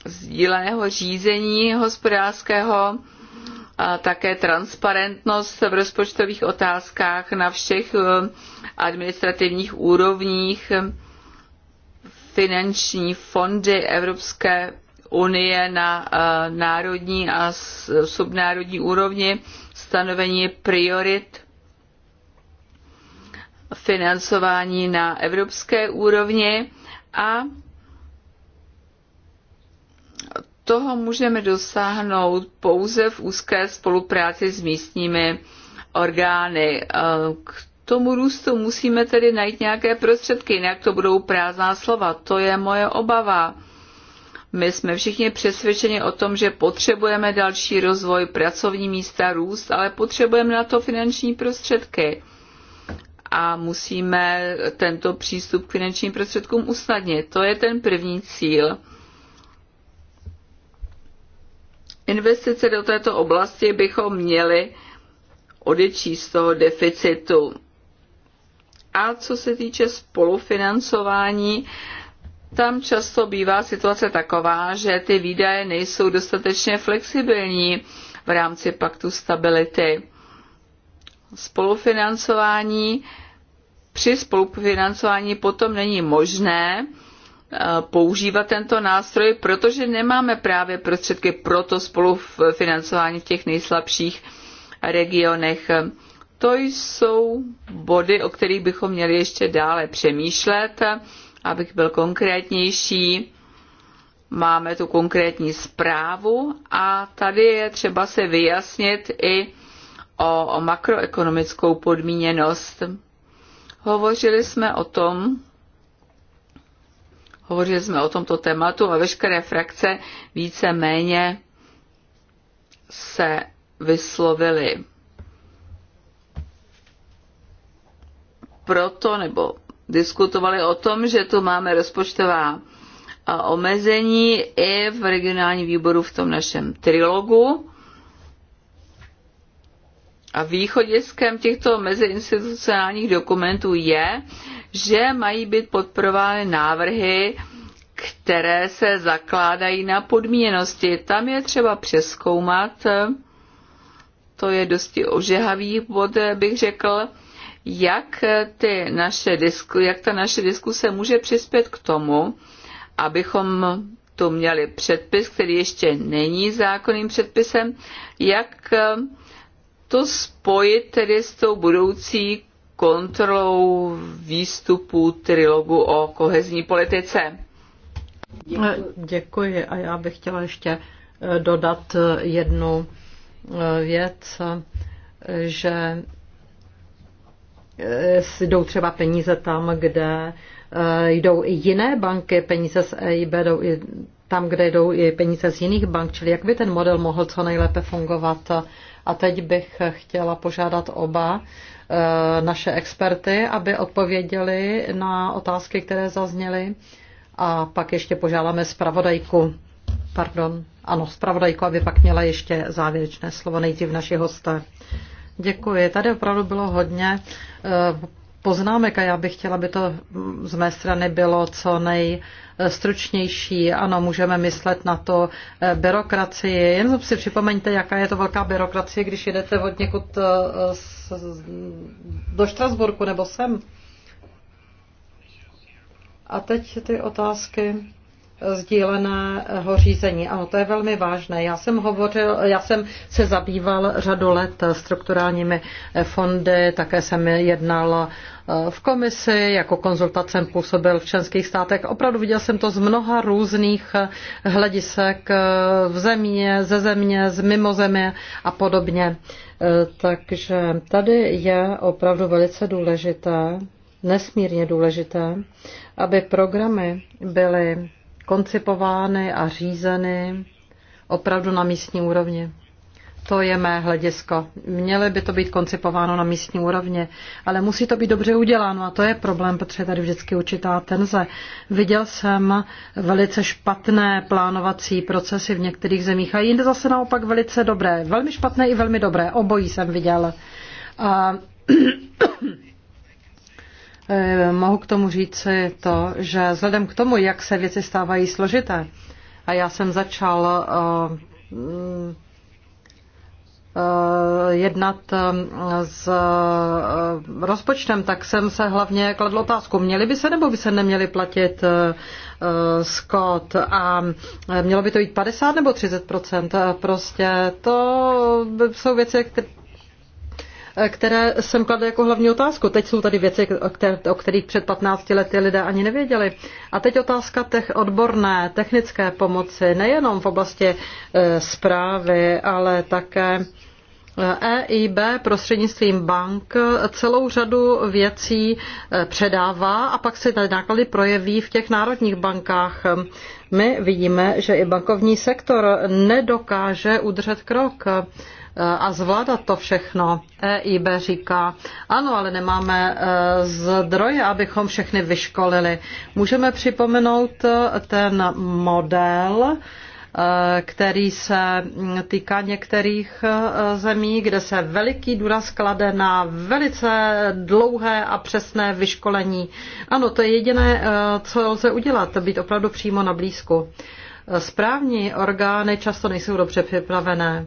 sdíleného řízení hospodářského a také transparentnost v rozpočtových otázkách na všech e, administrativních úrovních, finanční fondy Evropské unie na e, národní a subnárodní úrovni, stanovení priorit financování na evropské úrovni a toho můžeme dosáhnout pouze v úzké spolupráci s místními orgány. K tomu růstu musíme tedy najít nějaké prostředky, jinak to budou prázdná slova. To je moje obava. My jsme všichni přesvědčeni o tom, že potřebujeme další rozvoj, pracovní místa, růst, ale potřebujeme na to finanční prostředky a musíme tento přístup k finančním prostředkům usnadnit. To je ten první cíl. Investice do této oblasti bychom měli odečíst z toho deficitu. A co se týče spolufinancování, tam často bývá situace taková, že ty výdaje nejsou dostatečně flexibilní v rámci paktu stability. Spolufinancování při spolufinancování potom není možné eh, používat tento nástroj, protože nemáme právě prostředky pro to spolufinancování v těch nejslabších regionech. To jsou body, o kterých bychom měli ještě dále přemýšlet, abych byl konkrétnější. Máme tu konkrétní zprávu a tady je třeba se vyjasnit i o, o makroekonomickou podmíněnost. Hovořili jsme o tom, hovořili jsme o tomto tématu a veškeré frakce více méně se vyslovili proto nebo diskutovali o tom, že tu máme rozpočtová omezení i v regionálním výboru v tom našem trilogu a východiskem těchto meziinstitucionálních dokumentů je, že mají být podporovány návrhy, které se zakládají na podmíněnosti. Tam je třeba přeskoumat, to je dosti ožehavý bod, bych řekl, jak, ty naše disku, jak ta naše diskuse může přispět k tomu, abychom tu měli předpis, který ještě není zákonným předpisem, jak to spojit tedy s tou budoucí kontrolou výstupu trilogu o kohezní politice. Děkuji. Děkuji a já bych chtěla ještě eh, dodat eh, jednu eh, věc, že jdou třeba peníze tam, kde jdou i jiné banky, peníze z EIB jdou i tam, kde jdou i peníze z jiných bank, čili jak by ten model mohl co nejlépe fungovat a teď bych chtěla požádat oba eh, naše experty, aby odpověděli na otázky, které zazněly. A pak ještě požádáme zpravodajku, pardon, ano, zpravodajku, aby pak měla ještě závěrečné slovo nejdřív naši hosté. Děkuji. Tady opravdu bylo hodně eh, poznámek a já bych chtěla, aby to z mé strany bylo co nejstručnější. Ano, můžeme myslet na to eh, byrokracii. Jen si připomeňte, jaká je to velká byrokracie, když jedete od někud eh, do Štrasburku nebo sem. A teď ty otázky sdíleného řízení. Ano, to je velmi vážné. Já jsem, hovořil, já jsem se zabýval řadu let strukturálními fondy, také jsem jednal eh, v komisi, jako konzultant jsem působil v členských státech. Opravdu viděl jsem to z mnoha různých eh, hledisek eh, v země, ze země, z mimo země a podobně. Takže tady je opravdu velice důležité, nesmírně důležité, aby programy byly koncipovány a řízeny opravdu na místní úrovni. To je mé hledisko. Měly by to být koncipováno na místní úrovni, ale musí to být dobře uděláno a to je problém, protože je tady vždycky určitá tenze. Viděl jsem velice špatné plánovací procesy v některých zemích a jinde zase naopak velice dobré. Velmi špatné i velmi dobré. Obojí jsem viděl. A Eh, mohu k tomu říci to, že vzhledem k tomu, jak se věci stávají složité, a já jsem začal eh, eh, jednat s rozpočtem, tak jsem se hlavně kladl otázku, měli by se nebo by se neměli platit skot a mělo by to jít 50 nebo 30 Prostě to jsou věci, které jsem kladla jako hlavní otázku. Teď jsou tady věci, o kterých před 15 lety lidé ani nevěděli. A teď otázka těch odborné, technické pomoci, nejenom v oblasti zprávy, e, ale také EIB e prostřednictvím bank celou řadu věcí e, předává a pak se tady náklady projeví v těch národních bankách. My vidíme, že i bankovní sektor nedokáže udržet krok a zvládat to všechno. EIB říká, ano, ale nemáme e, zdroje, abychom všechny vyškolili. Můžeme připomenout e, ten model, e, který se týká některých zemí, kde se veliký důraz klade na velice dlouhé a přesné vyškolení. Ano, to je jediné, co lze udělat, být opravdu přímo na blízku. Správní orgány často nejsou dobře připravené.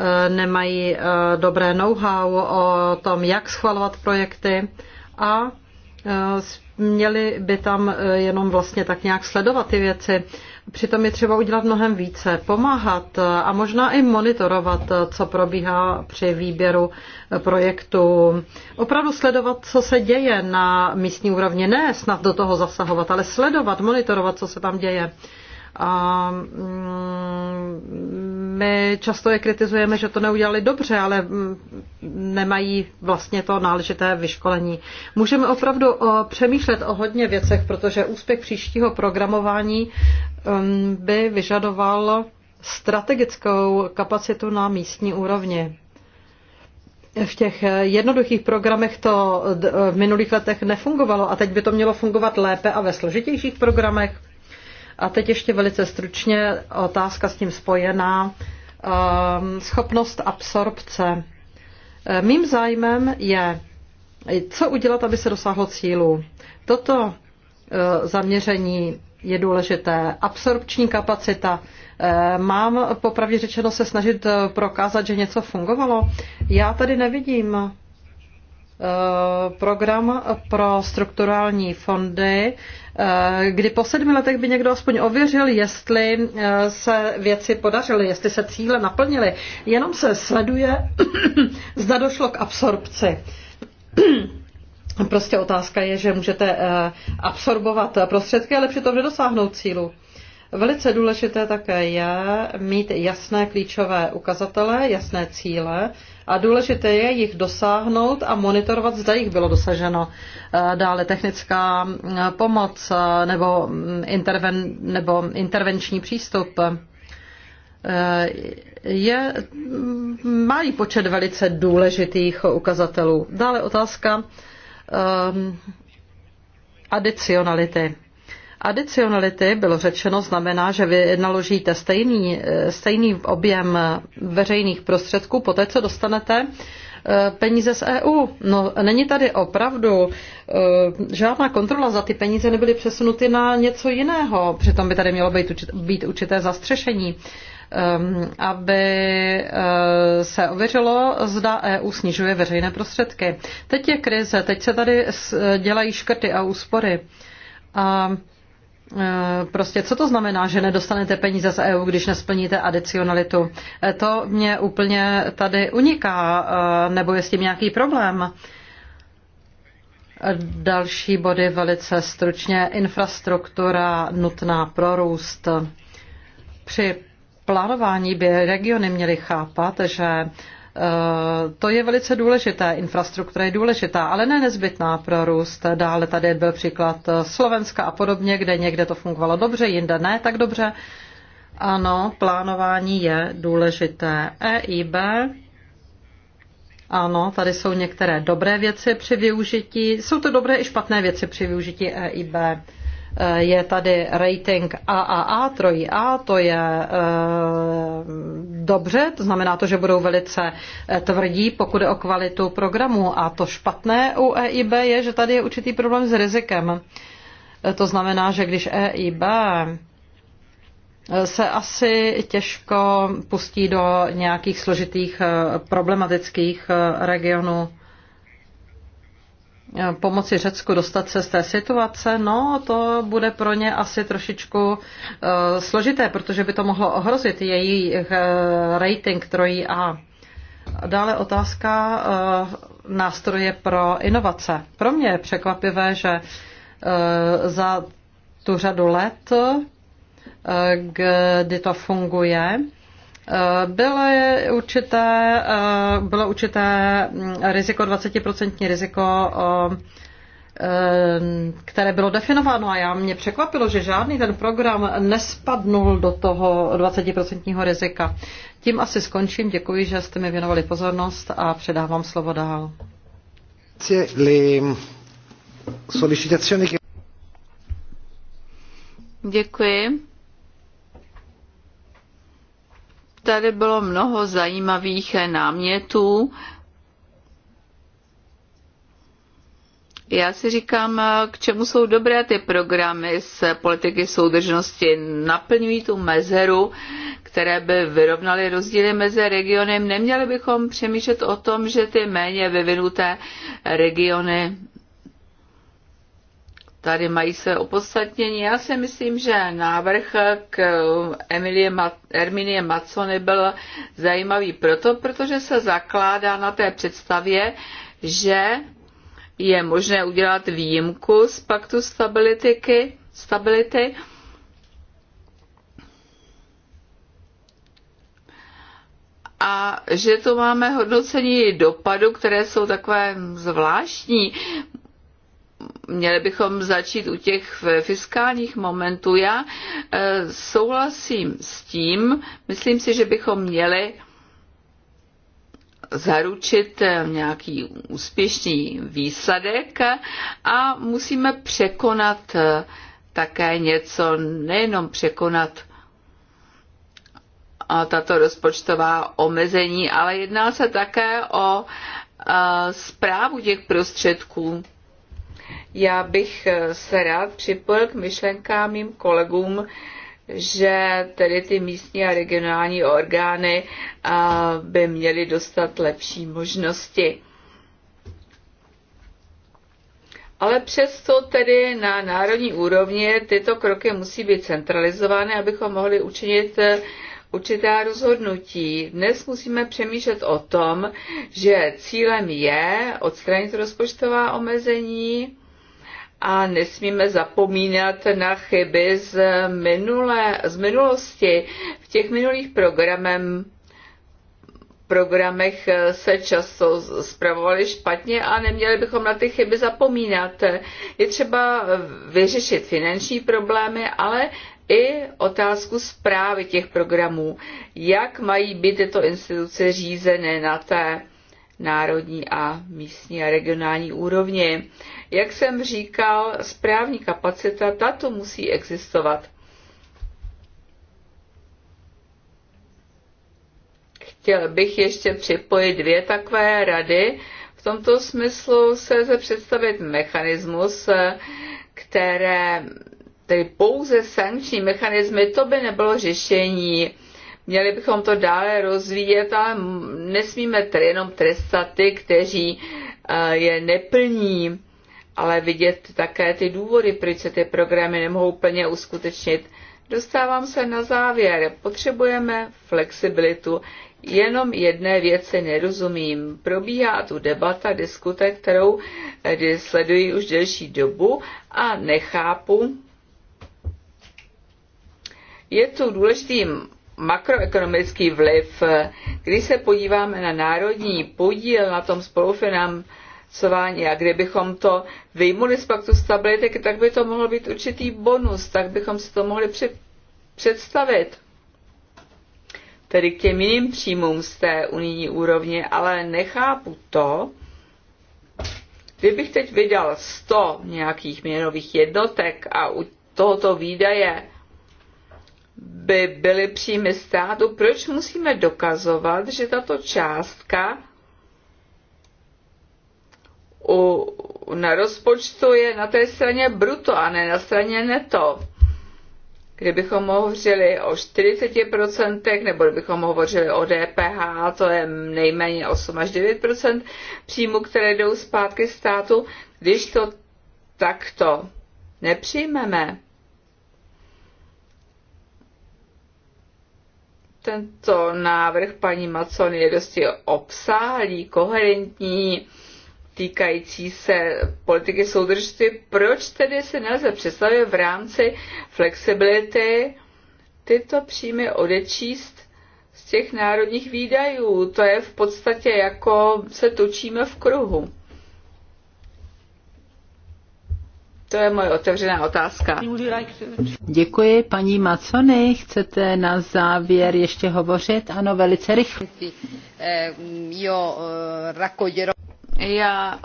Eh, nemají eh, dobré know-how o tom, jak schvalovat projekty a eh, měli by tam jenom vlastně tak nějak sledovat ty věci. Přitom je třeba udělat mnohem více, pomáhat a možná i monitorovat, co probíhá při výběru projektu. Opravdu sledovat, co se děje na místní úrovni, ne snad do toho zasahovat, ale sledovat, monitorovat, co se tam děje. A mm, my často je kritizujeme, že to neudělali dobře, ale mm, nemají vlastně to náležité vyškolení. Můžeme opravdu přemýšlet o hodně věcech, protože úspěch příštího programování mm, by vyžadoval strategickou kapacitu na místní úrovni. V těch jednoduchých programech to v minulých letech nefungovalo a teď by to mělo fungovat lépe a ve složitějších programech a teď ještě velice stručně otázka s tím spojená. Ehm, schopnost absorpce. Ehm, mým zájmem je, co udělat, aby se dosáhlo cílu. Toto e, zaměření je důležité. Absorpční kapacita. Ehm, mám popravdě řečeno se snažit e, prokázat, že něco fungovalo. Já tady nevidím Eh, program pro strukturální fondy, eh, kdy po sedmi letech by někdo aspoň ověřil, jestli eh, se věci podařily, jestli se cíle naplnily. Jenom se sleduje, [clears throat] zda došlo k absorpci. [clears throat] prostě otázka je, že můžete absorbovat prostředky, ale přitom nedosáhnout cílu. Velice důležité také je mít jasné klíčové ukazatele, jasné cíle a důležité je jich dosáhnout a monitorovat, zda jich bylo dosaženo. Eh, dále technická eh, pomoc eh, nebo, mm, interven, nebo intervenční přístup je mm, mají počet velice důležitých ukazatelů. Dále otázka um, adicionality. Adicionality, bylo řečeno, znamená, že vy naložíte stejný, stejný objem veřejných prostředků po té, co dostanete eh, peníze z EU. No, není tady opravdu eh, žádná kontrola za ty peníze nebyly přesunuty na něco jiného. Přitom by tady mělo být, být určité zastřešení ehm, aby eh, se ověřilo, zda EU snižuje veřejné prostředky. Teď je krize, teď se tady dělají škrty a úspory. A Eh, prostě co to znamená, že nedostanete peníze z EU, když nesplníte adicionalitu. Eh, to mě úplně tady uniká, eh, nebo je s tím nějaký problém. Další body velice stručně. Infrastruktura nutná pro růst. Při plánování by regiony měly chápat, že Eh, to je velice důležité, infrastruktura je důležitá, ale ne nezbytná pro růst. Dále tady byl příklad eh, Slovenska a podobně, kde někde to fungovalo dobře, jinde ne tak dobře. Ano, plánování je důležité. EIB, ano, tady jsou některé dobré věci při využití, jsou to dobré i špatné věci při využití EIB. Eh, je tady rating AAA, trojí A, to je eh, dobře, to znamená to, že budou velice eh, tvrdí, pokud je o kvalitu programu. A to špatné u EIB je, že tady je určitý problém s rizikem. To znamená, že když EIB se asi těžko pustí do nějakých složitých problematických regionů. Eh, pomoci Řecku dostat se z té situace, no to bude pro ně asi trošičku uh, složité, protože by to mohlo ohrozit jejich eh, uh, rating 3A. Dále otázka uh, nástroje pro inovace. Pro mě je překvapivé, že uh, za tu řadu let, uh, kdy to funguje, Eh, eh, bylo určité, bylo mm, určité riziko, 20% riziko, eh, které bylo definováno a já mě překvapilo, že žádný ten program nespadnul do toho 20% rizika. Tím asi skončím. Děkuji, že jste mi věnovali pozornost a předávám slovo dál. Děkuji. Tady bylo mnoho zajímavých námětů. Já si říkám, k čemu jsou dobré ty programy z politiky soudržnosti. Naplňují tu mezeru, které by vyrovnaly rozdíly mezi regiony. Neměli bychom přemýšlet o tom, že ty méně vyvinuté regiony tady mají své opodstatnění. Já si myslím, že návrh k Emilie Ma- Erminie Macony byl zajímavý proto, protože se zakládá na té představě, že je možné udělat výjimku z paktu stability, stability a že tu máme hodnocení dopadu, které jsou takové zvláštní měli bychom začít u těch fiskálních momentů. Já eh, souhlasím s tím, myslím si, že bychom měli zaručit eh, nějaký úspěšný výsledek a musíme překonat eh, také něco, nejenom překonat tato rozpočtová omezení, ale jedná se také o zprávu těch prostředků já bych eh, se rád připojil k myšlenkám mým kolegům, že tedy ty místní a regionální orgány eh, by měly dostat lepší možnosti. Ale přesto tedy na národní úrovni tyto kroky musí být centralizovány, abychom mohli učinit eh, určitá rozhodnutí. Dnes musíme přemýšlet o tom, že cílem je odstranit rozpočtová omezení, a nesmíme zapomínat na chyby z, minulé, z minulosti. V těch minulých programem, programech se často zpravovali špatně a neměli bychom na ty chyby zapomínat. Je třeba vyřešit finanční problémy, ale i otázku zprávy těch programů. Jak mají být tyto instituce řízené na té národní a místní a regionální úrovni? Jak jsem říkal, správní kapacita, tato musí existovat. Chtěl bych ještě připojit dvě takové rady. V tomto smyslu se lze představit mechanismus, které tedy pouze sankční mechanismy, to by nebylo řešení. Měli bychom to dále rozvíjet, ale nesmíme tedy jenom trestat ty, kteří eh, je neplní ale vidět také ty důvody, proč se ty programy nemohou plně uskutečnit. Dostávám se na závěr. Potřebujeme flexibilitu. Jenom jedné věci nerozumím. Probíhá tu debata, diskute, kterou eh, sleduji už delší dobu a nechápu. Je tu důležitý makroekonomický vliv. Když se podíváme na národní podíl na tom spolufinancování financování. A kdybychom to vyjmuli z paktu stability, tak by to mohl být určitý bonus, tak bychom si to mohli při- představit. Tedy k těm jiným příjmům z té unijní úrovně, ale nechápu to, kdybych teď vydal 100 nějakých měnových jednotek a u tohoto výdaje by byly příjmy státu, proč musíme dokazovat, že tato částka u, na rozpočtu je na té straně bruto a ne na straně neto. Kdybychom hovořili o 40% nebo kdybychom hovořili o DPH, to je nejméně 8 až 9% příjmu, které jdou zpátky státu, když to takto nepřijmeme, tento návrh paní Macon je dosti obsáhlý, koherentní, týkající se politiky soudržství, proč tedy se nelze představit v rámci flexibility tyto příjmy odečíst z těch národních výdajů. To je v podstatě jako se točíme v kruhu. To je moje otevřená otázka. Děkuji, paní Macony. Chcete na závěr ještě hovořit? Ano, velice rychle. Eh, eh, já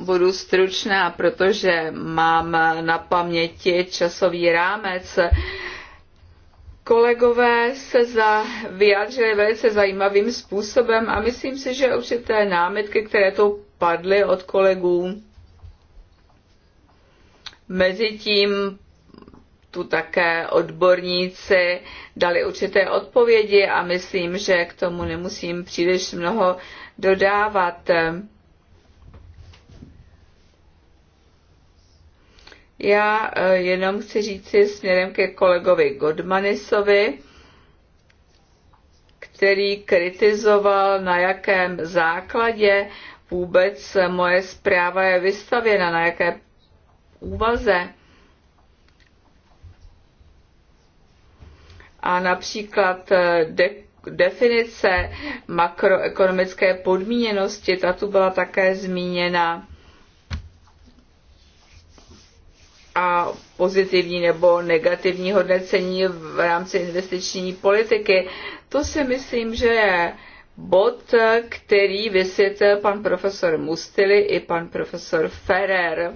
budu stručná, protože mám na paměti časový rámec. Kolegové se za, vyjádřili velice zajímavým způsobem a myslím si, že určité námitky, které tu padly od kolegů, mezitím tu také odborníci dali určité odpovědi a myslím, že k tomu nemusím příliš mnoho dodávat. Já e, jenom chci říci směrem ke kolegovi Godmanisovi, který kritizoval, na jakém základě vůbec moje zpráva je vystavěna, na jaké úvaze. A například e, de- definice makroekonomické podmíněnosti, ta tu byla také zmíněna a pozitivní nebo negativní hodnocení v rámci investiční politiky. To si myslím, že je bod, který vysvětlil pan profesor Mustily i pan profesor Ferrer.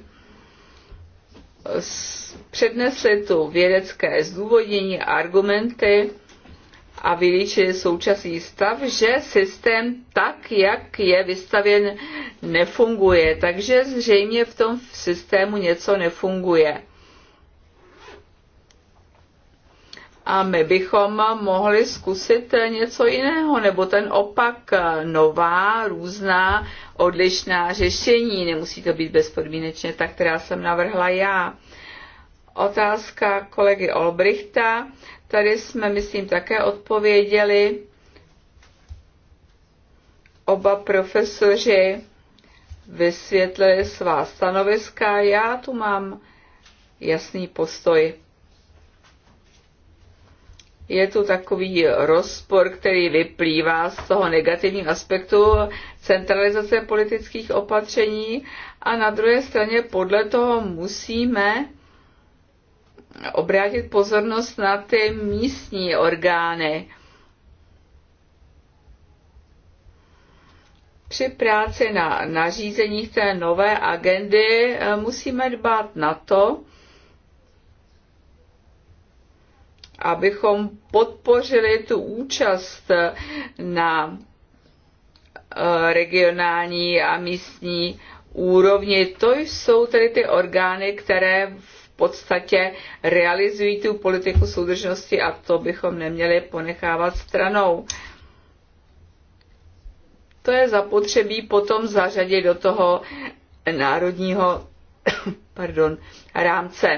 Přednesli tu vědecké zdůvodnění a argumenty, a vylíčili současný stav, že systém tak, jak je vystavěn, nefunguje. Takže zřejmě v tom systému něco nefunguje. a my bychom mohli zkusit něco jiného, nebo ten opak, nová, různá, odlišná řešení. Nemusí to být bezpodmínečně ta, která jsem navrhla já. Otázka kolegy Olbrichta. Tady jsme, myslím, také odpověděli oba profesoři vysvětlili svá stanoviska. Já tu mám jasný postoj. Je tu takový rozpor, který vyplývá z toho negativního aspektu centralizace politických opatření a na druhé straně podle toho musíme obrátit pozornost na ty místní orgány. Při práci na nařízeních té nové agendy eh, musíme dbát na to, abychom podpořili tu účast na eh, regionální a místní úrovni. To jsou tedy ty orgány, které podstatě realizují tu politiku soudržnosti a to bychom neměli ponechávat stranou. To je zapotřebí potom zařadit do toho národního [coughs] pardon, rámce.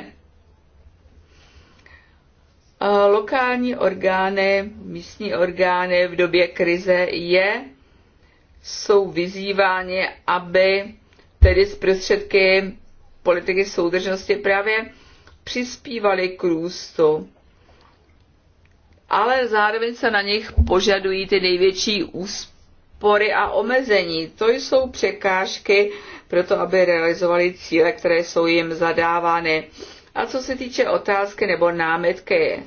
Lokální orgány, místní orgány v době krize je, jsou vyzýváni, aby tedy z prostředky politiky soudržnosti právě přispívaly k růstu. Ale zároveň se na nich požadují ty největší úspory a omezení. To jsou překážky pro to, aby realizovali cíle, které jsou jim zadávány. A co se týče otázky nebo námitky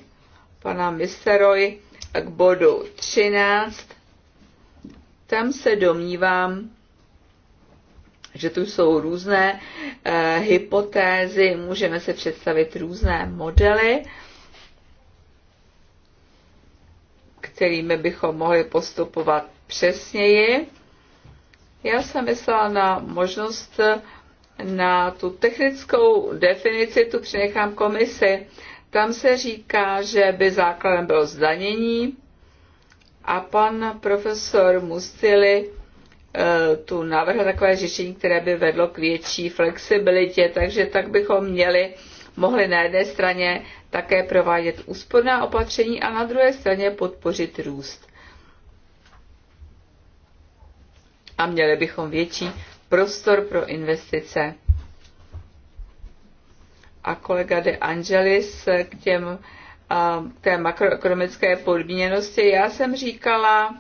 pana Misteroj k bodu 13, tam se domnívám, že tu jsou různé e, hypotézy, můžeme se představit různé modely, kterými bychom mohli postupovat přesněji. Já jsem myslela na možnost na tu technickou definici, tu přenechám komisi. Tam se říká, že by základem bylo zdanění a pan profesor Mustili E, tu navrhl takové řešení, které by vedlo k větší flexibilitě, takže tak bychom měli mohli na jedné straně také provádět úsporná opatření a na druhé straně podpořit růst. A měli bychom větší prostor pro investice. A kolega De Angelis k, těm, k té makroekonomické podmíněnosti. Já jsem říkala,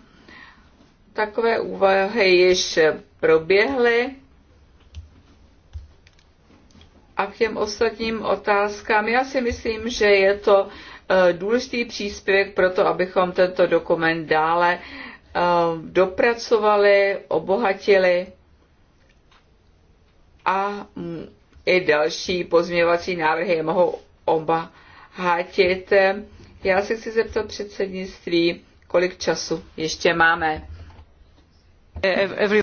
Takové úvahy již proběhly. A k těm ostatním otázkám, já si myslím, že je to eh, důležitý příspěvek pro to, abychom tento dokument dále eh, dopracovali, obohatili a i další pozměňovací návrhy je mohou obohatit. Já se chci zeptat předsednictví, kolik času ještě máme.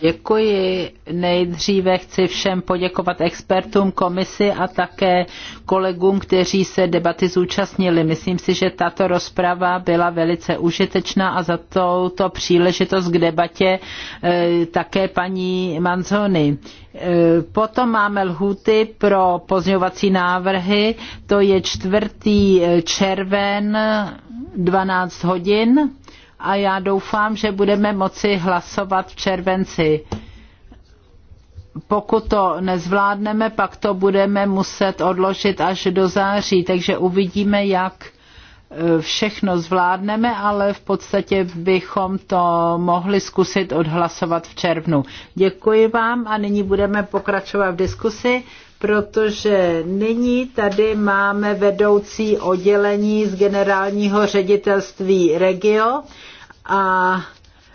Děkuji. Nejdříve chci všem poděkovat expertům komisi a také kolegům, kteří se debaty zúčastnili. Myslím si, že tato rozprava byla velice užitečná a za touto příležitost k debatě eh, také paní Manzoni. Eh, potom máme lhuty pro pozňovací návrhy, to je 4. Eh, červen 12 hodin a já doufám, že budeme moci hlasovat v červenci. Pokud to nezvládneme, pak to budeme muset odložit až do září, takže uvidíme, jak všechno zvládneme, ale v podstatě bychom to mohli zkusit odhlasovat v červnu. Děkuji vám a nyní budeme pokračovat v diskusi, protože nyní tady máme vedoucí oddělení z generálního ředitelství Regio a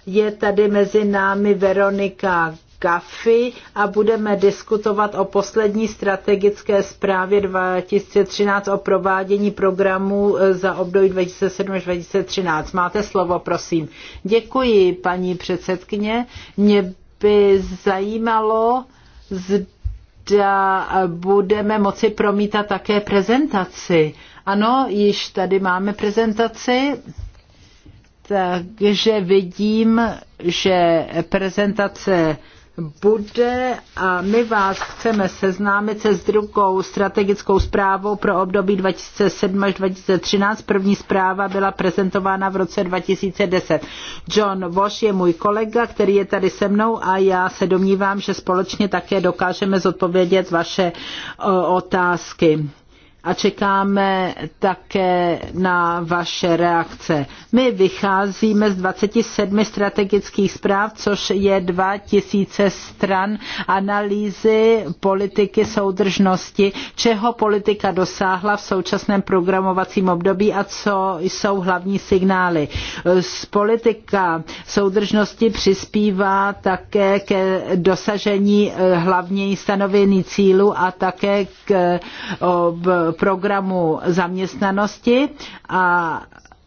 je tady mezi námi Veronika GAFI a budeme diskutovat o poslední strategické zprávě 2013 o provádění programu e, za období 2007 až 2013. Máte slovo, prosím. Děkuji, paní předsedkyně. Mě by zajímalo, zda budeme moci promítat také prezentaci. Ano, již tady máme prezentaci, takže vidím, že prezentace bude a my vás chceme seznámit se s druhou strategickou zprávou pro období 2007 až 2013. První zpráva byla prezentována v roce 2010. John Walsh je můj kolega, který je tady se mnou a já se domnívám, že společně také dokážeme zodpovědět vaše otázky a čekáme také na vaše reakce. My vycházíme z 27 strategických zpráv, což je 2000 stran analýzy politiky soudržnosti, čeho politika dosáhla v současném programovacím období a co jsou hlavní signály. Z politika soudržnosti přispívá také ke dosažení hlavně stanovených cílů a také k ob programu zaměstnanosti a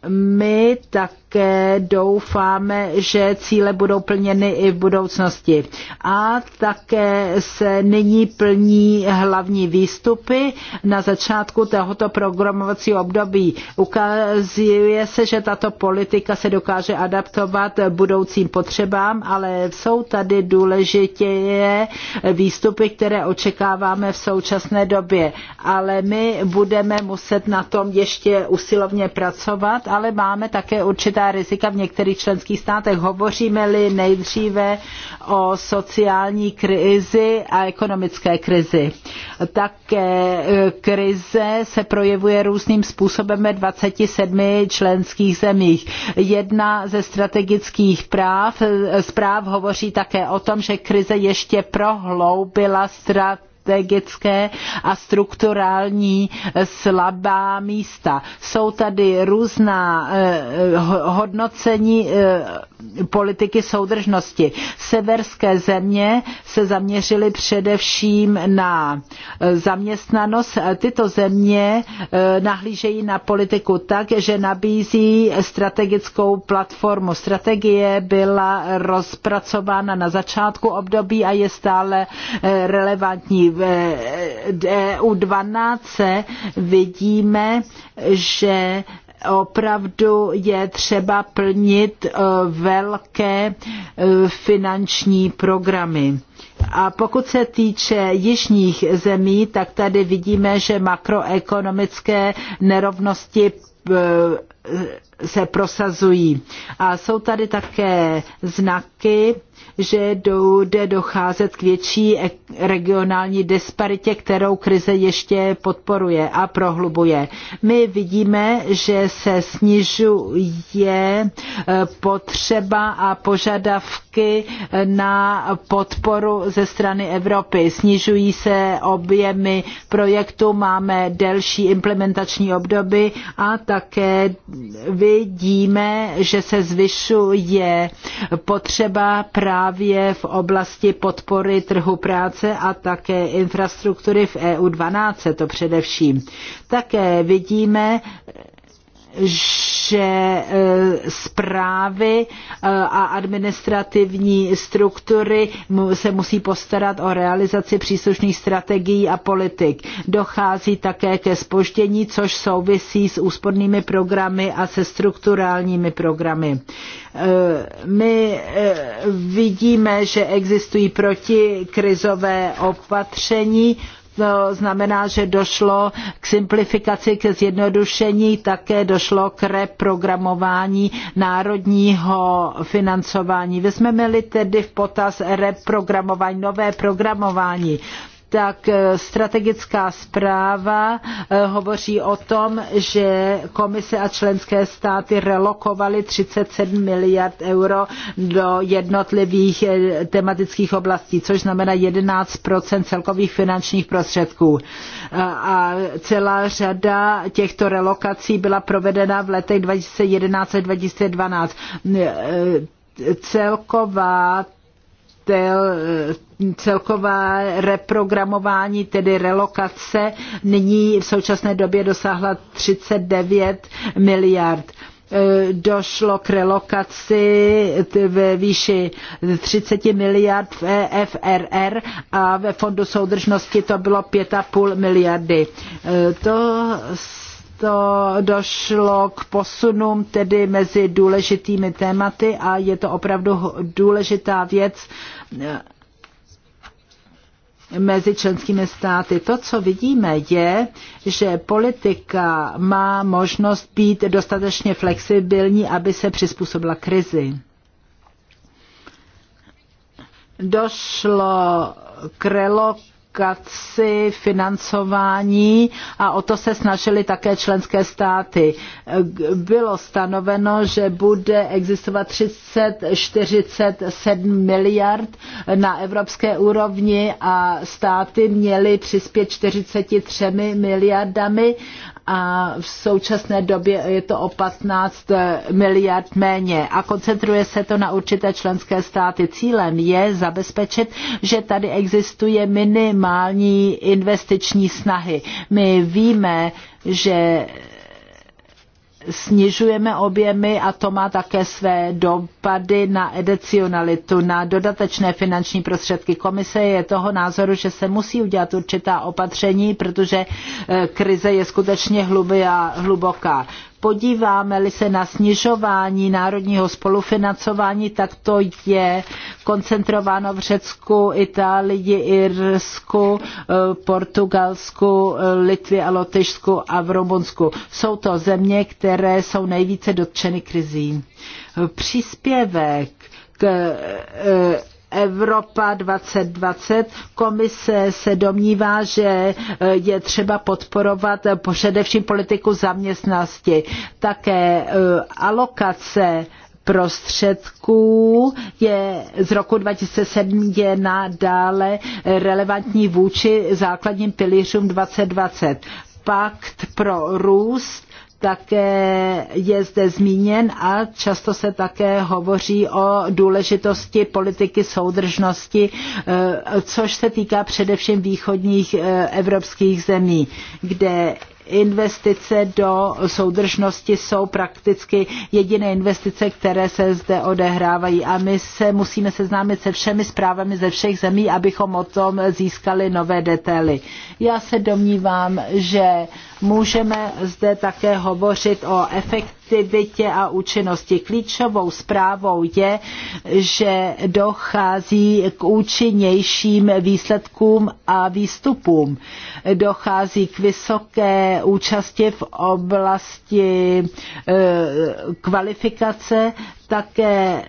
my tak také doufáme, že cíle budou plněny i v budoucnosti. A také se nyní plní hlavní výstupy. Na začátku tohoto programovacího období ukazuje se, že tato politika se dokáže adaptovat budoucím potřebám, ale jsou tady důležitě výstupy, které očekáváme v současné době. Ale my budeme muset na tom ještě usilovně pracovat, ale máme také určité určitá rizika v některých členských státech. Hovoříme-li nejdříve o sociální krizi a ekonomické krizi. Také e, krize se projevuje různým způsobem ve 27 členských zemích. Jedna ze strategických práv, e, zpráv hovoří také o tom, že krize ještě prohloubila strategii strategické a strukturální eh, slabá místa. Jsou tady různá eh, hodnocení eh, politiky soudržnosti. Severské země se zaměřily především na zaměstnanost. Tyto země nahlížejí na politiku tak, že nabízí strategickou platformu. Strategie byla rozpracována na začátku období a je stále relevantní v EU12 vidíme, že opravdu je třeba plnit eh, velké eh, finanční programy. A pokud se týče jižních zemí, tak tady vidíme, že makroekonomické nerovnosti eh, se prosazují. A jsou tady také znaky, že jde docházet k větší e- regionální disparitě, kterou krize ještě podporuje a prohlubuje. My vidíme, že se snižuje e, potřeba a požadavky e, na podporu ze strany Evropy. Snižují se objemy projektu, máme delší implementační období a také vidíme, že se zvyšuje potřeba právě v oblasti podpory trhu práce a také infrastruktury v EU 12, to především. Také vidíme, že zprávy e, e, a administrativní struktury se musí postarat o realizaci příslušných strategií a politik. Dochází také ke spoždění, což souvisí s úspornými programy a se strukturálními programy. E, my vidíme, že existují protikrizové opatření, to znamená, že došlo k simplifikaci, ke zjednodušení, také došlo k reprogramování národního financování. Vezmeme-li tedy v potaz reprogramování, nové programování, tak eh, strategická zpráva eh, hovoří o tom, že komise a členské státy relokovaly 37 miliard euro do jednotlivých eh, tematických oblastí, což znamená 11 celkových finančních prostředků. A celá řada těchto relokací byla provedena v letech 2011 a 2012. Celková celková reprogramování, tedy relokace, nyní v současné době dosáhla 39 miliard e, došlo k relokaci ve výši 30 miliard v EFRR a ve Fondu soudržnosti to bylo 5,5 miliardy. E, to to došlo k posunům tedy mezi důležitými tématy a je to opravdu důležitá věc e, mezi členskými státy. To, co vidíme, je, že politika má možnost být dostatečně flexibilní, aby se přizpůsobila krizi. Došlo k relokaci diverzifikaci financování a o to se snažili také členské státy. Bylo stanoveno, že bude existovat 30-47 miliard na evropské úrovni a státy měly přispět 43 miliardami a v současné době je to o 15 miliard méně a koncentruje se to na určité členské státy. Cílem je zabezpečit, že tady existuje minimum minimální investiční snahy. My víme, že snižujeme objemy a to má také své dopady na edicionalitu, na dodatečné finanční prostředky. Komise je toho názoru, že se musí udělat určitá opatření, protože eh, krize je skutečně hluboká. Podíváme-li se na snižování národního spolufinancování, tak to je koncentrováno v Řecku, Itálii, Irsku, eh, Portugalsku, eh, Litvě a Lotyšsku a v Rumunsku. Jsou to země, které jsou nejvíce dotčeny krizí. Příspěvek k eh, Evropa 2020. Komise se domnívá, že eh, je třeba podporovat eh, především politiku zaměstnanosti. Také eh, alokace prostředků je z roku 2007 je nadále relevantní vůči základním pilířům 2020. Pakt pro růst také je zde zmíněn a často se také hovoří o důležitosti politiky soudržnosti, eh, což se týká především východních eh, evropských zemí, kde investice do soudržnosti jsou prakticky jediné investice, které se zde odehrávají. A my se musíme seznámit se všemi zprávami ze všech zemí, abychom o tom získali nové detaily. Já se domnívám, že můžeme zde také hovořit o efektu efektivitě a účinnosti. Klíčovou zprávou je, že dochází k účinnějším výsledkům a výstupům. Dochází k vysoké účasti v oblasti eh, kvalifikace, také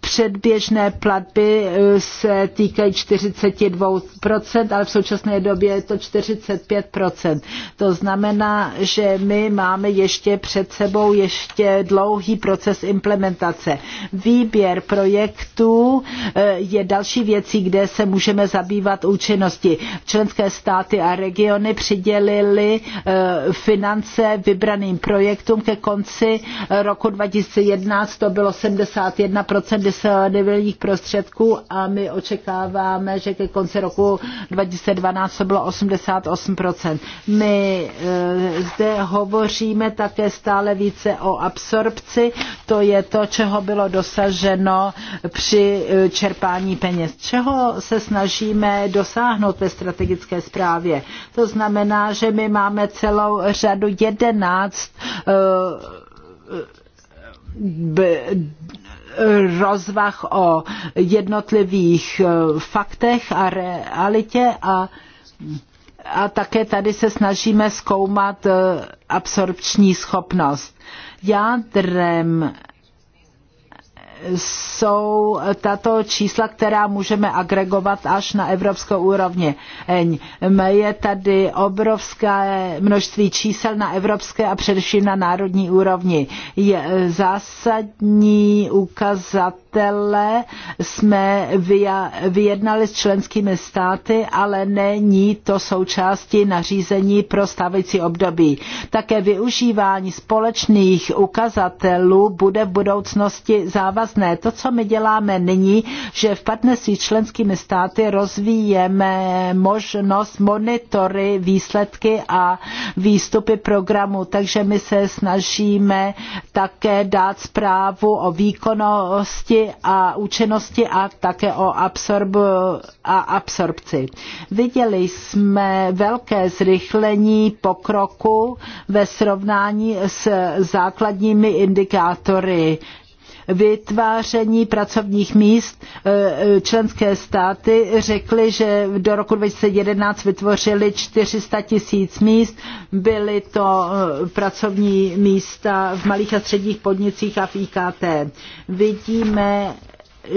předběžné platby eh, se týkají 42%, ale v současné době je to 45%. To znamená, že my máme ještě před sebou ještě dlouhý proces implementace. Výběr projektů eh, je další věcí, kde se můžeme zabývat účinnosti. Členské státy a regiony přidělili eh, finance vybraným projektům ke konci roku 2011, to bylo 71 procent disponibilních prostředků a my očekáváme, že ke konci roku 2012 to bylo 88%. My eh, zde hovoříme také stále více o absorpci, to je to, čeho bylo dosaženo při eh, čerpání peněz. Čeho se snažíme dosáhnout ve strategické zprávě? To znamená, že my máme celou řadu jedenáct eh, rozvah o jednotlivých e, faktech a realitě a, a také tady se snažíme zkoumat e, absorpční schopnost. Jádrem jsou tato čísla, která můžeme agregovat až na evropskou úrovni. Je tady obrovské množství čísel na evropské a především na národní úrovni. Je e, zásadní ukazat ukazatele jsme vyjednali s členskými státy, ale není to součástí nařízení pro stávající období. Také využívání společných ukazatelů bude v budoucnosti závazné. To, co my děláme nyní, že v partnerství s členskými státy rozvíjeme možnost monitory výsledky a výstupy programu, takže my se snažíme také dát zprávu o výkonnosti a účinnosti a také o absorb, a absorpci. Viděli jsme velké zrychlení pokroku ve srovnání s základními indikátory vytváření pracovních míst eh, eh, členské státy řekly, že do roku 2011 vytvořili 400 tisíc míst. Byly to eh, pracovní místa v malých a středních podnicích a v IKT. Vidíme,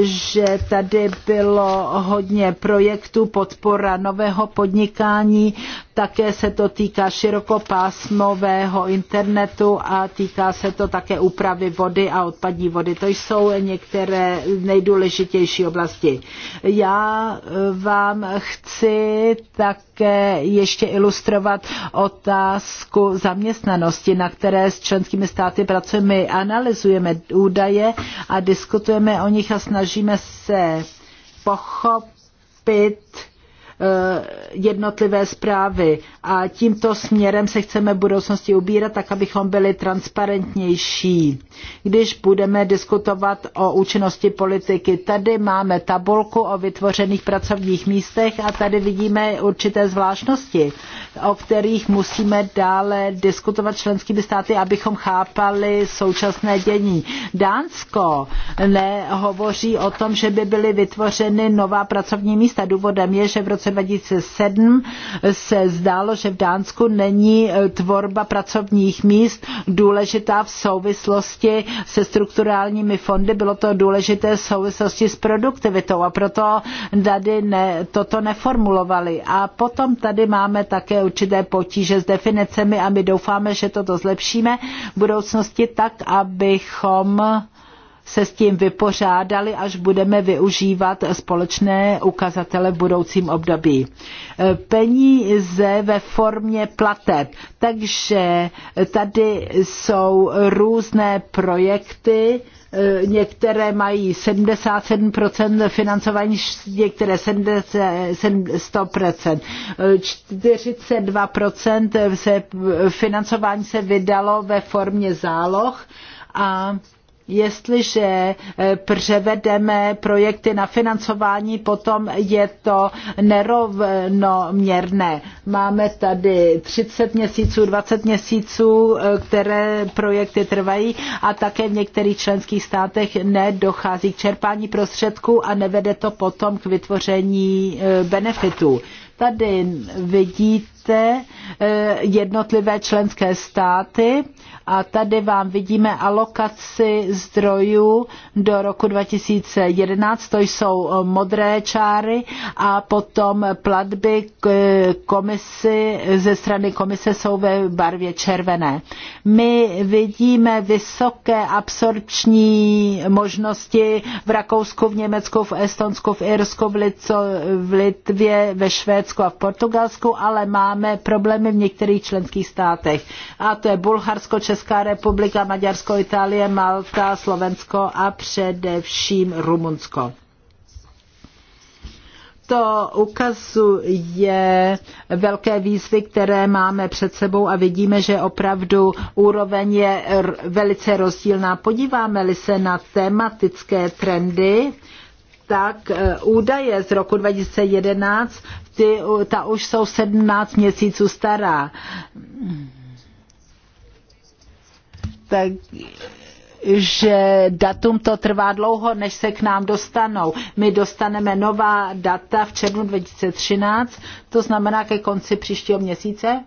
že tady bylo hodně projektů podpora nového podnikání, také se to týká širokopásmového internetu a týká se to také úpravy vody a odpadní vody. To jsou některé nejdůležitější oblasti. Já eh, vám chci také ještě ilustrovat otázku zaměstnanosti, na které s členskými státy pracujeme. analyzujeme údaje a diskutujeme o nich a snažíme se pochopit, Eh, jednotlivé zprávy a tímto směrem se chceme v budoucnosti ubírat, tak abychom byli transparentnější. Když budeme diskutovat o účinnosti politiky, tady máme tabulku o vytvořených pracovních místech a tady vidíme určité zvláštnosti, o kterých musíme dále diskutovat členskými státy, abychom chápali současné dění. Dánsko nehovoří o tom, že by byly vytvořeny nová pracovní místa. Důvodem je, že v roce roce 2007 se zdálo, že v Dánsku není e, tvorba pracovních míst důležitá v souvislosti se strukturálními fondy. Bylo to důležité v souvislosti s produktivitou a proto tady ne, toto neformulovali. A potom tady máme také určité potíže s definicemi a my doufáme, že toto zlepšíme v budoucnosti tak, abychom se s tím vypořádali, až budeme využívat společné ukazatele v budoucím období. E, peníze ve formě plateb. Takže tady jsou různé projekty, e, některé mají 77% financování, některé 100%. 42% e, se, financování se vydalo ve formě záloh a jestliže eh, převedeme projekty na financování, potom je to nerovnoměrné. Máme tady 30 měsíců, 20 měsíců, eh, které projekty trvají a také v některých členských státech nedochází k čerpání prostředků a nevede to potom k vytvoření eh, benefitů. Tady vidíte, zde eh, jednotlivé členské státy a tady vám vidíme alokaci zdrojů do roku 2011, to jsou eh, modré čáry a potom platby eh, komisi, ze strany komise jsou ve barvě červené. My vidíme vysoké absorpční možnosti v Rakousku, v Německu, v Estonsku, v Irsku, v, Lico, v Litvě, ve Švédsku a v Portugalsku, ale má máme problémy v některých členských státech. A to je Bulharsko, Česká republika, Maďarsko, Itálie, Malta, Slovensko a především Rumunsko to ukazuje velké výzvy, které máme před sebou a vidíme, že opravdu úroveň je velice rozdílná. Podíváme-li se na tematické trendy, tak e, údaje z roku 2011 ty, ta už jsou 17 měsíců stará. Tak že datum to trvá dlouho, než se k nám dostanou. My dostaneme nová data v červnu 2013, to znamená ke konci příštího měsíce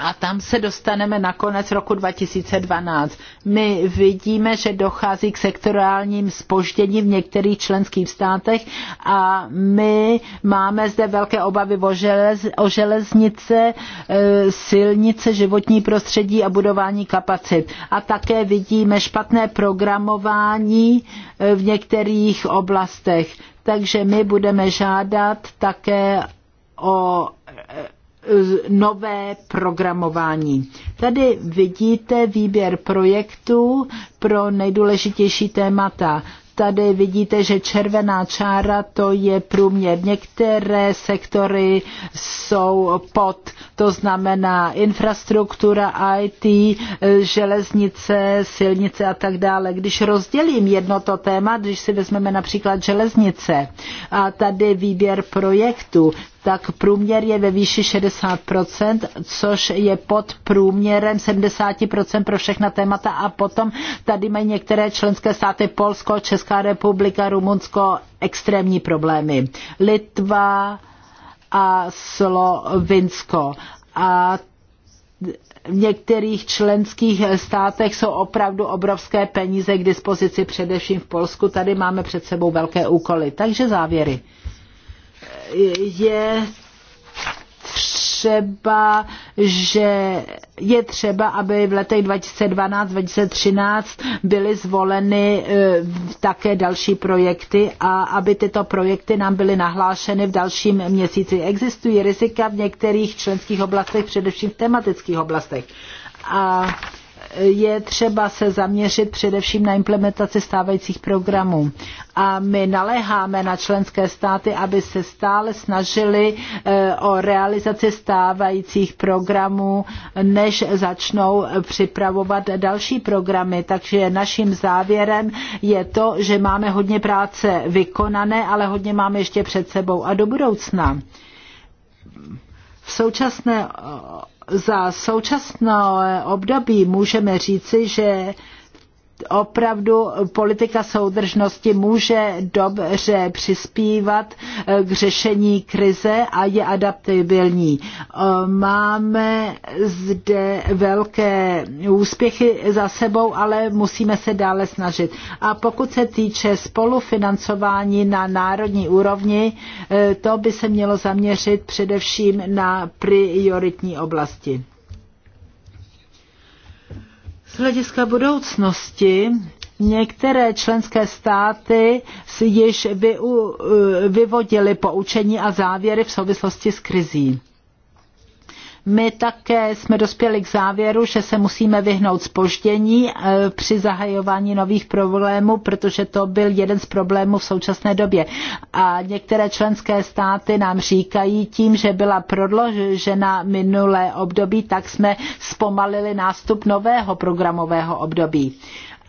a tam se dostaneme na konec roku 2012. My vidíme, že dochází k sektorálním spožděním v některých členských státech a my máme zde velké obavy o, želez, o železnice, e, silnice, životní prostředí a budování kapacit. A také vidíme špatné programování e, v některých oblastech. Takže my budeme žádat také o e, nové programování. Tady vidíte výběr projektů pro nejdůležitější témata. Tady vidíte, že červená čára to je průměr. Některé sektory jsou pod, to znamená infrastruktura, IT, železnice, silnice a tak dále. Když rozdělím jedno to téma, když si vezmeme například železnice a tady výběr projektu, tak průměr je ve výši 60%, což je pod průměrem 70% pro všechna témata a potom tady mají některé členské státy Polsko, Česká republika, Rumunsko extrémní problémy. Litva a Slovinsko. A v některých členských státech jsou opravdu obrovské peníze k dispozici, především v Polsku. Tady máme před sebou velké úkoly. Takže závěry je třeba, že je třeba, aby v letech 2012-2013 byly zvoleny eh, také další projekty a aby tyto projekty nám byly nahlášeny v dalším měsíci. Existují rizika v některých členských oblastech, především v tematických oblastech. A je třeba se zaměřit především na implementaci stávajících programů. A my naléháme na členské státy, aby se stále snažili eh, o realizaci stávajících programů, než začnou připravovat další programy. Takže naším závěrem je to, že máme hodně práce vykonané, ale hodně máme ještě před sebou a do budoucna. V současné za současné období můžeme říci, že opravdu politika soudržnosti může dobře přispívat eh, k řešení krize a je adaptibilní. Eh, máme zde velké úspěchy za sebou, ale musíme se dále snažit. A pokud se týče spolufinancování na národní úrovni, eh, to by se mělo zaměřit především na prioritní oblasti hlediska budoucnosti některé členské státy si již eh, vyvodily poučení a závěry v souvislosti s krizí. My také jsme dospěli k závěru, že se musíme vyhnout spoždění eh, při zahajování nových problémů, protože to byl jeden z problémů v současné době. A některé členské státy nám říkají tím, že byla prodložena minulé období, tak jsme zpomalili nástup nového programového období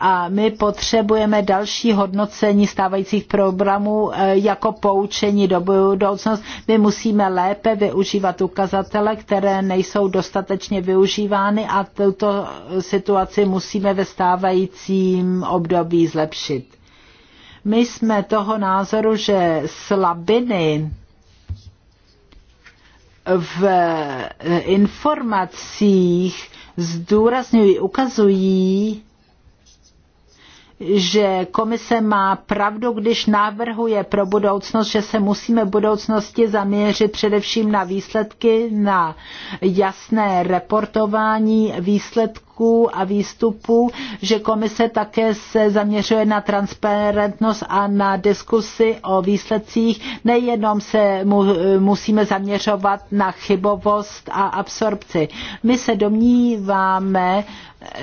a my potřebujeme další hodnocení stávajících programů e, jako poučení do budoucnosti. My musíme lépe využívat ukazatele, které nejsou dostatečně využívány a tuto situaci musíme ve stávajícím období zlepšit. My jsme toho názoru, že slabiny v e, informacích zdůrazňují, ukazují, že komise má pravdu, když navrhuje pro budoucnost, že se musíme v budoucnosti zaměřit především na výsledky, na jasné reportování výsledků výroků a výstupů, že komise také se zaměřuje na transparentnost a na diskusy o výsledcích. Nejenom se mu, musíme zaměřovat na chybovost a absorpci. My se domníváme,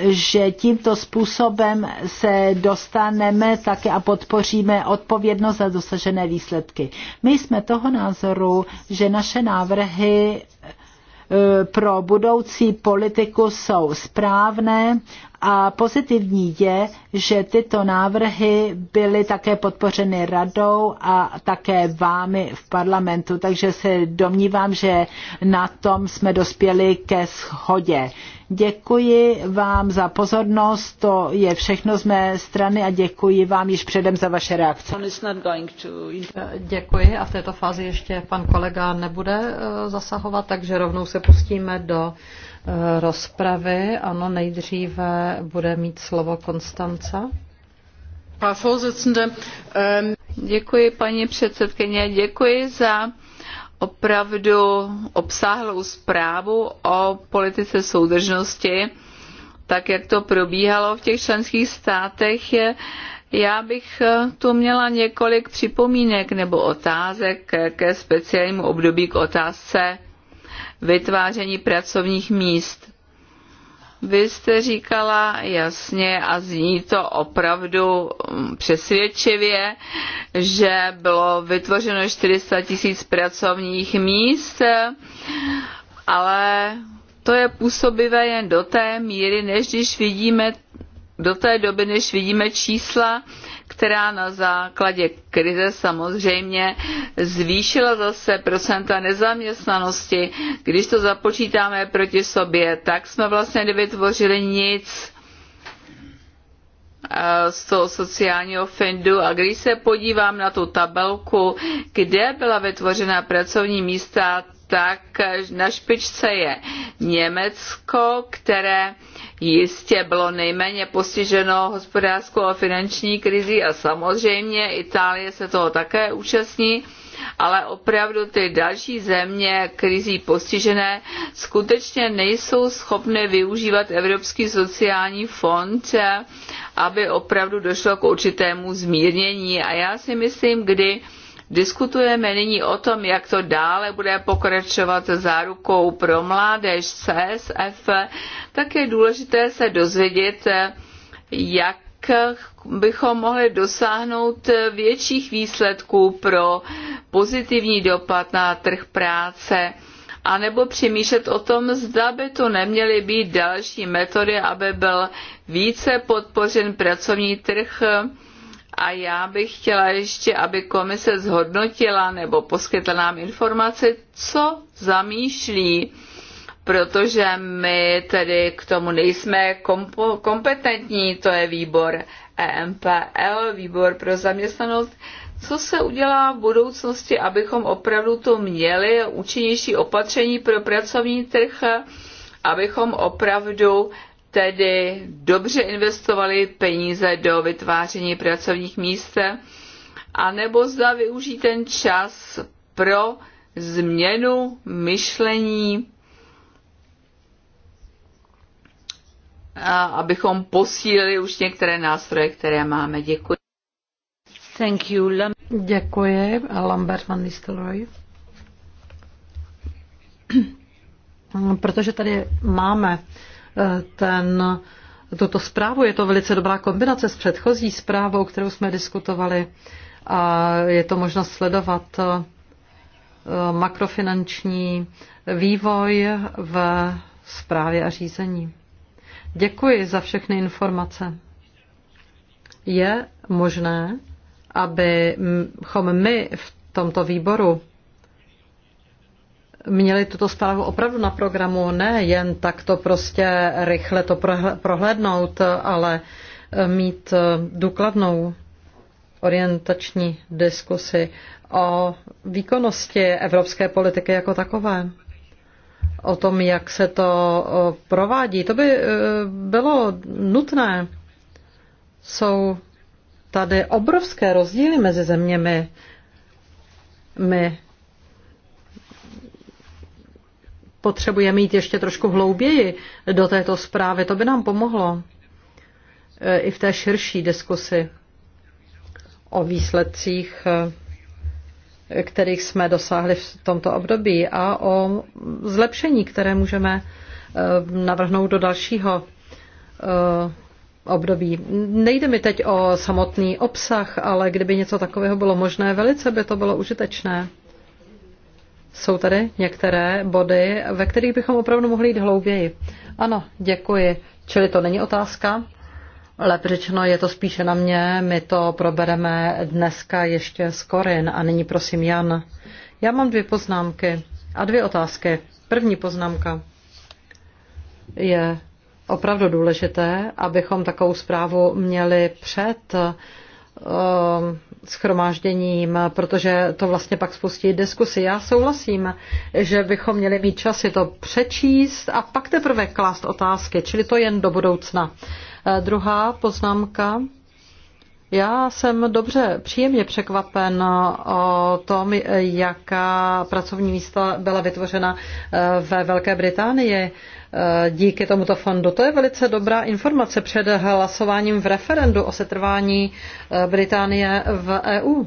že tímto způsobem se dostaneme také a podpoříme odpovědnost za dosažené výsledky. My jsme toho názoru, že naše návrhy Eh, pro budoucí politiku jsou správné a pozitivní je, že tyto návrhy byly také podpořeny radou a také vámi v parlamentu, takže se domnívám, že na tom jsme dospěli ke shodě. Děkuji vám za pozornost, to je všechno z mé strany a děkuji vám již předem za vaše reakce. Eh, děkuji a v této fázi ještě pan kolega nebude eh, zasahovat, takže rovnou se pustíme do eh, rozpravy. Ano, nejdříve bude mít slovo Konstanca. Ähm, děkuji, paní předsedkyně, děkuji za opravdu obsáhlou zprávu o politice soudržnosti, tak jak to probíhalo v těch členských státech. Já bych eh, tu měla několik připomínek nebo otázek ke speciálnímu období k otázce vytváření pracovních míst. Vy jste říkala jasně a zní to opravdu mm, přesvědčivě, že bylo vytvořeno 400 tisíc pracovních míst, ale to je působivé jen do té míry, než když vidíme do té doby, než vidíme čísla která na základě krize samozřejmě zvýšila zase procenta nezaměstnanosti. Když to započítáme proti sobě, tak jsme vlastně nevytvořili nic eh, z toho sociálního fondu a když se podívám na tu tabelku, kde byla vytvořena pracovní místa, tak na špičce je Německo, které jistě bylo nejméně postiženo hospodářskou a finanční krizí a samozřejmě Itálie se toho také účastní, ale opravdu ty další země krizí postižené skutečně nejsou schopny využívat Evropský sociální fond, aby opravdu došlo k určitému zmírnění. A já si myslím, kdy Diskutujeme nyní o tom, jak to dále bude pokračovat zárukou pro mládež CSF. Tak je důležité se dozvědět, jak bychom mohli dosáhnout větších výsledků pro pozitivní dopad na trh práce a nebo přemýšlet o tom, zda by to neměly být další metody, aby byl více podpořen pracovní trh a já bych chtěla ještě, aby komise zhodnotila nebo poskytla nám informaci, co zamýšlí, protože my tedy k tomu nejsme kompetentní, to je výbor EMPL, výbor pro zaměstnanost, co se udělá v budoucnosti, abychom opravdu to měli, účinnější opatření pro pracovní trh, abychom opravdu tedy dobře investovali peníze do vytváření pracovních míst, anebo zda využít ten čas pro změnu myšlení, abychom posílili už některé nástroje, které máme. Děkuji. Thank you. Děkuji. Lambert van Nistelrooy. [clears throat] Protože tady máme ten, tuto zprávu. Je to velice dobrá kombinace s předchozí zprávou, kterou jsme diskutovali a je to možnost sledovat eh, makrofinanční vývoj v zprávě a řízení. Děkuji za všechny informace. Je možné, abychom my v tomto výboru měli tuto zprávu opravdu na programu, ne jen tak to prostě rychle to prohlédnout, ale eh, mít eh, důkladnou orientační diskusi o výkonnosti evropské politiky jako takové, o tom, jak se to eh, provádí. To by bylo nutné. Jsou tady obrovské rozdíly mezi zeměmi. My potřebujeme jít ještě trošku hlouběji do této zprávy. To by nám pomohlo eh, i v té širší diskusi o výsledcích, eh, kterých jsme dosáhli v tomto období a o zlepšení, které můžeme eh, navrhnout do dalšího období. Nejde mi teď o samotný obsah, ale kdyby něco takového bylo možné, velice by to bylo užitečné. Jsou tady některé body, ve kterých bychom opravdu mohli jít hlouběji. Ano, děkuji. Čili to není otázka? Lépe řečeno, je to spíše na mě. My to probereme dneska ještě s Korin a nyní prosím Jan. Já mám dvě poznámky a dvě otázky. První poznámka je opravdu důležité, abychom takovou zprávu měli před eh, schromážděním, protože to vlastně pak spustí diskusy. Já souhlasím, že bychom měli mít čas si to přečíst a pak teprve klást otázky, čili to jen do budoucna. Eh, druhá poznámka já jsem dobře, příjemně překvapen o tom, jaká pracovní místa byla vytvořena eh, ve Velké Británii eh, díky tomuto fondu. To je velice dobrá informace před hlasováním v referendu o setrvání eh, Británie v EU.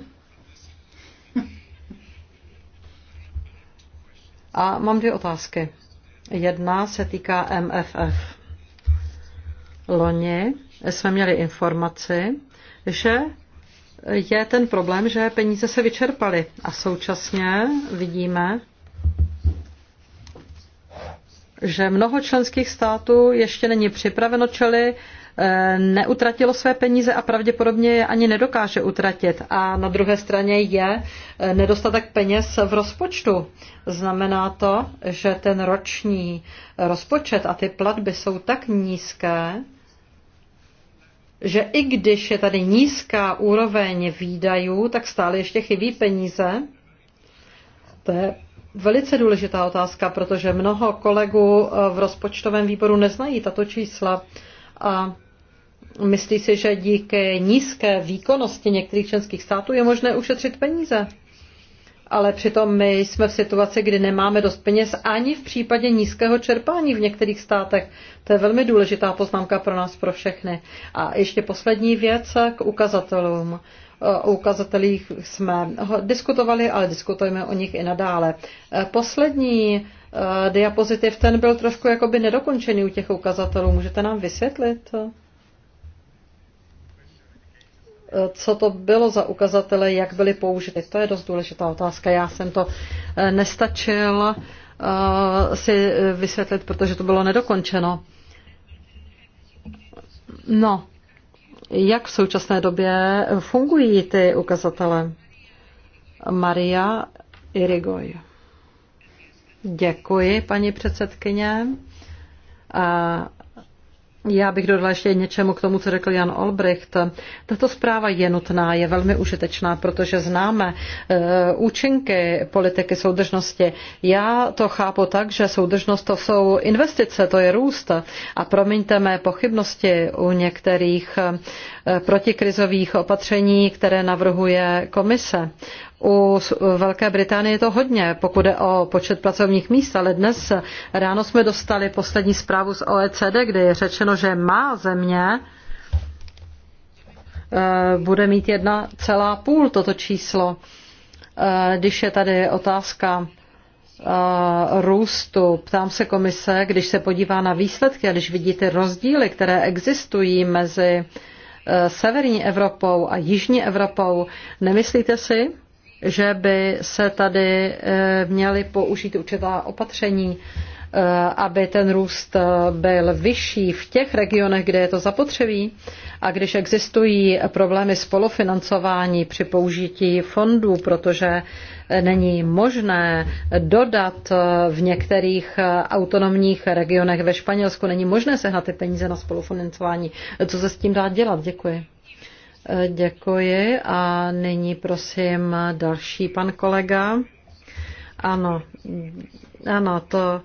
A mám dvě otázky. Jedna se týká MFF. Loni jsme měli informaci, že je ten problém, že peníze se vyčerpaly a současně vidíme, že mnoho členských států ještě není připraveno čeli eh, neutratilo své peníze a pravděpodobně je ani nedokáže utratit. A na druhé straně je eh, nedostatek peněz v rozpočtu. Znamená to, že ten roční eh, rozpočet a ty platby jsou tak nízké, že i když je tady nízká úroveň výdajů, tak stále ještě chybí peníze? To je velice důležitá otázka, protože mnoho kolegů eh, v rozpočtovém výboru neznají tato čísla a myslí si, že díky nízké výkonnosti některých členských států je možné ušetřit peníze ale přitom my jsme v situaci, kdy nemáme dost peněz ani v případě nízkého čerpání v některých státech. To je velmi důležitá poznámka pro nás, pro všechny. A ještě poslední věc k ukazatelům. O ukazatelích jsme diskutovali, ale diskutujeme o nich i nadále. Poslední eh, diapozitiv, ten byl trošku jakoby nedokončený u těch ukazatelů. Můžete nám vysvětlit? Eh? co to bylo za ukazatele, jak byly použity. To je dost důležitá otázka. Já jsem to eh, nestačil eh, si vysvětlit, protože to bylo nedokončeno. No, jak v současné době fungují ty ukazatele? Maria Irigoy. Děkuji, paní předsedkyně. Já bych dodala ještě něčemu k tomu, co řekl Jan Olbricht. Tato zpráva je nutná, je velmi užitečná, protože známe e, účinky politiky soudržnosti. Já to chápu tak, že soudržnost to jsou investice, to je růst. A promiňte mé pochybnosti u některých e, protikrizových opatření, které navrhuje komise. U Velké Británie je to hodně, pokud je o počet pracovních míst, ale dnes ráno jsme dostali poslední zprávu z OECD, kde je řečeno, že má země eh, bude mít 1,5 toto číslo. Eh, když je tady otázka eh, růstu, ptám se komise, když se podívá na výsledky a když vidíte rozdíly, které existují mezi severní Evropou a jižní Evropou, nemyslíte si, že by se tady eh, měly použít určitá opatření, eh, aby ten růst eh, byl vyšší v těch regionech, kde je to zapotřebí. A když existují problémy spolufinancování při použití fondů, protože není možné dodat v některých autonomních regionech ve Španělsku, není možné sehnat ty peníze na spolufinancování. Co se s tím dá dělat? Děkuji. Děkuji a nyní prosím další pan kolega. Ano, ano, to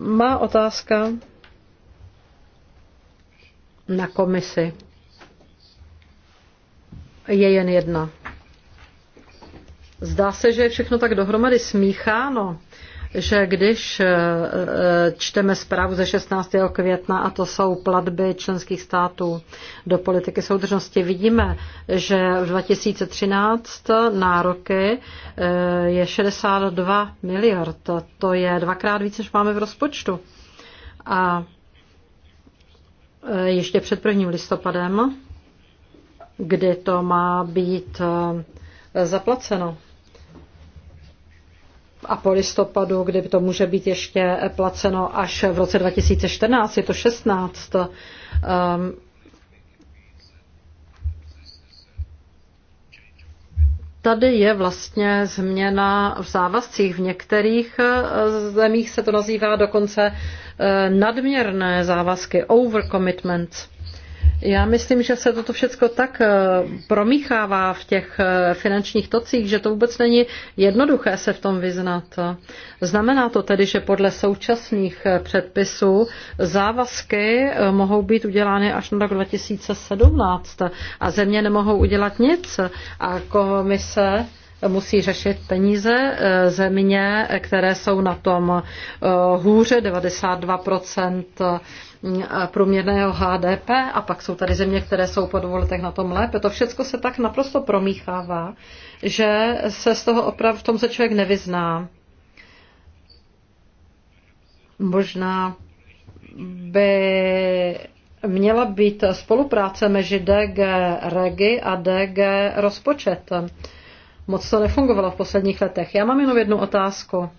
má otázka na komisi. Je jen jedna. Zdá se, že je všechno tak dohromady smícháno že když eh, eh, čteme zprávu ze 16. května, a to jsou platby členských států do politiky soudržnosti, vidíme, že v 2013 nároky eh, je 62 miliard. To je dvakrát více, než máme v rozpočtu. A ještě před prvním listopadem, kdy to má být zaplaceno a po listopadu, kdy to může být ještě placeno až v roce 2014, je to 16. Um, Tady je vlastně změna v závazcích. V některých eh, zemích se to nazývá dokonce eh, nadměrné závazky, overcommitments. Já myslím, že se toto všechno tak eh, promíchává v těch eh, finančních tocích, že to vůbec není jednoduché se v tom vyznat. Znamená to tedy, že podle současných eh, předpisů závazky mohou být udělány až na rok 2017 a země nemohou udělat nic a komise musí řešit peníze eh, země, které jsou na tom eh, hůře, 92% eh, průměrného HDP a pak jsou tady země, které jsou po dvou letech na tom lépe. To všechno se tak naprosto promíchává, že se z toho opravdu v tom se člověk nevyzná. Možná by měla být spolupráce mezi DG Regi a DG Rozpočet moc to nefungovalo v posledních letech. Já mám jenom jednu otázku.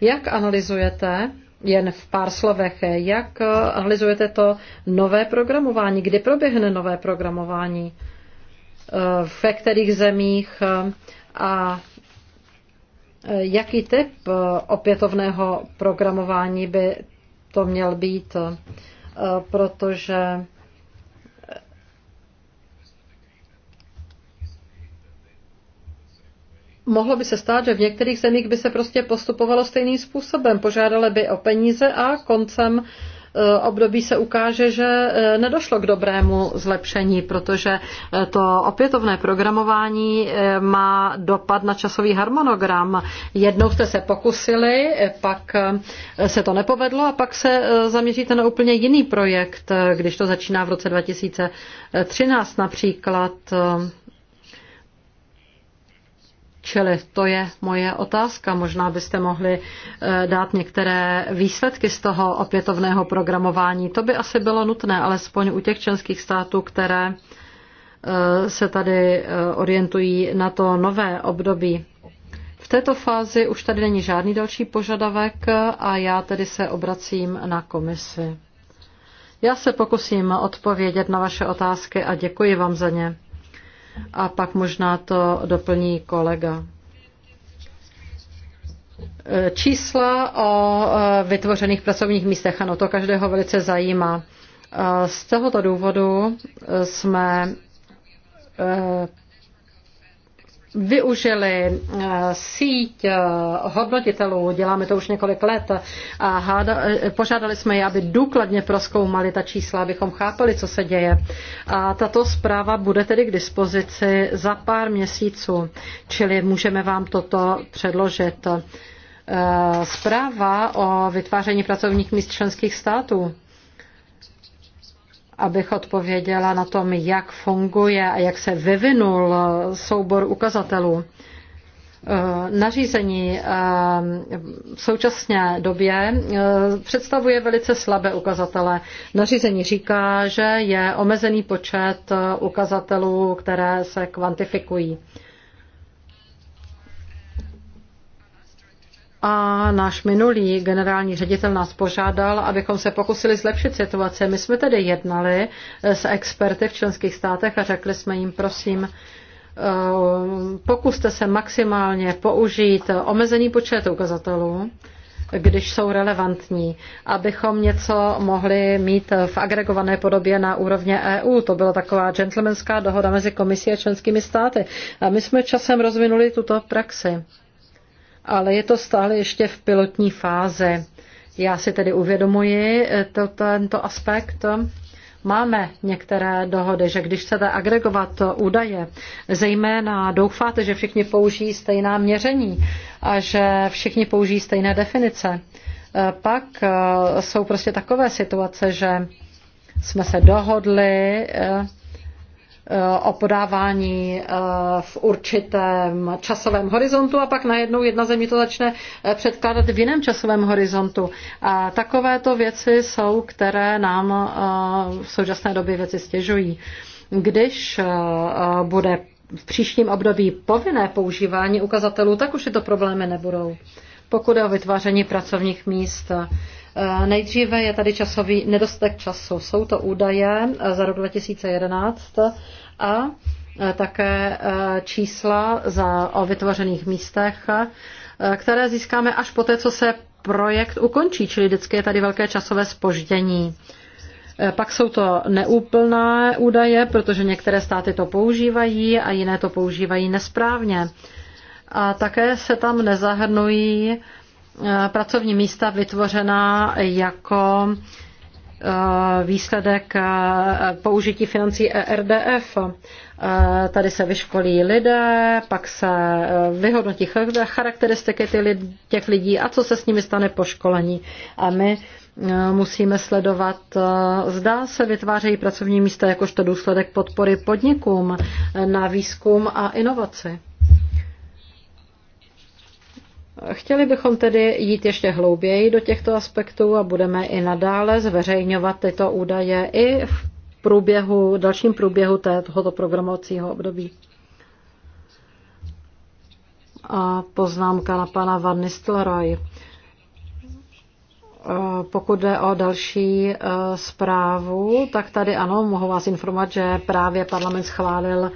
Jak analyzujete, jen v pár slovech, jak analyzujete to nové programování? Kdy proběhne nové programování? Eh, ve kterých zemích? Eh, a jaký typ eh, opětovného programování by to měl být? Protože mohlo by se stát, že v některých zemích by se prostě postupovalo stejným způsobem. Požádali by o peníze a koncem eh, období se ukáže, že eh, nedošlo k dobrému zlepšení, protože eh, to opětovné programování má dopad na časový harmonogram. Jednou jste se pokusili, pak se to nepovedlo a pak se zaměříte na úplně jiný projekt, když to začíná v roce 2013 například Čili to je moje otázka. Možná byste mohli eh, dát některé výsledky z toho opětovného programování. To by asi bylo nutné, alespoň u těch členských států, které eh, se tady eh, orientují na to nové období. V této fázi už tady není žádný další požadavek a já tedy se obracím na komisi. Já se pokusím odpovědět na vaše otázky a děkuji vám za ně a pak možná to doplní kolega. E, čísla o e, vytvořených pracovních místech, ano, to každého velice zajímá. E, z tohoto důvodu jsme využili eh, síť eh, hodnotitelů, děláme to už několik let, a háda, eh, požádali jsme je, aby důkladně proskoumali ta čísla, abychom chápali, co se děje. A tato zpráva bude tedy k dispozici za pár měsíců, čili můžeme vám toto předložit. Zpráva o vytváření pracovních míst členských států abych odpověděla na tom, jak funguje a jak se vyvinul soubor ukazatelů. Eh, nařízení eh, v současné době eh, představuje velice slabé ukazatele. Nařízení říká, že je omezený počet ukazatelů, které se kvantifikují. a náš minulý generální ředitel nás požádal, abychom se pokusili zlepšit situaci. My jsme tedy jednali eh, s experty v členských státech a řekli jsme jim, prosím, eh, pokuste se maximálně použít omezený počet ukazatelů, když jsou relevantní, abychom něco mohli mít v agregované podobě na úrovně EU. To byla taková gentlemanská dohoda mezi komisí a členskými státy. A my jsme časem rozvinuli tuto praxi ale je to stále ještě v pilotní fázi. Já si tedy uvědomuji eh, to, tento aspekt. Máme některé dohody, že když chcete agregovat údaje, zejména doufáte, že všichni použijí stejná měření a že všichni použijí stejné definice. Eh, pak eh, jsou prostě takové situace, že jsme se dohodli, Eh, o podávání eh, v určitém časovém horizontu a pak najednou jedna země to začne eh, předkládat v jiném časovém horizontu. A takovéto věci jsou, které nám v současné době věci stěžují. Když bude v příštím období povinné používání ukazatelů, tak už to problémy nebudou. Pokud je o vytváření pracovních míst, Nejdříve je tady časový nedostatek času. Jsou to údaje za rok 2011 a také e, čísla za, o vytvořených místech, e, které získáme až poté, co se projekt ukončí, čili vždycky je tady velké časové spoždění. E, pak jsou to neúplné údaje, protože některé státy to používají a jiné to používají nesprávně. A také se tam nezahrnují pracovní místa vytvořená jako Eh, výsledek eh, použití financí ERDF. Eh, tady se vyškolí lidé, pak se vyhodnotí charakteristiky těch lidí a co se s nimi stane po školení. A my musíme sledovat, zda se vytvářejí pracovní místa jakožto důsledek podpory podnikům na výzkum a inovaci. Chtěli bychom tedy jít ještě hlouběji do těchto aspektů a budeme i nadále zveřejňovat tyto údaje i v průběhu, dalším průběhu tohoto programovacího období. A poznámka na pana Van Nistelrooy. E, pokud jde o další e, zprávu, tak tady ano, mohu vás informovat, že právě parlament schválil e,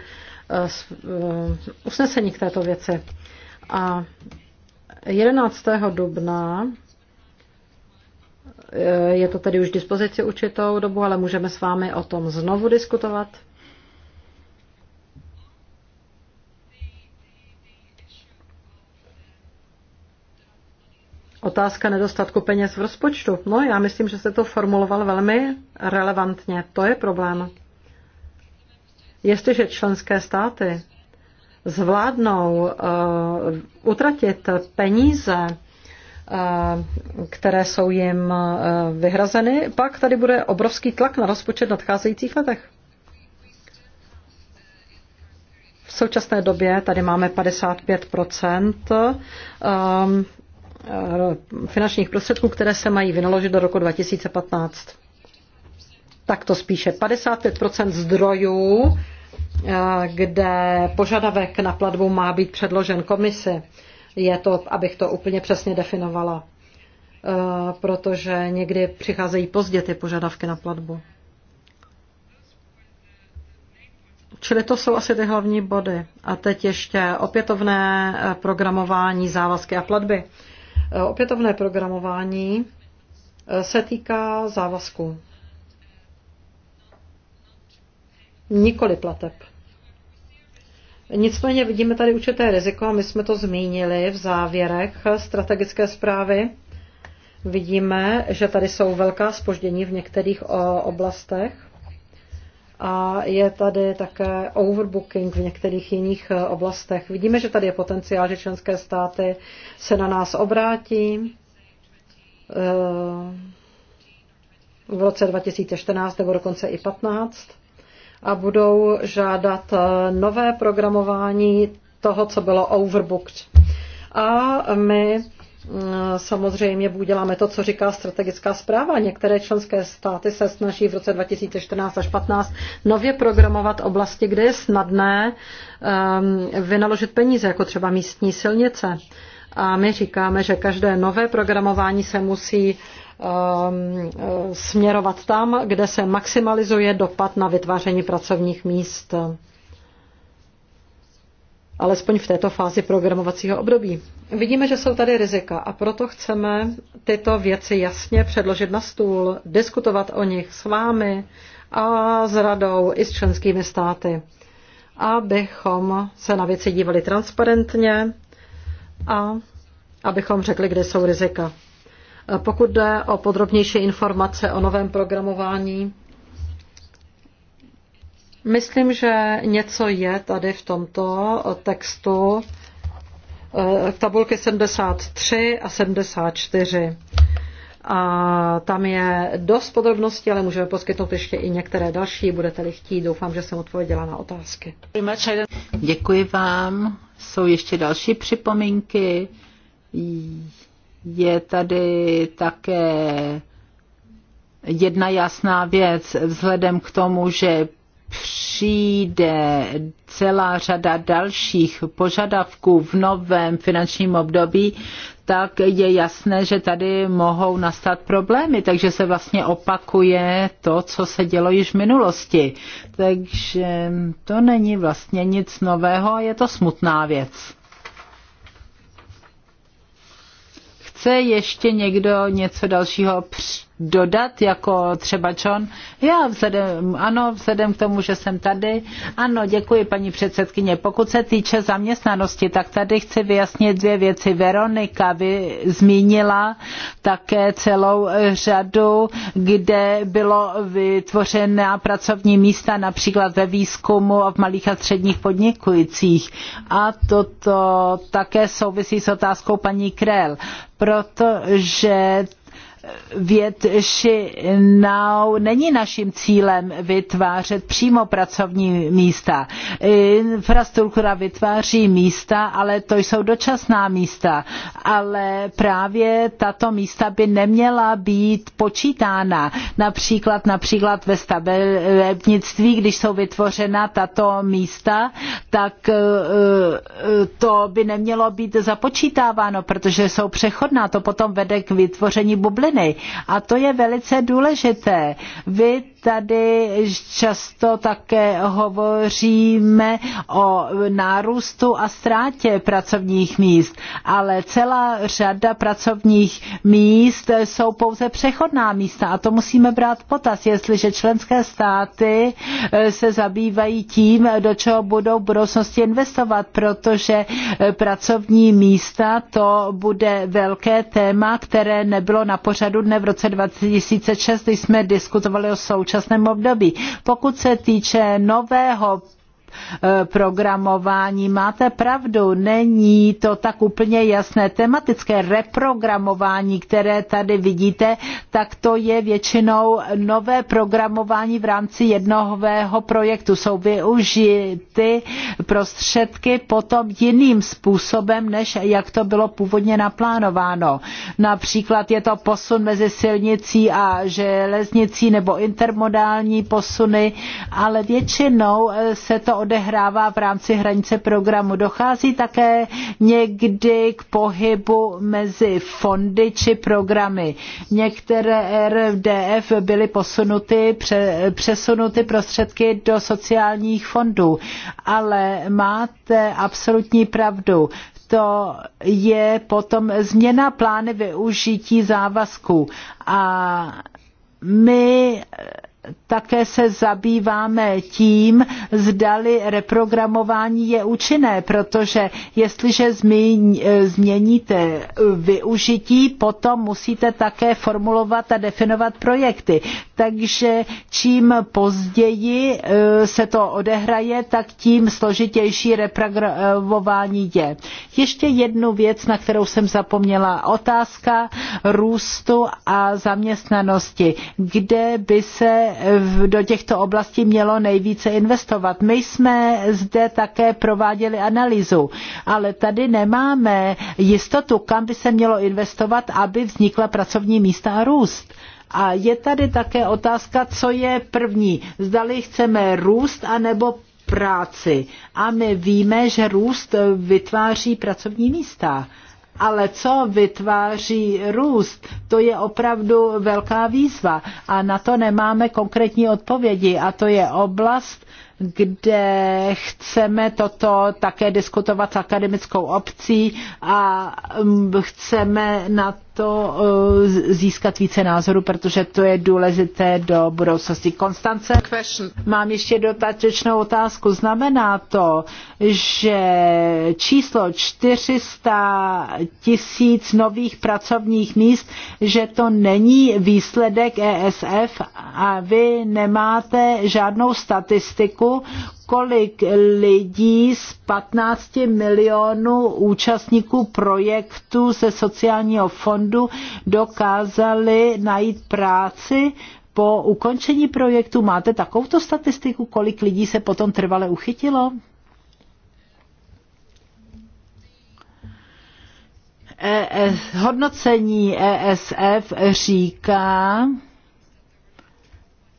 usnesení k této věci. A 11. dubna eh, je to tedy už dispozici určitou dobu, ale můžeme s vámi o tom znovu diskutovat. Otázka nedostatku peněz v rozpočtu. No, já myslím, že se to formuloval velmi relevantně. To je problém. Jestliže členské státy zvládnou eh, utratit peníze, eh, které jsou jim eh, vyhrazeny, pak tady bude obrovský tlak na rozpočet nadcházejících letech. V současné době tady máme 55 finančních prostředků, které se mají vynaložit do roku 2015. Tak to spíše 55 zdrojů kde požadavek na platbu má být předložen komisi. Je to, abych to úplně přesně definovala, eh, protože někdy přicházejí pozdě ty požadavky na platbu. Čili to jsou asi ty hlavní body. A teď ještě opětovné eh, programování, závazky a platby. Eh, opětovné programování se týká závazku. nikoli plateb. Nicméně vidíme tady určité riziko, a my jsme to zmínili v závěrech strategické zprávy. Vidíme, že tady jsou velká spoždění v některých oblastech a je tady také overbooking v některých jiných e, oblastech. Vidíme, že tady je potenciál, že členské státy se na nás obrátí e, v roce 2014 nebo dokonce i 15 a budou žádat eh, nové programování toho, co bylo overbooked. A my eh, samozřejmě uděláme to, co říká strategická zpráva. Některé členské státy se snaží v roce 2014 až 15 nově programovat oblasti, kde je snadné ehm, vynaložit peníze, jako třeba místní silnice. A my říkáme, že každé nové programování se musí Um, směrovat tam, kde se maximalizuje dopad na vytváření pracovních míst, alespoň v této fázi programovacího období. Vidíme, že jsou tady rizika a proto chceme tyto věci jasně předložit na stůl, diskutovat o nich s vámi a s radou i s členskými státy, abychom se na věci dívali transparentně a abychom řekli, kde jsou rizika. Pokud jde o podrobnější informace o novém programování, myslím, že něco je tady v tomto textu eh, tabulky 73 a 74. A tam je dost podrobností, ale můžeme poskytnout ještě i některé další, budete-li chtít. Doufám, že jsem odpověděla na otázky. Děkuji vám. Jsou ještě další připomínky? je tady také jedna jasná věc, vzhledem k tomu, že přijde celá řada dalších požadavků v novém finančním období, tak je jasné, že tady mohou nastat problémy, takže se vlastně opakuje to, co se dělo již v minulosti. Takže to není vlastně nic nového a je to smutná věc. Chce ještě někdo něco dalšího dodat, jako třeba John? Já vzhledem, ano, vzhledem k tomu, že jsem tady. Ano, děkuji paní předsedkyně. Pokud se týče zaměstnanosti, tak tady chci vyjasnit dvě věci. Veronika vy zmínila také celou řadu, kde bylo vytvořené pracovní místa, například ve výzkumu a v malých a středních podnikujících. A toto také souvisí s otázkou paní Krel, protože nau není naším cílem vytvářet přímo pracovní místa. Infrastruktura vytváří místa, ale to jsou dočasná místa. Ale právě tato místa by neměla být počítána. Například, například ve stavebnictví, když jsou vytvořena tato místa, tak eh, to by nemělo být započítáváno, protože jsou přechodná. To potom vede k vytvoření bubliny ženy. A to je velice důležité. Vy tady často také hovoříme o nárůstu a ztrátě pracovních míst, ale celá řada pracovních míst jsou pouze přechodná místa a to musíme brát potaz, jestliže členské státy eh, se zabývají tím, do čeho budou v budoucnosti investovat, protože eh, pracovní místa to bude velké téma, které nebylo na pořadu pořadu dne v roce 2006, když jsme diskutovali o současném období. Pokud se týče nového Eh, programování. Máte pravdu, není to tak úplně jasné. Tematické reprogramování, které tady vidíte, tak to je většinou nové programování v rámci jednohového projektu. Jsou využity prostředky potom jiným způsobem, než jak to bylo původně naplánováno. Například je to posun mezi silnicí a železnicí nebo intermodální posuny, ale většinou se to odehrává v rámci hranice programu. Dochází také někdy k pohybu mezi fondy či programy. Některé RDF byly posunuty, přesunuty prostředky do sociálních fondů, ale máte absolutní pravdu to je potom změna plány využití závazků. A my také se zabýváme tím, zdali reprogramování je účinné, protože jestliže změníte využití, potom musíte také formulovat a definovat projekty. Takže čím později e, se to odehraje, tak tím složitější reprogramování je. Ještě jednu věc, na kterou jsem zapomněla. Otázka růstu a zaměstnanosti. Kde by se do těchto oblastí mělo nejvíce investovat. My jsme zde také prováděli analýzu, ale tady nemáme jistotu, kam by se mělo investovat, aby vznikla pracovní místa a růst. A je tady také otázka, co je první. Zdali chceme růst anebo práci. A my víme, že růst vytváří pracovní místa ale co vytváří růst, to je opravdu velká výzva a na to nemáme konkrétní odpovědi a to je oblast, kde chceme toto také diskutovat s akademickou obcí a mm, chceme na to eh, získat více názorů, protože to je důležité do budoucnosti. Konstance, mám ještě dotačečnou otázku. Znamená to, že číslo 400 tisíc nových pracovních míst, že to není výsledek ESF a vy nemáte žádnou statistiku, kolik lidí z 15 milionů účastníků projektu ze sociálního fondu dokázali najít práci po ukončení projektu. Máte takovouto statistiku, kolik lidí se potom trvale uchytilo? ES, hodnocení ESF říká,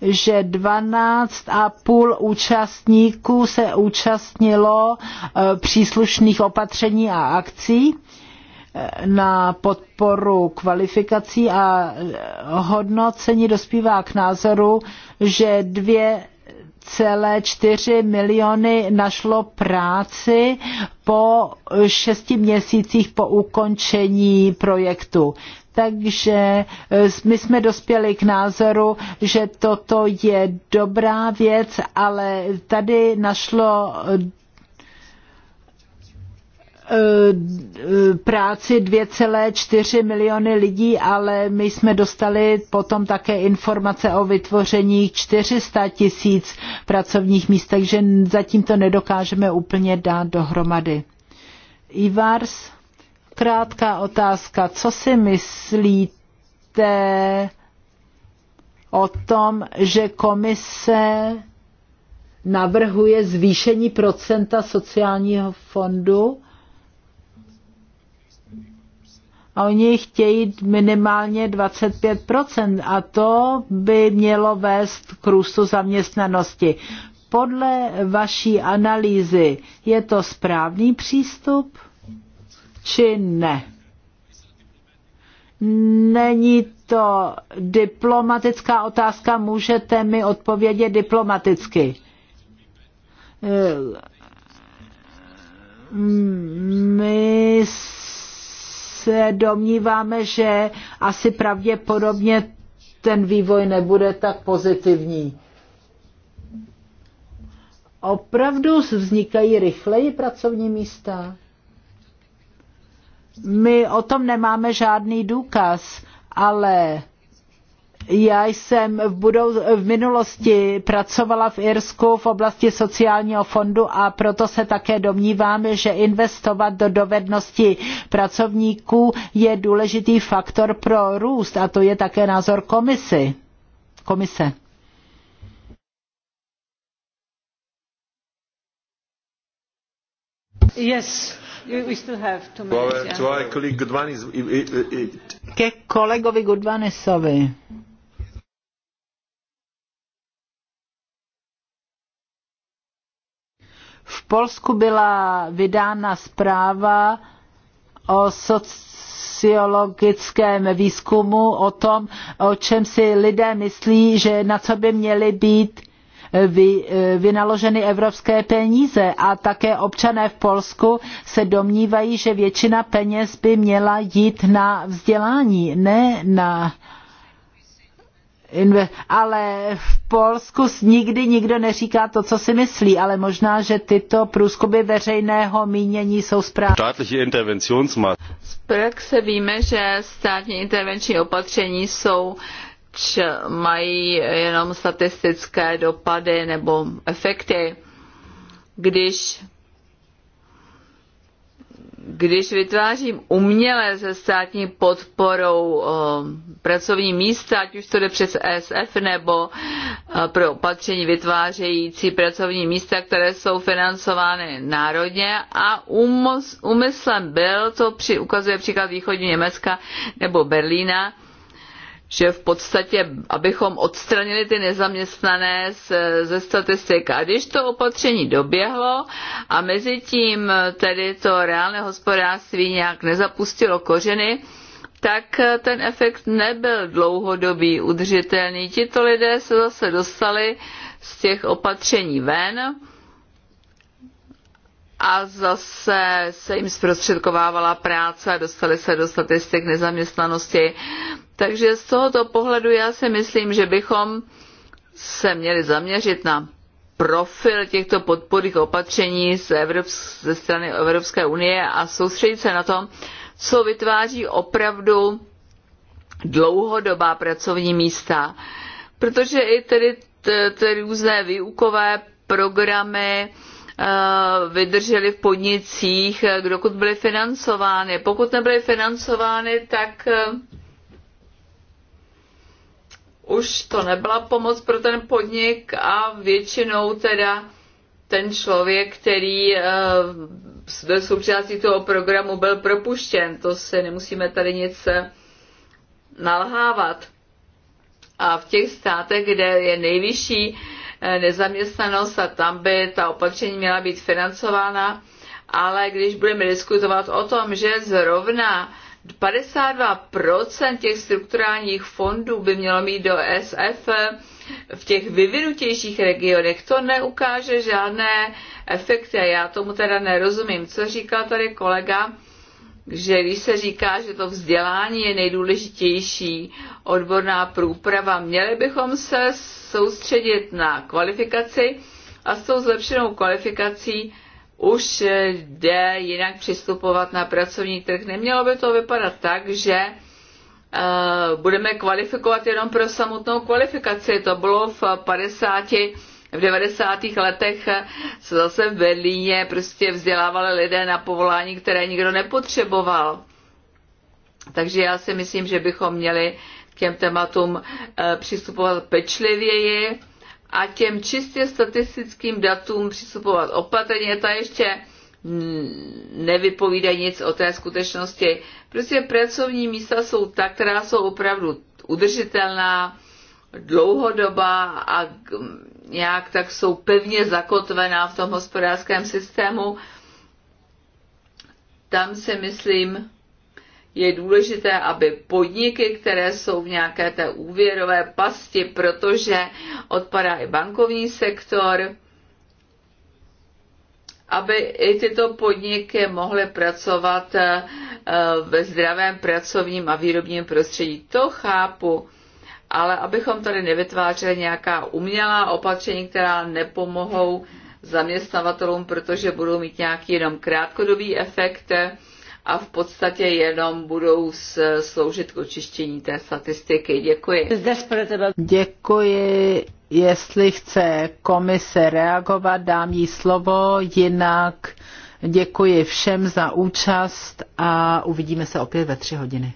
že 12,5 účastníků se účastnilo e, příslušných opatření a akcí e, na podporu kvalifikací a e, hodnocení dospívá k názoru, že dvě celé miliony našlo práci po šesti měsících po ukončení projektu. Takže eh, my jsme dospěli k názoru, že toto je dobrá věc, ale tady našlo eh, eh, práci 2,4 miliony lidí, ale my jsme dostali potom také informace o vytvoření 400 tisíc pracovních míst, takže zatím to nedokážeme úplně dát dohromady. Ivars? krátká otázka. Co si myslíte o tom, že komise navrhuje zvýšení procenta sociálního fondu a oni chtějí minimálně 25% a to by mělo vést k růstu zaměstnanosti. Podle vaší analýzy je to správný přístup? či ne. Není to diplomatická otázka, můžete mi odpovědět diplomaticky. My se domníváme, že asi pravděpodobně ten vývoj nebude tak pozitivní. Opravdu vznikají rychleji pracovní místa? My o tom nemáme žádný důkaz, ale já jsem v, budou, v minulosti pracovala v Irsku v oblasti sociálního fondu a proto se také domnívám, že investovat do dovednosti pracovníků je důležitý faktor pro růst a to je také názor komisy. komise. Yes. Ke kolegovi Gudvanisovi. V Polsku byla vydána zpráva o sociologickém výzkumu o tom, o čem si lidé myslí, že na co by měli být vy, eh, vynaloženy evropské peníze a také občané v Polsku se domnívají, že většina peněz by měla jít na vzdělání, ne na ale v Polsku nikdy nikdo neříká to, co si myslí, ale možná, že tyto průzkumy veřejného mínění jsou správné. Z praxe víme, že státní intervenční opatření jsou uh, proč mají jenom statistické dopady nebo efekty, když když vytvářím uměle se státní podporou eh, pracovní místa, ať už to jde přes ESF nebo eh, pro opatření vytvářející pracovní místa, které jsou financovány národně a úmyslem byl, to při, ukazuje příklad východní Německa nebo Berlína, že v podstatě, abychom odstranili ty nezaměstnané z, ze statistik. A když to opatření doběhlo a mezi tím tedy to reálné hospodářství nějak nezapustilo kořeny, tak ten efekt nebyl dlouhodobý, udržitelný. Tito lidé se zase dostali z těch opatření ven a zase se jim zprostředkovávala práce, a dostali se do statistik nezaměstnanosti. Takže z tohoto pohledu já si myslím, že bychom se měli zaměřit na profil těchto podporných opatření z ze strany Evropské unie a soustředit se na to, co vytváří opravdu dlouhodobá pracovní místa. Protože i tedy ty různé výukové programy eh, vydržely v podnicích, eh, dokud byly financovány. Pokud nebyly financovány, tak eh, už to nebyla pomoc pro ten podnik a většinou teda ten člověk, který eh, ve součástí toho programu, byl propuštěn. To se nemusíme tady nic eh, nalhávat. A v těch státech, kde je nejvyšší eh, nezaměstnanost a tam by ta opatření měla být financována, ale když budeme diskutovat o tom, že zrovna 52% těch strukturálních fondů by mělo mít do SF v těch vyvinutějších regionech. To neukáže žádné efekty a já tomu teda nerozumím. Co říkal tady kolega, že když se říká, že to vzdělání je nejdůležitější odborná průprava, měli bychom se soustředit na kvalifikaci a s tou zlepšenou kvalifikací už jde jinak přistupovat na pracovní trh. Nemělo by to vypadat tak, že eh, budeme kvalifikovat jenom pro samotnou kvalifikaci. To bylo v 50 v 90. letech se eh, zase v Berlíně prostě vzdělávali lidé na povolání, které nikdo nepotřeboval. Takže já si myslím, že bychom měli k těm tématům eh, přistupovat pečlivěji a těm čistě statistickým datům přistupovat opatrně, ta ještě nevypovídají nic o té skutečnosti. Prostě pracovní místa jsou ta, která jsou opravdu udržitelná, dlouhodobá a nějak tak jsou pevně zakotvená v tom hospodářském systému. Tam si myslím, je důležité, aby podniky, které jsou v nějaké té úvěrové pasti, protože odpadá i bankovní sektor, aby i tyto podniky mohly pracovat eh, ve zdravém pracovním a výrobním prostředí. To chápu, ale abychom tady nevytvářeli nějaká umělá opatření, která nepomohou zaměstnavatelům, protože budou mít nějaký jenom krátkodobý efekt, a v podstatě jenom budou sloužit k očištění té statistiky. Děkuji. Děkuji. Jestli chce komise reagovat, dám jí slovo, jinak děkuji všem za účast a uvidíme se opět ve tři hodiny.